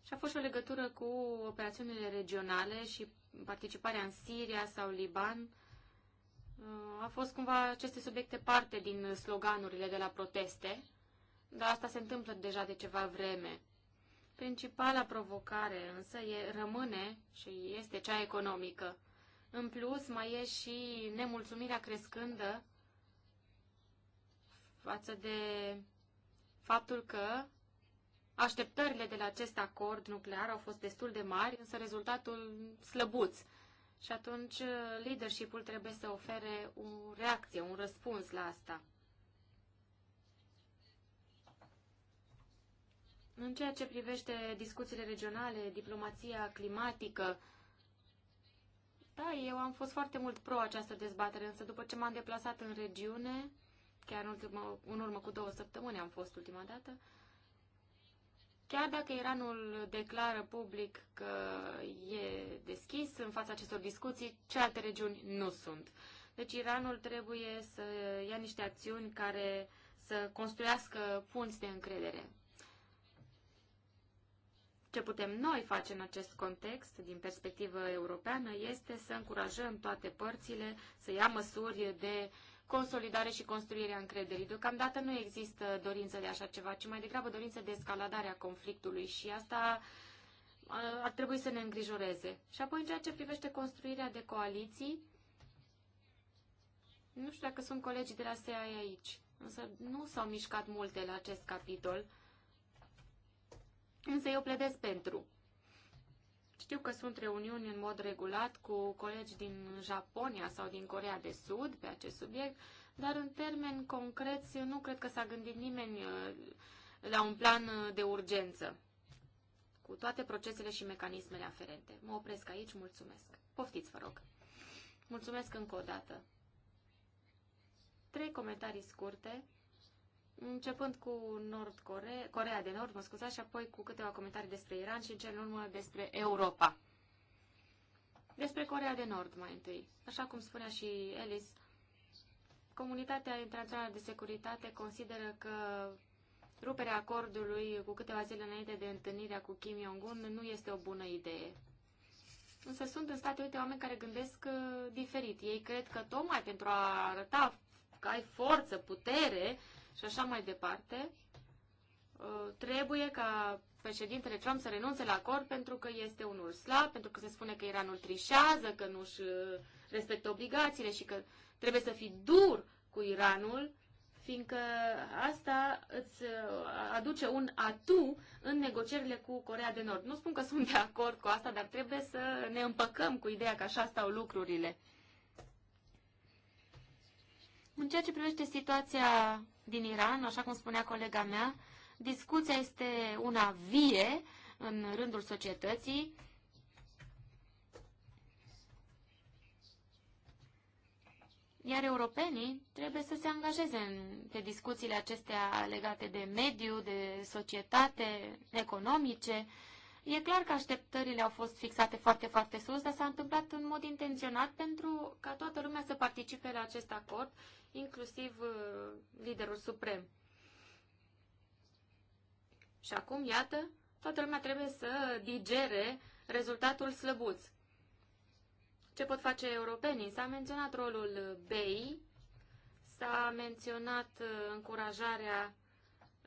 Și a fost și o legătură cu operațiunile regionale și participarea în Siria sau Liban. Uh, a fost cumva aceste subiecte parte din sloganurile de la proteste, dar asta se întâmplă deja de ceva vreme. Principala provocare însă e, rămâne și este cea economică. În plus, mai e și nemulțumirea crescândă față de faptul că Așteptările de la acest acord nuclear au fost destul de mari, însă rezultatul slăbuț. Și atunci uh, leadership-ul trebuie să ofere o reacție, un răspuns la asta. În ceea ce privește discuțiile regionale, diplomația climatică, da, eu am fost foarte mult pro această dezbatere, însă după ce m-am deplasat în regiune, chiar în urmă, în urmă cu două săptămâni am fost ultima dată, uh, Chiar dacă Iranul declară public că e deschis în fața acestor discuții, ce alte regiuni nu sunt. Deci Iranul trebuie să ia niște acțiuni care să construiască punți de încredere. Ce putem noi face în acest context, din perspectivă europeană, este să încurajăm toate părțile să ia măsuri de uh, consolidare și construirea încrederii. Deocamdată nu există dorință de așa ceva, ci mai degrabă dorință de escaladare a conflictului și asta ar trebui să ne îngrijoreze. Și apoi, în ceea ce privește construirea de coaliții, nu știu dacă sunt colegii de la SEA aici, însă nu s-au mișcat multe la acest capitol. Însă eu pledez pentru. Știu că sunt reuniuni în mod regulat cu colegi din Japonia sau din Corea de Sud pe acest subiect, dar în termeni concreți nu cred că s-a gândit nimeni uh, la un plan uh, de urgență cu toate procesele și mecanismele aferente. Mă opresc aici, mulțumesc. Poftiți, vă rog. Mulțumesc încă o dată. Trei comentarii scurte începând cu Nord Corea, Corea de Nord, mă scuzați, și apoi cu câteva comentarii despre Iran și în cel urmă despre Europa. Despre Corea de Nord mai întâi. Așa cum spunea și Elis, comunitatea internațională de securitate consideră că ruperea acordului cu câteva zile înainte de întâlnirea cu Kim Jong-un nu este o bună idee. Însă sunt în state, uite oameni care gândesc uh, diferit. Ei cred că tocmai pentru a arăta că ai forță, putere, și așa mai departe, uh, trebuie ca președintele Trump să renunțe la acord pentru că este unul slab, pentru că se spune că Iranul trișează, că nu își uh, respectă obligațiile și că trebuie să fii dur cu Iranul, fiindcă asta îți uh, aduce un atu în negocierile cu Corea de Nord. Nu spun că sunt de acord cu asta, dar trebuie să ne împăcăm cu ideea că așa stau lucrurile. În ceea ce privește situația din Iran, așa cum spunea colega mea, discuția este una vie în rândul societății. Iar europenii trebuie să se angajeze în, pe discuțiile acestea legate de mediu, de societate, economice. E clar că așteptările au fost fixate foarte, foarte sus, dar s-a întâmplat în mod intenționat pentru ca toată lumea să participe la acest acord inclusiv uh, liderul suprem. Și acum, iată, toată lumea trebuie să digere rezultatul slăbuț. Ce pot face europenii? S-a menționat rolul BEI, s-a menționat uh, încurajarea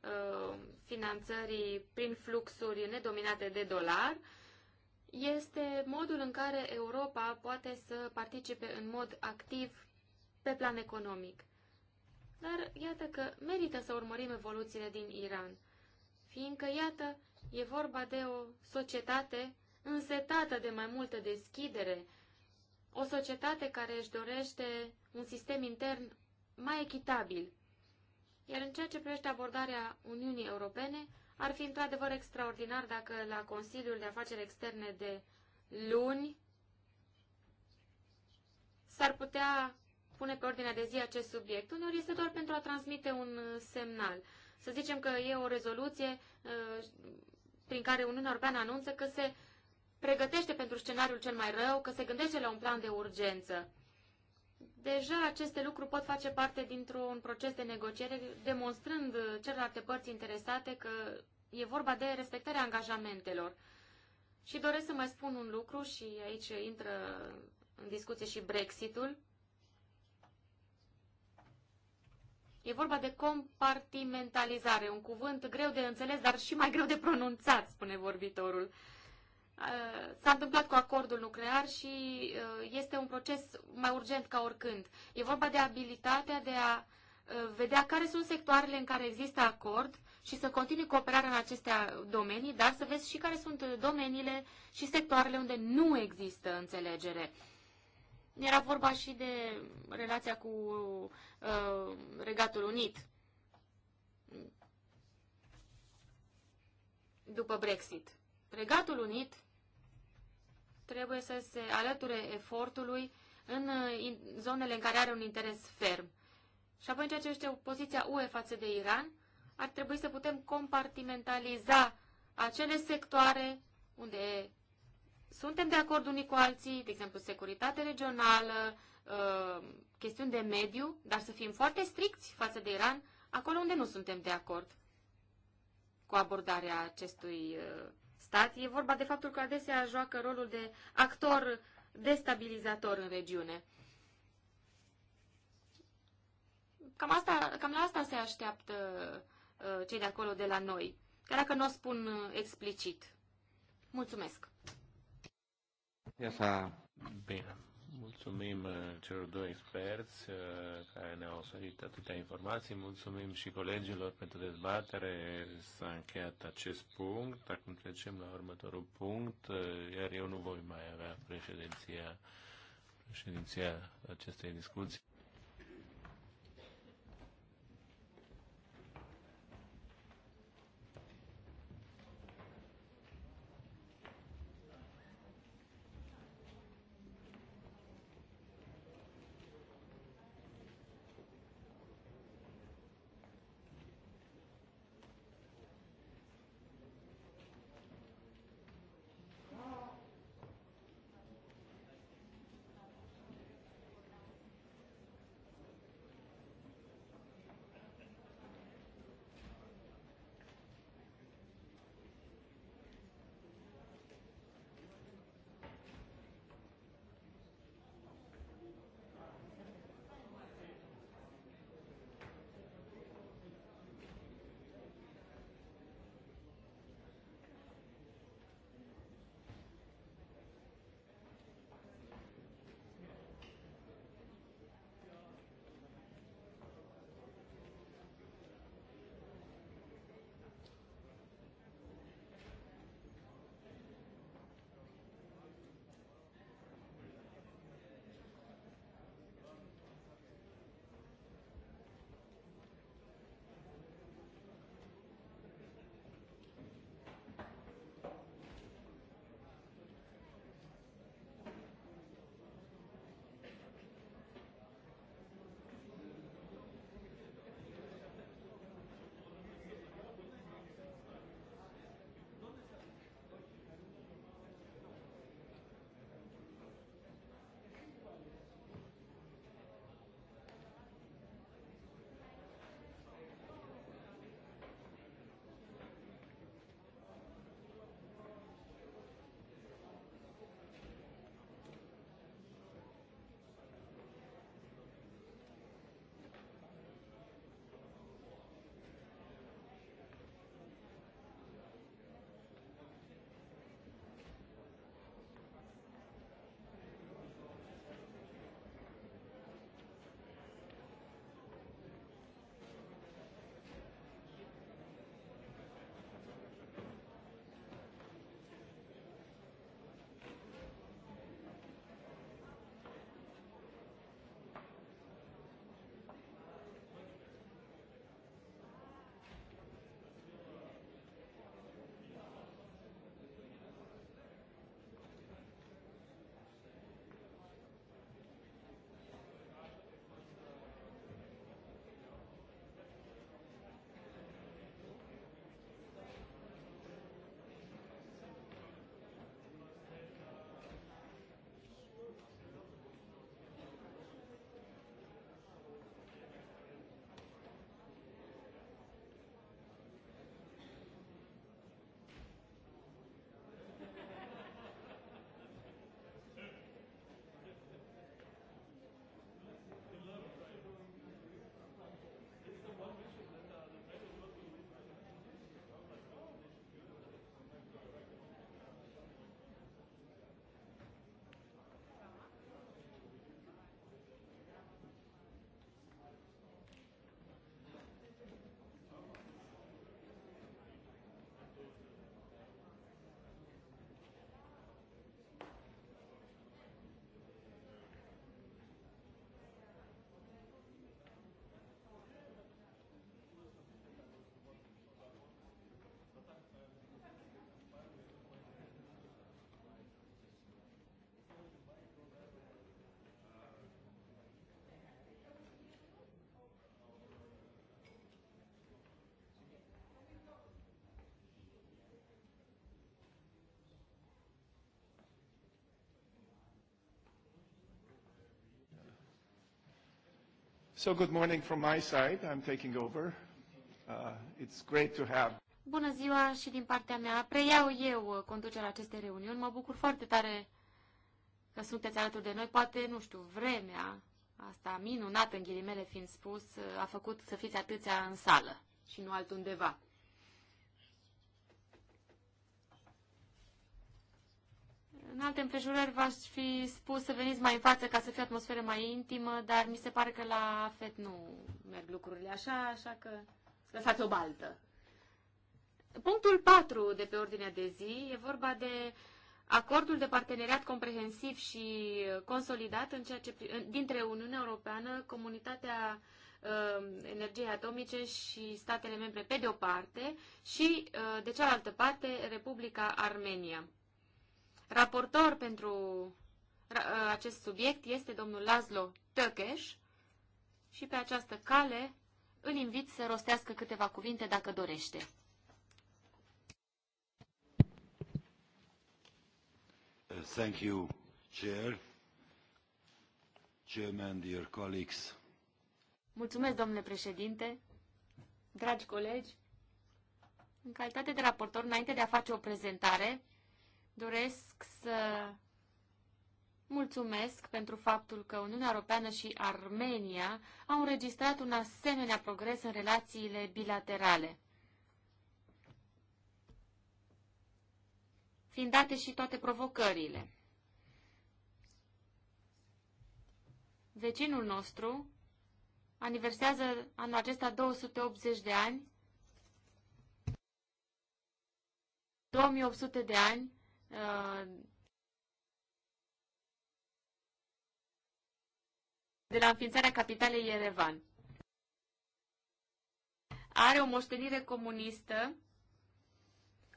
uh, finanțării prin fluxuri nedominate de dolar, este modul în care Europa poate să participe în mod activ pe plan economic. Dar iată că merită să urmărim evoluțiile din Iran, fiindcă, iată, e vorba de o societate însetată de mai multă deschidere, o societate care își dorește un sistem intern mai echitabil. Iar în ceea ce privește abordarea Uniunii Europene, ar fi într-adevăr extraordinar dacă la Consiliul de Afaceri Externe de luni s-ar putea pune pe ordinea de zi acest subiect. Uneori este doar pentru a transmite un uh, semnal. Să zicem că e o rezoluție uh, prin care Uniunea Europeană anunță că se pregătește pentru scenariul cel mai rău, că se gândește la un plan de urgență. Deja aceste lucruri pot face parte dintr-un proces de negociere, demonstrând uh, celelalte părți interesate că e vorba de respectarea angajamentelor. Și doresc să mai spun un lucru și aici intră în discuție și Brexitul. E vorba de compartimentalizare, un cuvânt greu de înțeles, dar și mai greu de pronunțat, spune vorbitorul. Uh, s-a întâmplat cu acordul nuclear și uh, este un proces mai urgent ca oricând. E vorba de abilitatea de a uh, vedea care sunt sectoarele în care există acord și să continui cooperarea în aceste domenii, dar să vezi și care sunt domeniile și sectoarele unde nu există înțelegere. Era vorba și de relația cu uh, Regatul Unit după Brexit. Regatul Unit trebuie să se alăture efortului în uh, zonele în care are un interes ferm. Și apoi, în ceea ce este poziția UE față de Iran, ar trebui să putem compartimentaliza acele sectoare unde suntem de acord unii cu alții, de exemplu securitate regională, uh, chestiuni de mediu, dar să fim foarte stricți față de Iran acolo unde nu suntem de acord cu abordarea acestui uh, stat. E vorba de faptul că adesea joacă rolul de actor destabilizator în regiune. Cam, asta, cam la asta se așteaptă uh, cei de acolo de la noi, chiar dacă nu o spun explicit. Mulțumesc! Bine. Mulțumim uh, celor doi experți uh, care ne-au oferit atâtea informații. Mulțumim și colegilor pentru dezbatere. S-a încheiat acest punct. Acum trecem la următorul punct, uh, iar eu nu voi mai avea președinția, președinția acestei discuții. So good morning from my side. I'm taking over. Uh, it's great to have. Bună ziua și din partea mea. Preiau eu uh, conducerea acestei reuniuni. Mă bucur foarte tare că sunteți alături de noi. Poate, nu știu, vremea asta minunată, în ghilimele fiind spus, uh, a făcut să fiți atâția în sală și nu altundeva. alte împrejurări v-aș fi spus să veniți mai în față ca să fie atmosferă mai intimă, dar mi se pare că la FET nu merg lucrurile așa, așa că lăsați o baltă. Punctul 4 de pe ordinea de zi e vorba de acordul de parteneriat comprehensiv și consolidat în ceea ce, dintre Uniunea Europeană, Comunitatea uh, energiei atomice și statele membre pe de o parte și uh, de cealaltă parte Republica Armenia. Raportor pentru ă, acest subiect este domnul Laszlo Tökes și pe această cale îl invit să rostească câteva cuvinte dacă dorește. Thank you, Chair. Chairman, dear colleagues. Mulțumesc, domnule președinte, dragi colegi. În calitate de raportor, înainte de a face o prezentare, Doresc să mulțumesc pentru faptul că Uniunea Europeană și Armenia au înregistrat un asemenea progres în relațiile bilaterale. Fiind date și toate provocările. Vecinul nostru aniversează anul acesta 280 de ani, 2800 de ani Uh, de la înființarea capitalei Yerevan. Are o moștenire comunistă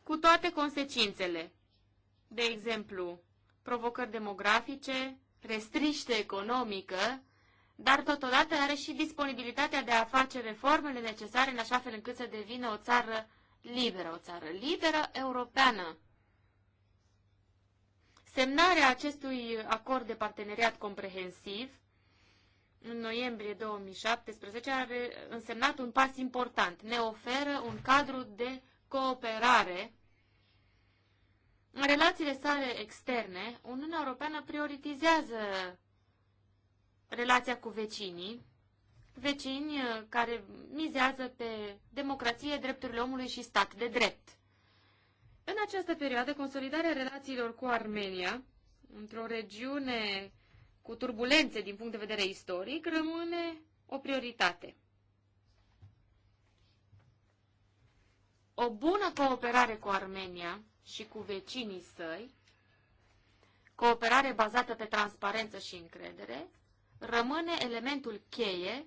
cu toate consecințele. De exemplu, provocări demografice, restriște economică, dar totodată are și disponibilitatea de a face reformele necesare în așa fel încât să devină o țară liberă, o țară liberă europeană semnarea acestui acord de parteneriat comprehensiv în noiembrie 2017 a însemnat un pas important. Ne oferă un cadru de cooperare în relațiile sale externe, Uniunea Europeană prioritizează relația cu vecinii, vecini uh, care mizează pe democrație, drepturile omului și stat de drept. În această perioadă, consolidarea relațiilor cu Armenia, într-o regiune cu turbulențe din punct de vedere istoric, rămâne o prioritate. O bună cooperare cu Armenia și cu vecinii săi, cooperare bazată pe transparență și încredere, rămâne elementul cheie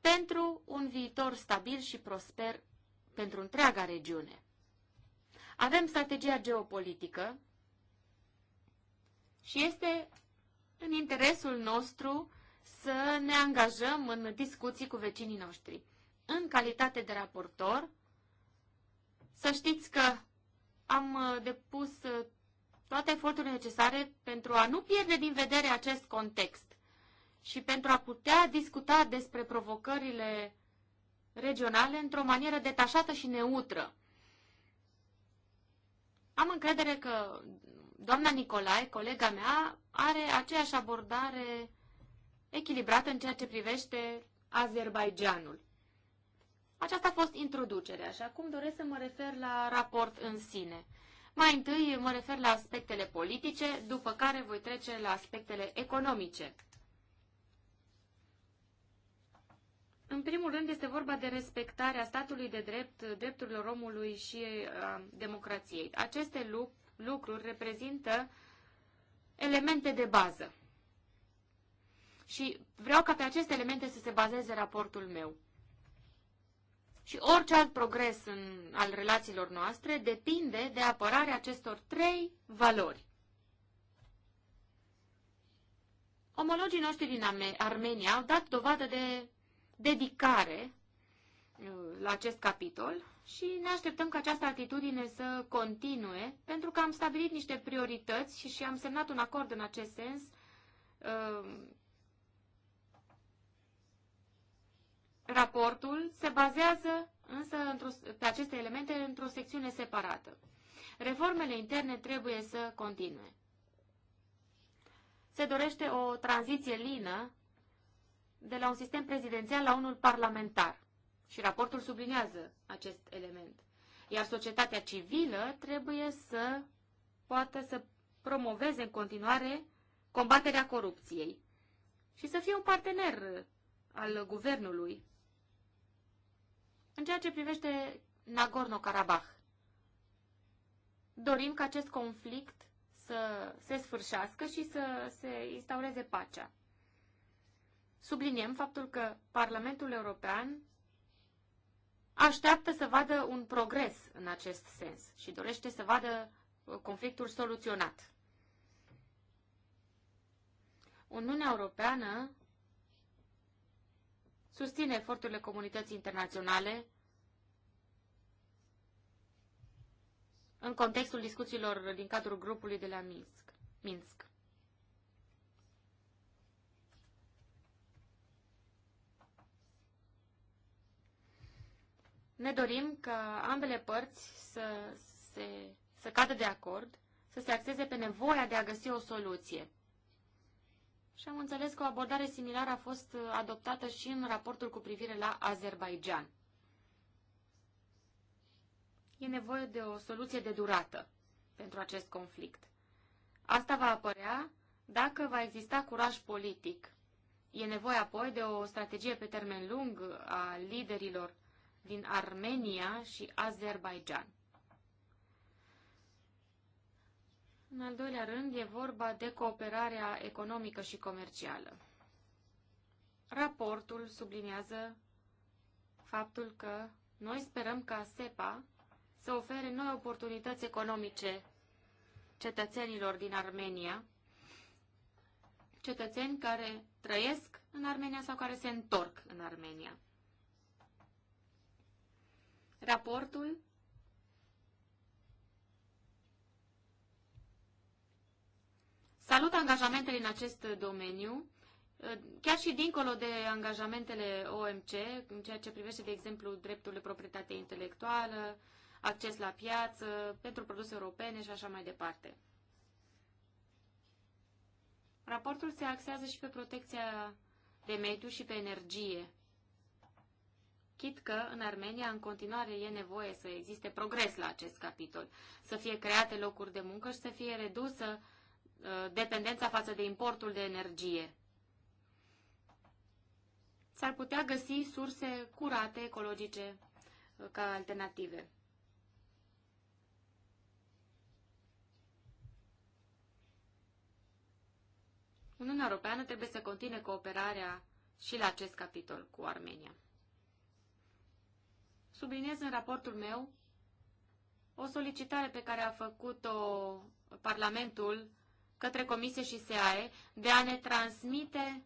pentru un viitor stabil și prosper pentru întreaga regiune. Avem strategia geopolitică și este în interesul nostru să ne angajăm în discuții cu vecinii noștri. În calitate de raportor, să știți că am uh, depus uh, toate eforturile necesare pentru a nu pierde din vedere acest context și pentru a putea discuta despre provocările regionale într-o manieră detașată și neutră. Am încredere că doamna Nicolae, colega mea, are aceeași abordare echilibrată în ceea ce privește Azerbaijanul. Aceasta a fost introducerea și acum doresc să mă refer la raport în sine. Mai întâi mă refer la aspectele politice, după care voi trece la aspectele economice. În primul rând este vorba de respectarea statului de drept, drepturilor omului și uh, a democrației. Aceste lucruri reprezintă elemente de bază. Și vreau ca pe aceste elemente să se bazeze raportul meu. Și orice alt progres în, al relațiilor noastre depinde de apărarea acestor trei valori. Omologii noștri din Armenia au dat dovadă de dedicare uh, la acest capitol și ne așteptăm ca această atitudine să continue, pentru că am stabilit niște priorități și am semnat un acord în acest sens uh, Raportul se bazează însă pe aceste elemente într-o secțiune separată. Reformele interne trebuie să continue. Se dorește o tranziție lină de la un sistem prezidențial la unul parlamentar. Și raportul subliniază acest element. Iar societatea civilă trebuie să poată să promoveze în continuare combaterea corupției și să fie un partener al guvernului în ceea ce privește Nagorno-Karabakh. Dorim ca acest conflict să se sfârșească și să se instaureze pacea subliniem faptul că Parlamentul European așteaptă să vadă un progres în acest sens și dorește să vadă uh, conflictul soluționat. Uniunea Europeană susține eforturile comunității internaționale în contextul discuțiilor din cadrul grupului de la Minsk. Minsk. Ne dorim ca ambele părți să, se, să cadă de acord, să se axeze pe nevoia de a găsi o soluție. Și am înțeles că o abordare similară a fost adoptată și în raportul cu privire la Azerbaijan. E nevoie de o soluție de durată pentru acest conflict. Asta va apărea dacă va exista curaj politic. E nevoie apoi de o strategie pe termen lung a liderilor din Armenia și Azerbaijan. În al doilea rând, e vorba de cooperarea economică și comercială. Raportul subliniază faptul că noi sperăm ca SEPA să ofere noi oportunități economice cetățenilor din Armenia, cetățeni care trăiesc în Armenia sau care se întorc în Armenia raportul Salut angajamentele în acest domeniu, chiar și dincolo de angajamentele OMC, în ceea ce privește, de exemplu, dreptul de proprietate intelectuală, acces la piață, pentru produse europene și așa mai departe. Raportul se axează și pe protecția de mediu și pe energie. Chit că în Armenia în continuare e nevoie să existe progres la acest capitol, să fie create locuri de muncă și să fie redusă uh, dependența față de importul de energie. S-ar putea găsi surse curate, ecologice, uh, ca alternative. Uniunea Europeană trebuie să continue cooperarea și la acest capitol cu Armenia subliniez în raportul meu o solicitare pe care a făcut-o Parlamentul către Comisie și SEAE de a ne transmite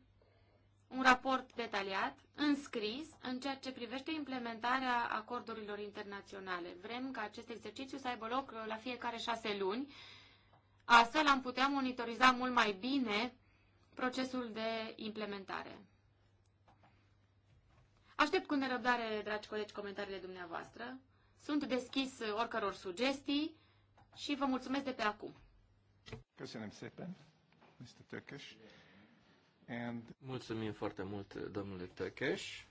un raport detaliat, înscris, în ceea ce privește implementarea acordurilor internaționale. Vrem ca acest exercițiu să aibă loc la fiecare șase luni. Astfel am putea monitoriza mult mai bine procesul de implementare. Aștept cu nerăbdare, dragi colegi, comentariile dumneavoastră. Sunt deschis oricăror sugestii și vă mulțumesc de pe acum. Mulțumim foarte mult, domnule Tăcheș.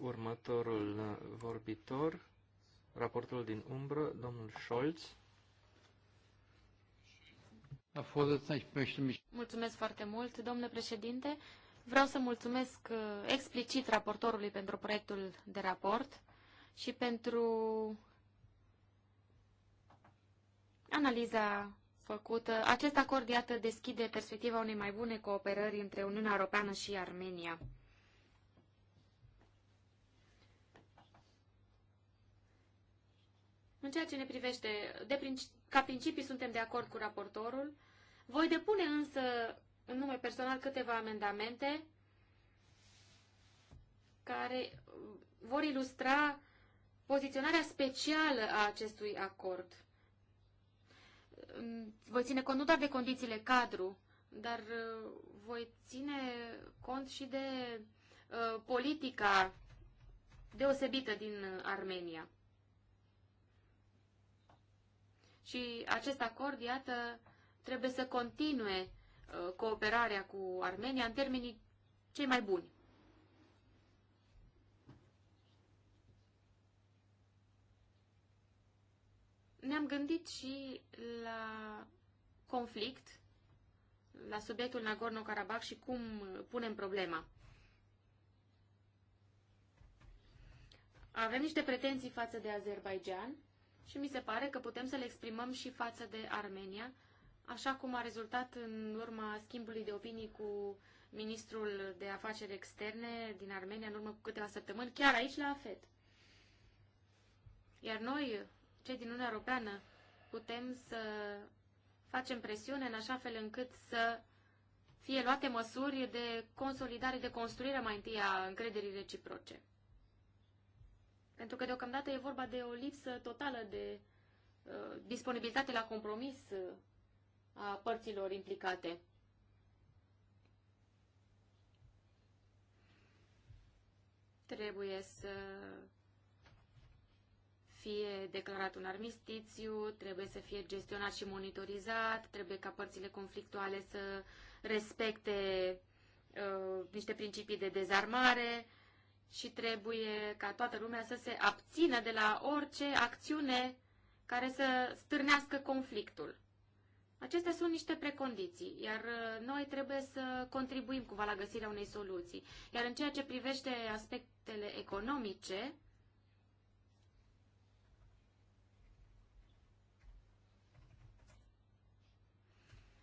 Următorul vorbitor, raportul din umbră, domnul Scholz. Mulțumesc foarte mult, domnule președinte. Vreau să mulțumesc uh, explicit raportorului pentru proiectul de raport și pentru analiza făcută. Acest acord, iată, deschide perspectiva unei mai bune cooperări între Uniunea Europeană și Armenia. În ceea ce ne privește, de princi ca principii suntem de acord cu raportorul. Voi depune însă în nume personal câteva amendamente care vor ilustra poziționarea specială a acestui acord. Voi ține cont nu doar de condițiile cadru, dar uh, voi ține cont și de uh, politica deosebită din Armenia. Și acest acord, iată, trebuie să continue Uh, cooperarea cu Armenia în termenii cei mai buni. Ne-am gândit și la conflict, la subiectul Nagorno-Karabakh și cum punem problema. Avem niște pretenții față de Azerbaijan și mi se pare că putem să le exprimăm și față de Armenia, așa cum a rezultat în urma schimbului de opinii cu ministrul de afaceri externe din Armenia în urmă cu câteva săptămâni, chiar aici la AFET. Iar noi, cei din Uniunea Europeană, putem să facem presiune în așa fel încât să fie luate măsuri de consolidare, de construire mai întâi a încrederii reciproce. Pentru că deocamdată e vorba de o lipsă totală de uh, disponibilitate la compromis uh, a părților implicate. Trebuie să fie declarat un armistițiu, trebuie să fie gestionat și monitorizat, trebuie ca părțile conflictuale să respecte uh, niște principii de dezarmare și trebuie ca toată lumea să se abțină de la orice acțiune care să stârnească conflictul. Acestea sunt niște precondiții, iar uh, noi trebuie să contribuim cumva la găsirea unei soluții. Iar în ceea ce privește aspectele economice,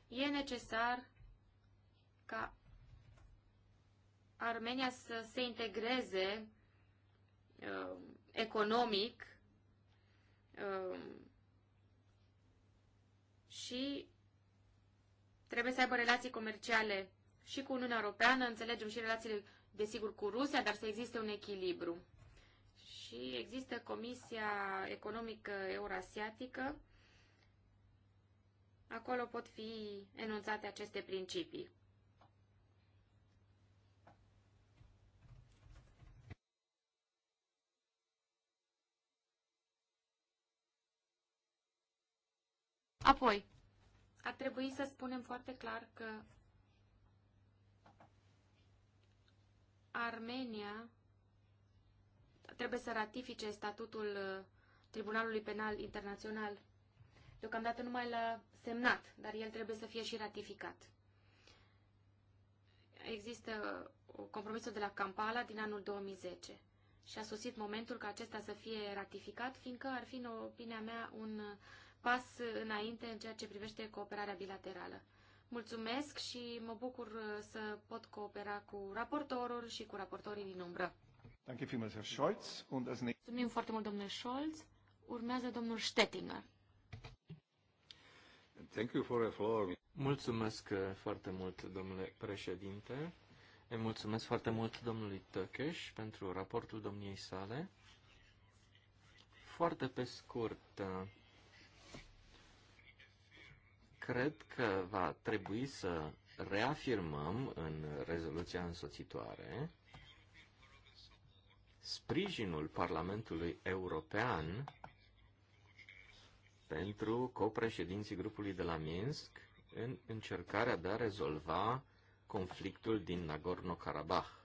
e necesar ca Armenia să se integreze uh, economic uh, și trebuie să aibă relații comerciale și cu Uniunea Europeană, înțelegem și relațiile, desigur, cu Rusia, dar să existe un echilibru. Și există Comisia Economică Eurasiatică, acolo pot fi enunțate aceste principii. Apoi, ar trebui să spunem foarte clar că Armenia trebuie să ratifice statutul uh, Tribunalului Penal Internațional. Deocamdată numai l-a semnat, dar el trebuie să fie și ratificat. Există uh, compromisul de la Kampala din anul 2010 și a susit momentul ca acesta să fie ratificat, fiindcă ar fi, în opinia mea, un uh, pas înainte în ceea ce privește cooperarea bilaterală. Mulțumesc și mă bucur uh, să pot coopera cu raportorul și cu raportorii din umbră. Mulțumim foarte mult, domnule Scholz. Urmează domnul Stettinger. Thank you for Mulțumesc uh, foarte mult, domnule președinte. Îi mulțumesc foarte mult domnului Tăcheș pentru raportul domniei sale. Foarte pe scurt, uh, cred că va trebui să reafirmăm în rezoluția însoțitoare sprijinul Parlamentului European pentru copreședinții grupului de la Minsk în încercarea de a rezolva conflictul din Nagorno-Karabakh.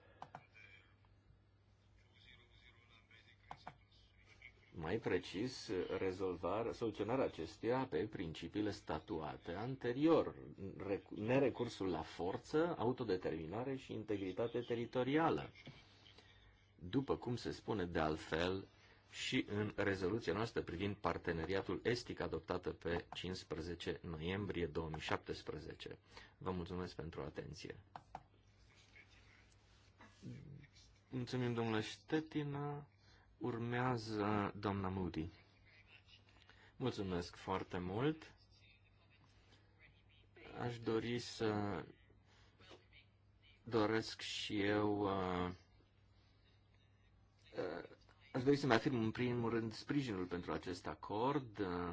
mai precis, rezolvarea, soluționarea acesteia pe principiile statuate anterior, nerecursul la forță, autodeterminare și integritate teritorială. După cum se spune de altfel și în rezoluția noastră privind parteneriatul estic adoptată pe 15 noiembrie 2017. Vă mulțumesc pentru atenție. Mulțumim, domnule Ștetina. Urmează doamna Moody. Mulțumesc foarte mult. Aș dori să doresc și eu uh, uh, Aș dori să-mi afirm în primul rând sprijinul pentru acest acord. Uh,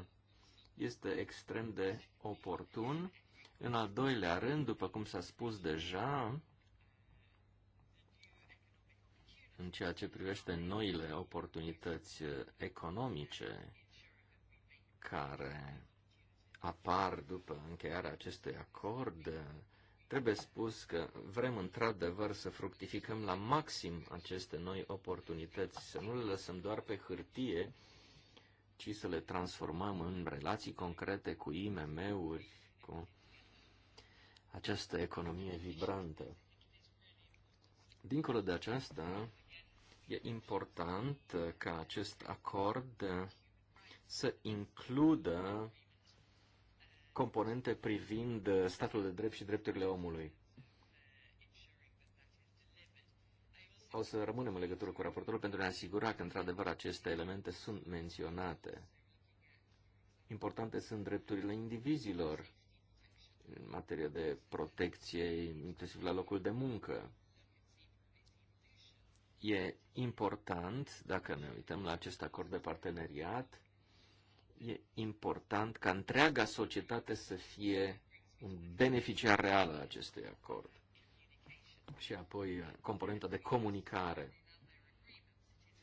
este extrem de oportun. În al doilea rând, după cum s-a spus deja, în ceea ce privește noile oportunități economice care apar după încheierea acestui acord, trebuie spus că vrem într-adevăr să fructificăm la maxim aceste noi oportunități, să nu le lăsăm doar pe hârtie, ci să le transformăm în relații concrete cu IMM-uri, cu această economie vibrantă. Dincolo de aceasta, E important uh, ca acest acord uh, să includă componente privind uh, statul de drept și drepturile omului. O să rămânem în legătură cu raportorul pentru a ne asigura că, într-adevăr, aceste elemente sunt menționate. Importante sunt drepturile indivizilor în materie de protecție, inclusiv la locul de muncă. E important, dacă ne uităm la acest acord de parteneriat, e important ca întreaga societate să fie un beneficiar real al acestui acord. Și apoi componenta de comunicare.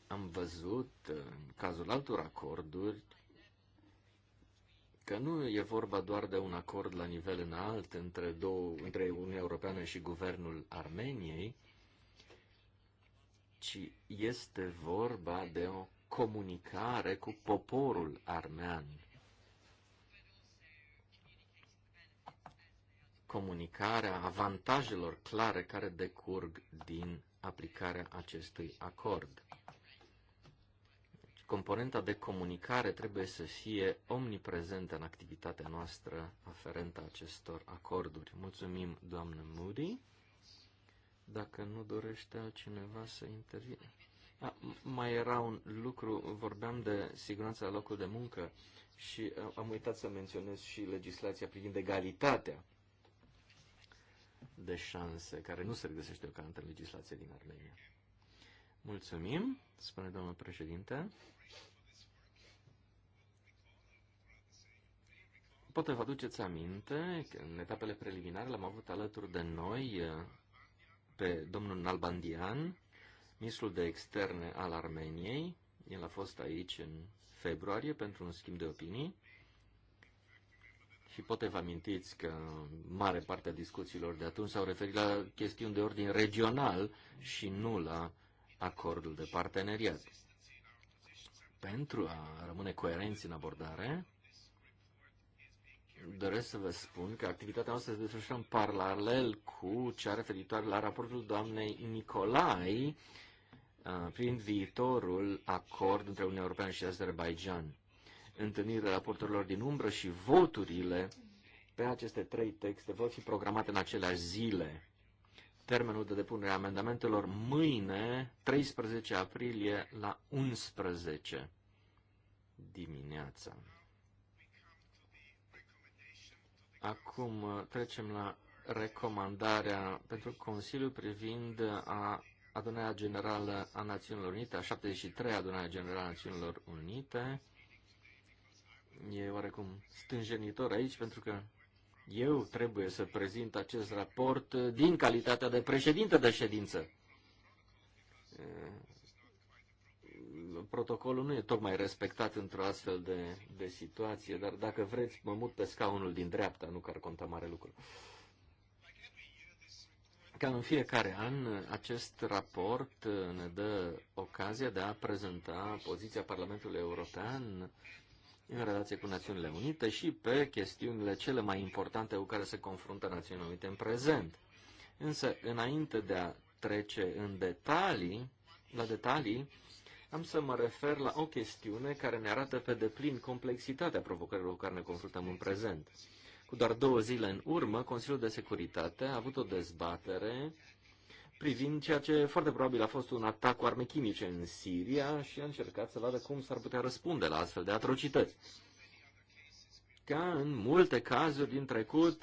Am văzut, în cazul altor acorduri, că nu e vorba doar de un acord la nivel înalt între, două, între Uniunea Europeană și guvernul Armeniei, ci este vorba de o comunicare cu poporul armean. Comunicarea avantajelor clare care decurg din aplicarea acestui acord. Deci, componenta de comunicare trebuie să fie omniprezentă în activitatea noastră aferentă acestor acorduri. Mulțumim, doamnă Moody dacă nu dorește altcineva să intervine. A, mai era un lucru, vorbeam de siguranța la locul de muncă și am uitat să menționez și legislația privind egalitatea de șanse, care nu se regăsește deocamdată în legislația din Armenia. Mulțumim, spune domnul președinte. Poate vă aduceți aminte că în etapele preliminare l-am avut alături de noi pe domnul Nalbandian, ministrul de externe al Armeniei. El a fost aici în februarie pentru un schimb de opinii. Și poate vă amintiți că mare parte a discuțiilor de atunci s-au referit la chestiuni de ordin regional și nu la acordul de parteneriat. Pentru a rămâne coerenți în abordare, doresc să vă spun că activitatea noastră se desfășoară în paralel cu cea referitoare la raportul doamnei Nicolai uh, prin viitorul acord între Uniunea Europeană și Azerbaijan. întâlnirea raporturilor din umbră și voturile pe aceste trei texte vor fi programate în aceleași zile. Termenul de depunere a amendamentelor mâine, 13 aprilie, la 11 dimineața. Acum uh, trecem la recomandarea pentru Consiliu privind uh, a Adunarea Generală a Națiunilor Unite, a 73-a Adunarea Generală a Națiunilor Unite. E oarecum stânjenitor aici pentru că eu trebuie să prezint acest raport uh, din calitatea de președinte de ședință protocolul nu e tocmai respectat într-o astfel de, de situație, dar dacă vreți, mă mut pe scaunul din dreapta, nu că ar conta mare lucru. Ca în fiecare an, acest raport uh, ne dă ocazia de a prezenta poziția Parlamentului European în relație cu Națiunile Unite și pe chestiunile cele mai importante cu care se confruntă Națiunile Unite în prezent. Însă, înainte de a trece în detalii, la detalii, am să mă refer la o chestiune care ne arată pe deplin complexitatea provocărilor cu care ne confruntăm în prezent. Cu doar două zile în urmă, Consiliul de Securitate a avut o dezbatere privind ceea ce foarte probabil a fost un atac cu arme chimice în Siria și a încercat să vadă cum s-ar putea răspunde la astfel de atrocități. Ca în multe cazuri din trecut,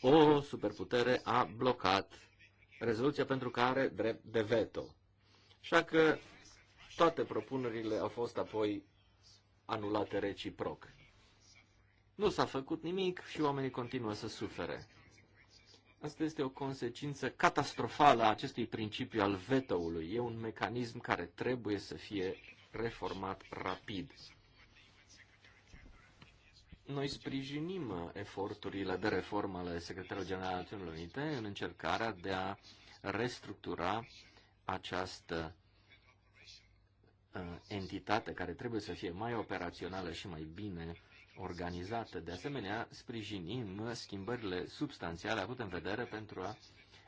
o superputere a blocat rezoluția pentru care drept de veto. Așa că toate propunerile au fost apoi anulate reciproc. Nu s-a făcut nimic și oamenii continuă să sufere. Asta este o consecință catastrofală a acestui principiu al vetoului. E un mecanism care trebuie să fie reformat rapid. Noi sprijinim eforturile de reformă ale Secretarului General al Națiunilor Unite în încercarea de a restructura această uh, entitate care trebuie să fie mai operațională și mai bine organizată. De asemenea, sprijinim schimbările substanțiale avute în vedere pentru a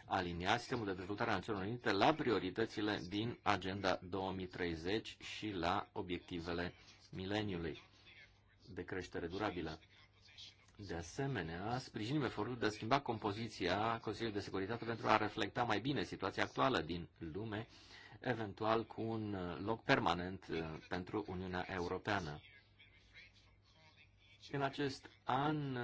alinia sistemul de dezvoltare a Națiunilor Unite la prioritățile din Agenda 2030 și la obiectivele mileniului de creștere durabilă. De asemenea, sprijinim efortul de a schimba compoziția Consiliului de Securitate pentru a reflecta mai bine situația actuală din lume, eventual cu un loc permanent uh, pentru Uniunea Europeană. În acest an uh,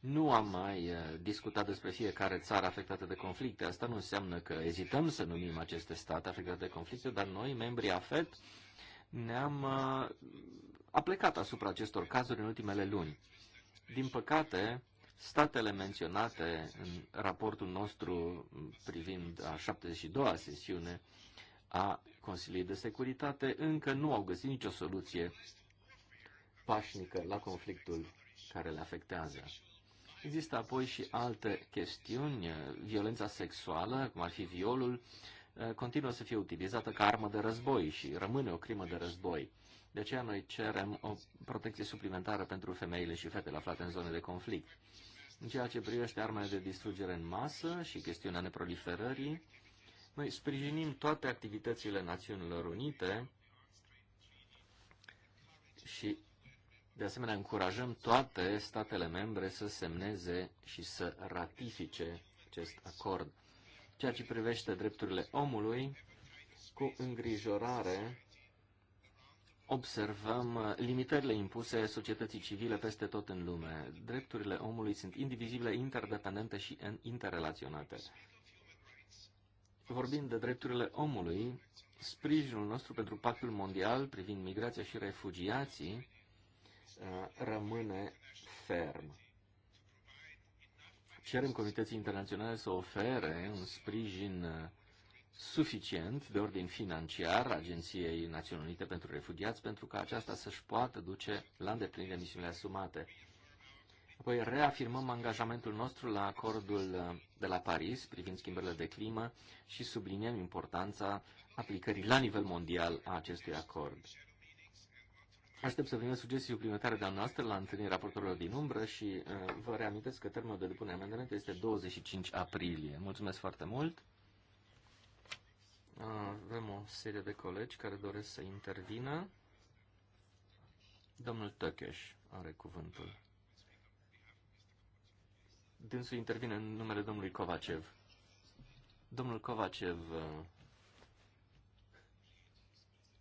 nu am mai uh, discutat despre fiecare țară afectată de conflicte. Asta nu înseamnă că ezităm să numim aceste state afectate de conflicte, dar noi, membrii AFET, ne-am aplecat asupra acestor cazuri în ultimele luni. Din păcate, statele menționate în raportul nostru privind a 72-a sesiune a Consiliului de Securitate încă nu au găsit nicio soluție pașnică la conflictul care le afectează. Există apoi și alte chestiuni. Violența sexuală, cum ar fi violul, continuă să fie utilizată ca armă de război și rămâne o crimă de război. De aceea noi cerem o protecție suplimentară pentru femeile și fetele aflate în zone de conflict. În ceea ce privește armele de distrugere în masă și chestiunea neproliferării, noi sprijinim toate activitățile Națiunilor Unite și, de asemenea, încurajăm toate statele membre să semneze și să ratifice acest acord. Ceea ce privește drepturile omului, cu îngrijorare observăm uh, limitările impuse societății civile peste tot în lume. Drepturile omului sunt indivizibile, interdependente și interrelaționate. Vorbind de drepturile omului, sprijinul nostru pentru pactul mondial privind migrația și refugiații uh, rămâne ferm. Cerem Comității Internaționale să ofere un sprijin uh, suficient de ordin financiar Agenției Națiunilor Unite pentru Refugiați pentru ca aceasta să-și poată duce la îndeplinire misiunile asumate. Apoi reafirmăm angajamentul nostru la acordul uh, de la Paris privind schimbările de climă și subliniem importanța aplicării la nivel mondial a acestui acord. Aștept să primesc sugestii suplimentare de noastră la întâlnirea raportorilor din umbră și uh, vă reamintesc că termenul de depunere amendamente este 25 aprilie. Mulțumesc foarte mult! Avem o serie de colegi care doresc să intervină. Domnul Tăcheș are cuvântul. Dânsul intervine în numele domnului Covacev. Domnul Covacev uh,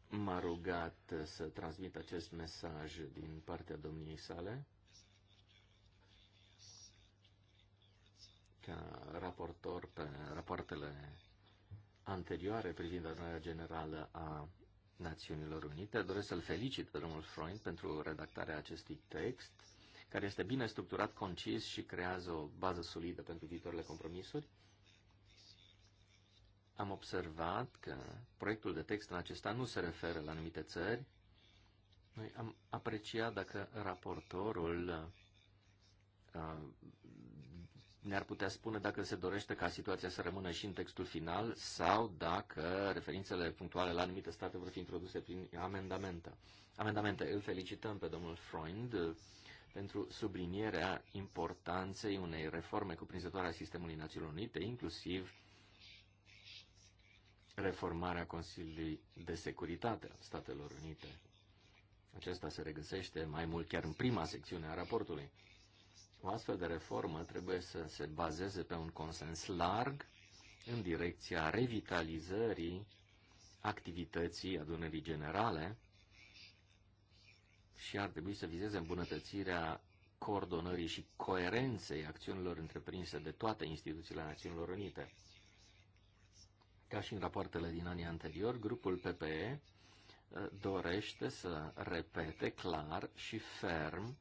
m-a rugat să transmit acest mesaj din partea domniei sale. Ca raportor pe rapoartele anterioare privind adunarea generală a Națiunilor Unite. Doresc să-l felicit pe domnul Freund pentru redactarea acestui text, care este bine structurat, concis și creează o bază solidă pentru viitoarele compromisuri. Am observat că proiectul de text în acesta nu se referă la anumite țări. Noi am apreciat dacă raportorul uh, ne-ar putea spune dacă se dorește ca situația să rămână și în textul final sau dacă referințele punctuale la anumite state vor fi introduse prin amendamente. Amendamente. Îl felicităm pe domnul Freund uh, pentru sublinierea importanței unei reforme cuprinzătoare a sistemului Națiunilor Unite, inclusiv reformarea Consiliului de Securitate a Statelor Unite. Acesta se regăsește mai mult chiar în prima secțiune a raportului. O astfel de reformă trebuie să se bazeze pe un consens larg în direcția revitalizării activității adunării generale și ar trebui să vizeze îmbunătățirea coordonării și coerenței acțiunilor întreprinse de toate instituțiile Națiunilor Unite. Ca și în rapoartele din anii anterior, grupul PPE uh, dorește să repete clar și ferm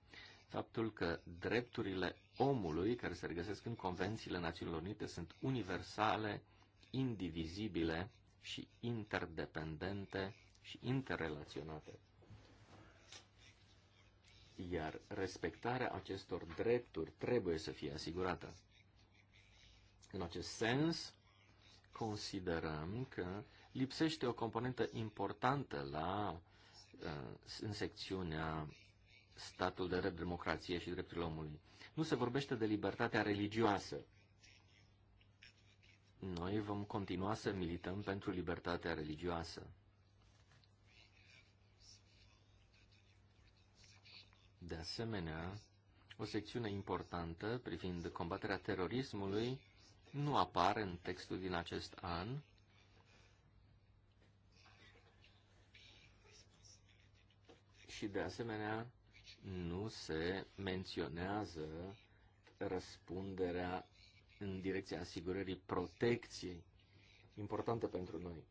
faptul că drepturile omului care se regăsesc în Convențiile Națiunilor Unite sunt universale, indivizibile și interdependente și interrelaționate. Iar respectarea acestor drepturi trebuie să fie asigurată. În acest sens, considerăm că lipsește o componentă importantă la, uh, în secțiunea statul de drept, democrație și drepturile omului. Nu se vorbește de libertatea religioasă. Noi vom continua să milităm pentru libertatea religioasă. De asemenea, o secțiune importantă privind combaterea terorismului nu apare în textul din acest an. Și de asemenea, nu se menționează răspunderea în direcția asigurării protecției, importantă pentru noi.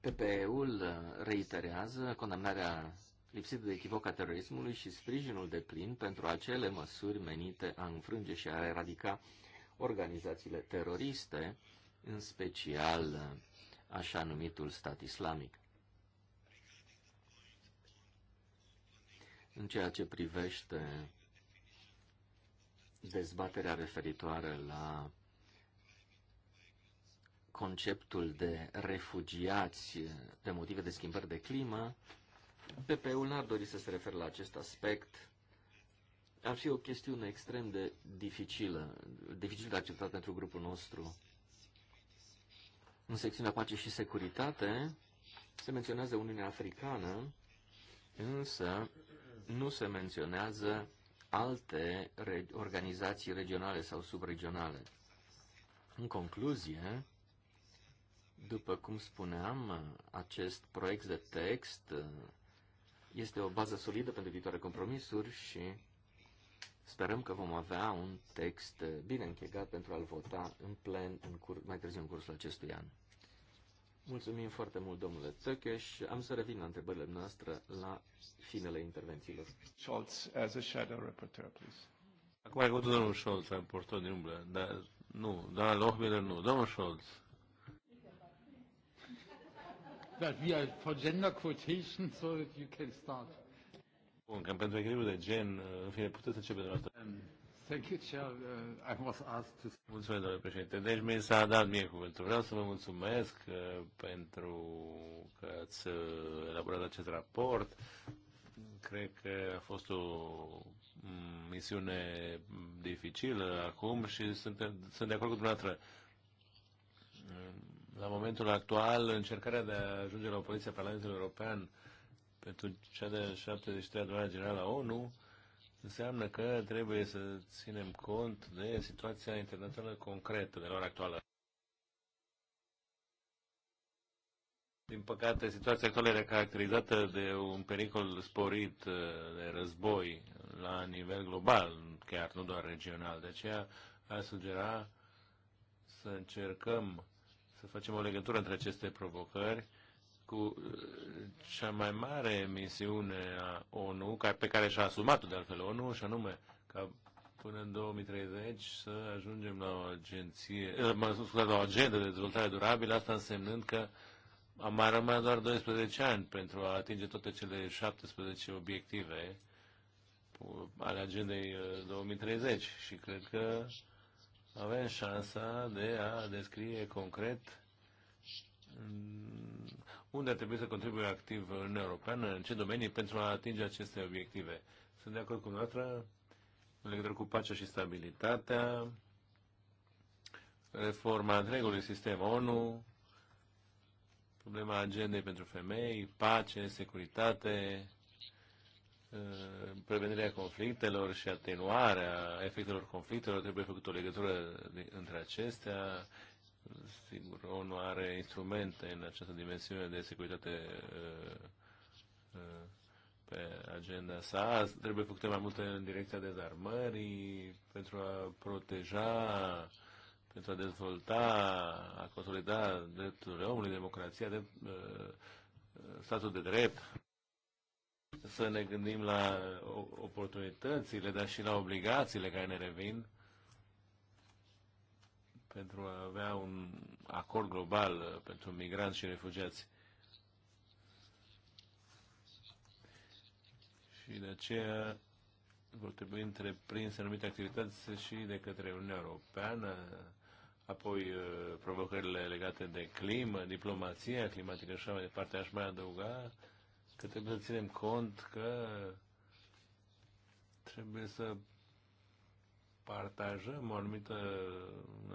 PPE-ul reiterează condamnarea lipsită de echivoc a terorismului și sprijinul de plin pentru acele măsuri menite a înfrânge și a eradica organizațiile teroriste, în special așa numitul stat islamic. În ceea ce privește dezbaterea referitoare la conceptul de refugiați pe motive de schimbări de climă, PP-ul n-ar dori să se referă la acest aspect. Ar fi o chestiune extrem de dificilă, dificil de acceptat pentru grupul nostru. În secțiunea pace și securitate se menționează Uniunea Africană, însă nu se menționează alte organizații regionale sau subregionale. În concluzie, după cum spuneam, acest proiect de text uh, este o bază solidă pentru viitoare compromisuri și sperăm că vom avea un text uh, bine închegat pentru a-l vota în plen în mai târziu în cursul acestui an. Mulțumim foarte mult, domnule Țăcheș. Am să revin la întrebările noastre la finele intervențiilor. Scholz, as a shadow reporter please. Acum ai cuvântul domnul Scholz, raportor din umbră, dar nu, doamna Lohmiller nu. Domnul Scholz. Dar we for gender quotation, so that you can start. Bun, cam pentru echilibru de gen, în fine, puteți începe de la asta. Um, Thank you, Chair. Uh, I was asked to... Mulțumesc, domnule președinte. Deci mi s-a dat mie cuvântul. Vreau să vă mulțumesc uh, pentru că ați uh, elaborat acest raport. Cred că a fost o mm, misiune dificilă acum și sunt, sunt de acord cu dumneavoastră. Mm, la momentul actual, încercarea de a ajunge la o poziție a Parlamentului European pentru cea de 73-a generală a ONU înseamnă că trebuie să ținem cont de situația internațională concretă de la ora actuală. Din păcate, situația actuală era caracterizată de un pericol sporit uh, de război la nivel global, chiar nu doar regional. De aceea a sugera să încercăm să facem o legătură între aceste provocări cu uh, cea mai mare misiune a ONU, pe care și-a asumat-o de altfel ONU, și anume ca până în 2030 să ajungem la o agenție, uh, mă scuzat, la o agendă de dezvoltare durabilă, asta însemnând că am mai rămas doar 12 ani pentru a atinge toate cele 17 obiective ale agendei 2030 uh, și cred că avem șansa de a descrie concret mm, unde ar trebui să contribuie activ în Europeană, în ce domenii, pentru a atinge aceste obiective. Sunt de acord cu noastră în legătură cu pacea și stabilitatea, reforma întregului sistem ONU, problema agendei pentru femei, pace, securitate, uh, prevenirea conflictelor și atenuarea efectelor conflictelor, trebuie făcut o legătură între acestea, Sigur, ONU are instrumente în această dimensiune de securitate uh, uh, pe agenda sa. Trebuie făcute mai multe în direcția dezarmării pentru a proteja, pentru a dezvolta, a consolida drepturile omului, democrația, de uh, statul de drept. Să ne gândim la oportunitățile, dar și la obligațiile care ne revin pentru a avea un acord global uh, pentru migranți și refugiați. Și de aceea vor trebui întreprinse anumite activități și de către Uniunea Europeană, apoi uh, provocările legate de climă, diplomația climatică și așa mai departe. Aș mai adăuga că trebuie să ținem cont că trebuie să partajăm o anumită,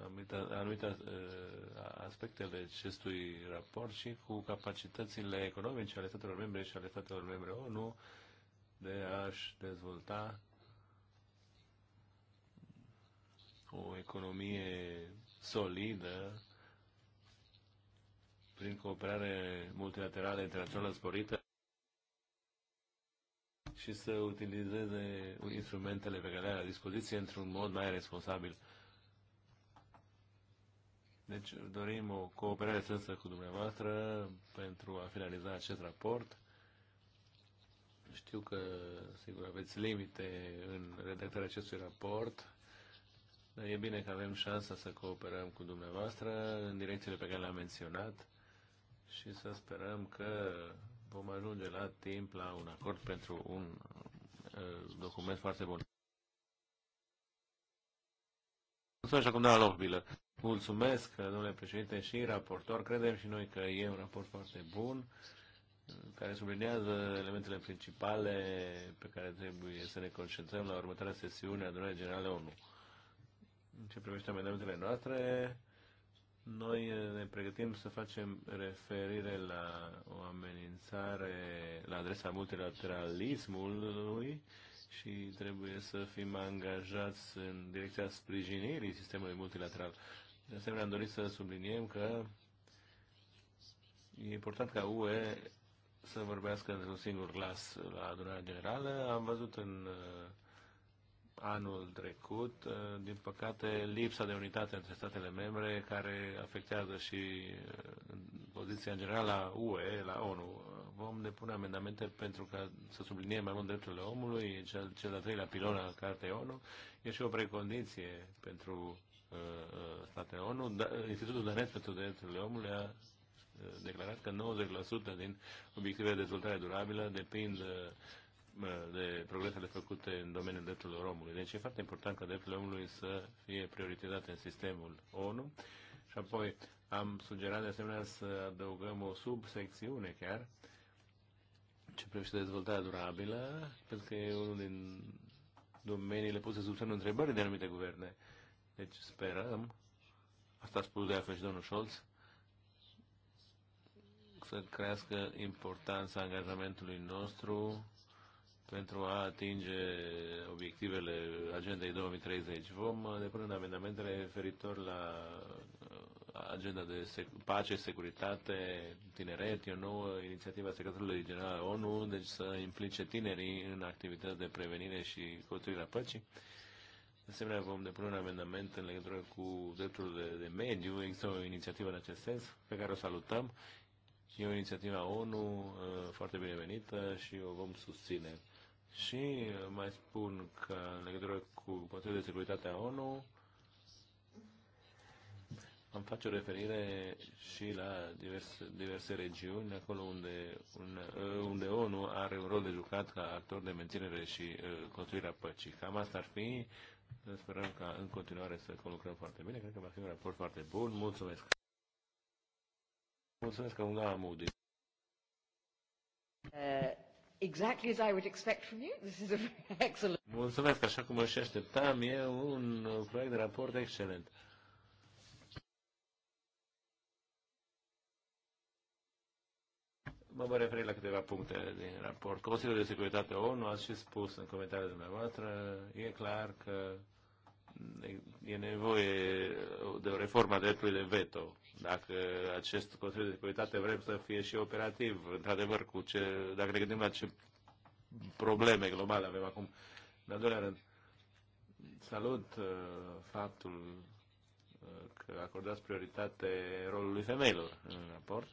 anumită, anumite uh, aspectele acestui raport și cu capacitățile economice ale statelor membre și ale statelor membre ONU de a-și dezvolta o economie solidă prin cooperare multilaterală internațională sporită și să utilizeze instrumentele pe care le are la dispoziție într-un mod mai responsabil. Deci dorim o cooperare strânsă cu dumneavoastră pentru a finaliza acest raport. Știu că, sigur, aveți limite în redactarea acestui raport, dar e bine că avem șansa să cooperăm cu dumneavoastră în direcțiile pe care le-am menționat și să sperăm că vom ajunge la timp la un acord pentru un uh, document foarte bun. Mulțumesc acum doamna Lohbilă. Mulțumesc, domnule președinte și raportor. Credem și noi că e un raport foarte bun care sublinează elementele principale pe care trebuie să ne concentrăm la următoarea sesiune a adunării generale ONU. În ce privește amendamentele noastre, noi eh, ne pregătim să facem referire la o amenințare la adresa multilateralismului și trebuie să fim angajați în direcția sprijinirii sistemului multilateral. De asemenea, am dorit să subliniem că e important ca UE să vorbească într-un singur glas la adunarea generală. Am văzut în uh, anul trecut. Uh, din păcate, lipsa de unitate între statele membre, care afectează și uh, poziția în general la UE, la ONU. Vom depune amendamente pentru ca să subliniem mai mult drepturile omului, cel, cel de-al treilea pilon al Cartei ONU. E și o precondiție pentru uh, uh statele ONU. Da, Institutul net pentru Drepturile Omului a declarat că 90% din obiectivele de dezvoltare durabilă depind uh, de progresele făcute în domeniul drepturilor omului. Deci e foarte important ca drepturile omului să fie prioritizate în sistemul ONU și apoi am sugerat de asemenea să adăugăm o subsecțiune chiar ce privește dezvoltarea durabilă, pentru că e unul din domeniile puse sub semnul întrebării de anumite guverne. Deci sperăm, asta a spus de altfel și domnul Scholz, să crească importanța angajamentului nostru pentru a atinge obiectivele agendei 2030. Vom uh, depune un amendament referitor la uh, agenda de sec- pace, securitate, tineret, e o nouă inițiativă a Secretarului General ONU, deci să implice tinerii în activități de prevenire și construirea păcii. De asemenea, vom depune un amendament în legătură cu dreptul de, de mediu. Există o inițiativă în acest sens pe care o salutăm. E o inițiativă a ONU uh, foarte binevenită și o vom susține. Și uh, mai spun că în legătură cu Consiliul de Securitate a ONU am face o referire și la diverse, diverse regiuni, acolo unde, uh, unde ONU are un rol de jucat ca actor de menținere și uh, construirea păcii. Cam asta ar fi. Sperăm ca în continuare să lucrăm foarte bine. Cred că va fi un raport foarte bun. Mulțumesc! Mulțumesc că un Moody. Uh exactly as I would expect from you. This is a excellent. Mulțumesc, așa cum aș aștepta, e un proiect de raport excelent. Mă voi referi la câteva puncte din raport. Consiliul de Securitate ONU, a și spus în comentariile dumneavoastră, e clar că e nevoie de o reformă a dreptului de veto dacă acest Consiliu de Securitate vrem să fie și operativ, într-adevăr, cu ce, dacă ne gândim la ce probleme globale avem acum. În al doilea rând, salut uh, faptul uh, că acordați prioritate rolului femeilor în raport.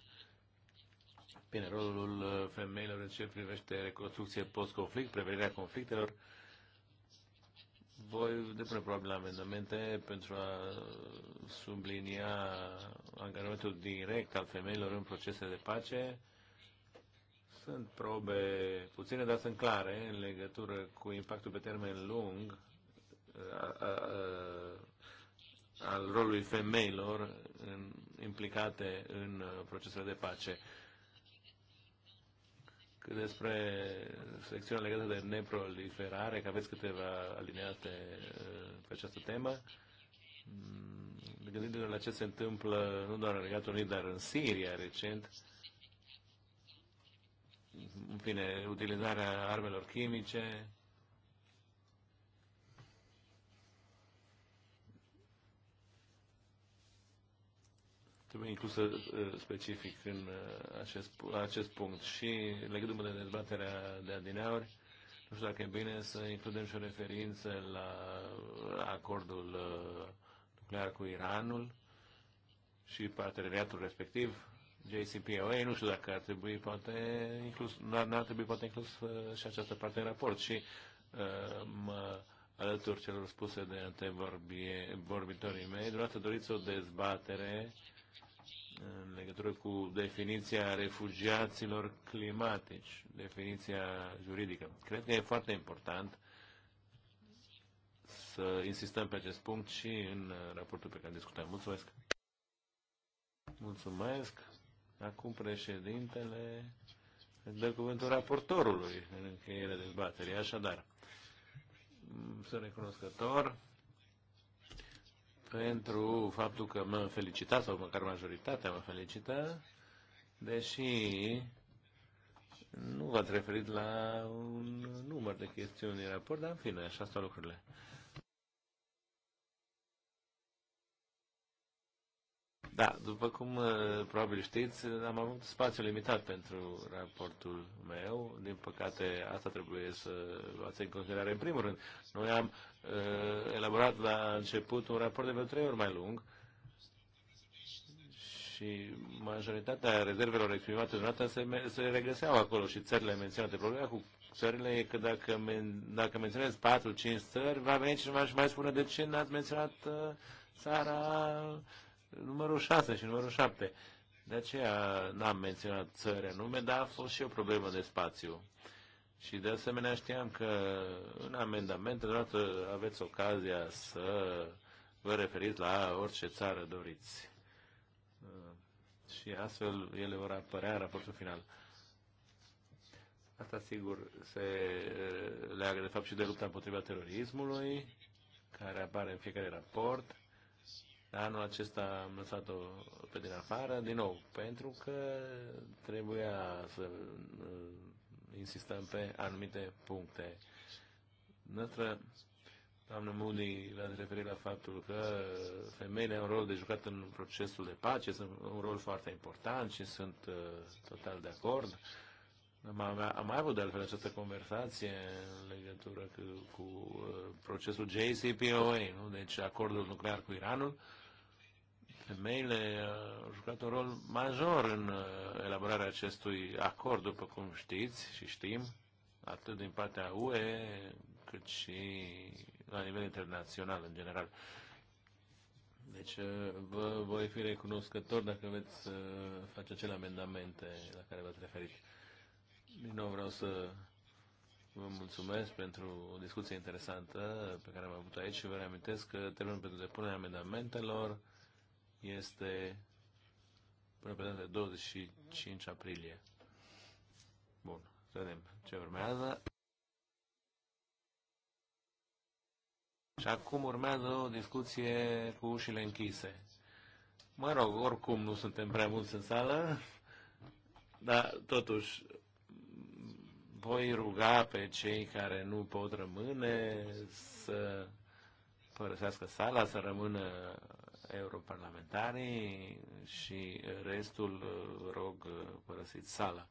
Bine, rolul uh, femeilor în ce privește reconstrucție post-conflict, prevenirea conflictelor, uh, voi depune probabil amendamente pentru a sublinia angajamentul direct al femeilor în procese de pace. Sunt probe puține, dar sunt clare în legătură cu impactul pe termen lung a, a, a, al rolului femeilor în, implicate în procesele de pace despre secțiunea legată de neproliferare, că aveți câteva alineate uh, pe această temă. Mm, gândindu-ne la ce se întâmplă nu doar în Regatul Unit, dar în Siria recent, în fine, utilizarea armelor chimice, trebuie inclusă uh, specific în uh, acest, la acest punct. Și legându-mă de dezbaterea de adineauri, nu știu dacă e bine să includem și o referință la acordul uh, nuclear cu Iranul și parteneriatul respectiv, JCPOA, nu știu dacă ar trebui poate inclus, n-ar, nu ar trebui poate inclus și această parte în raport și uh, mă alături celor spuse de antevorbitorii mei, dumneavoastră doriți o dezbatere în legătură cu definiția refugiaților climatici, definiția juridică. Cred că e foarte important să insistăm pe acest punct și în raportul pe care discutăm. Mulțumesc! Mulțumesc! Acum președintele îți dă cuvântul raportorului în încheierea dezbaterii. Așadar, sunt recunoscător pentru faptul că m felicita, felicitat, sau măcar majoritatea m felicită, felicitat, deși nu v-ați referit la un număr de chestiuni în raport, dar în fine, așa stau lucrurile. Da, după cum uh, probabil știți, am avut spațiu limitat pentru raportul meu. Din păcate, asta trebuie să luați în considerare în primul rând. Noi am uh, elaborat la început un raport de vreo trei ori mai lung și majoritatea rezervelor exprimate în se, se regăseau acolo și țările menționate. Problema cu țările e că dacă, men, dacă menționez 4-5 țări, va veni cineva și mai spune de ce n-ați menționat uh, țara numărul 6 și numărul 7. De aceea n-am menționat țări anume, dar a fost și o problemă de spațiu. Și de asemenea știam că în amendament dată aveți ocazia să vă referiți la orice țară doriți. Și astfel ele vor apărea în raportul final. Asta sigur se leagă de fapt și de lupta împotriva terorismului, care apare în fiecare raport. Anul acesta am lăsat-o pe din afară, din nou, pentru că trebuia să uh, insistăm pe anumite puncte. Noastră, doamnă Moody, l-ați referit la faptul că femeile au un rol de jucat în procesul de pace, sunt un rol foarte important și sunt uh, total de acord. Am, am mai avut de altfel această conversație în legătură cu, cu uh, procesul JCPOA, nu? deci acordul nuclear cu Iranul. Uh, Femeile uh, au jucat un rol major în uh, elaborarea acestui acord, după cum știți și știm, atât din partea UE, cât și la nivel internațional în general. Deci uh, vă voi fi recunoscător dacă veți face acele amendamente la care v-ați referit. Din nou vreau să vă mulțumesc pentru o discuție interesantă pe care am avut-o aici și vă reamintesc că termenul pentru depunerea amendamentelor este până de 25 aprilie. Bun, să vedem ce urmează. Și acum urmează o discuție cu ușile închise. Mă rog, oricum nu suntem prea mulți în sală, dar totuși voi ruga pe cei care nu pot rămâne să părăsească sala, să rămână europarlamentarii și restul rog părăsiți sala.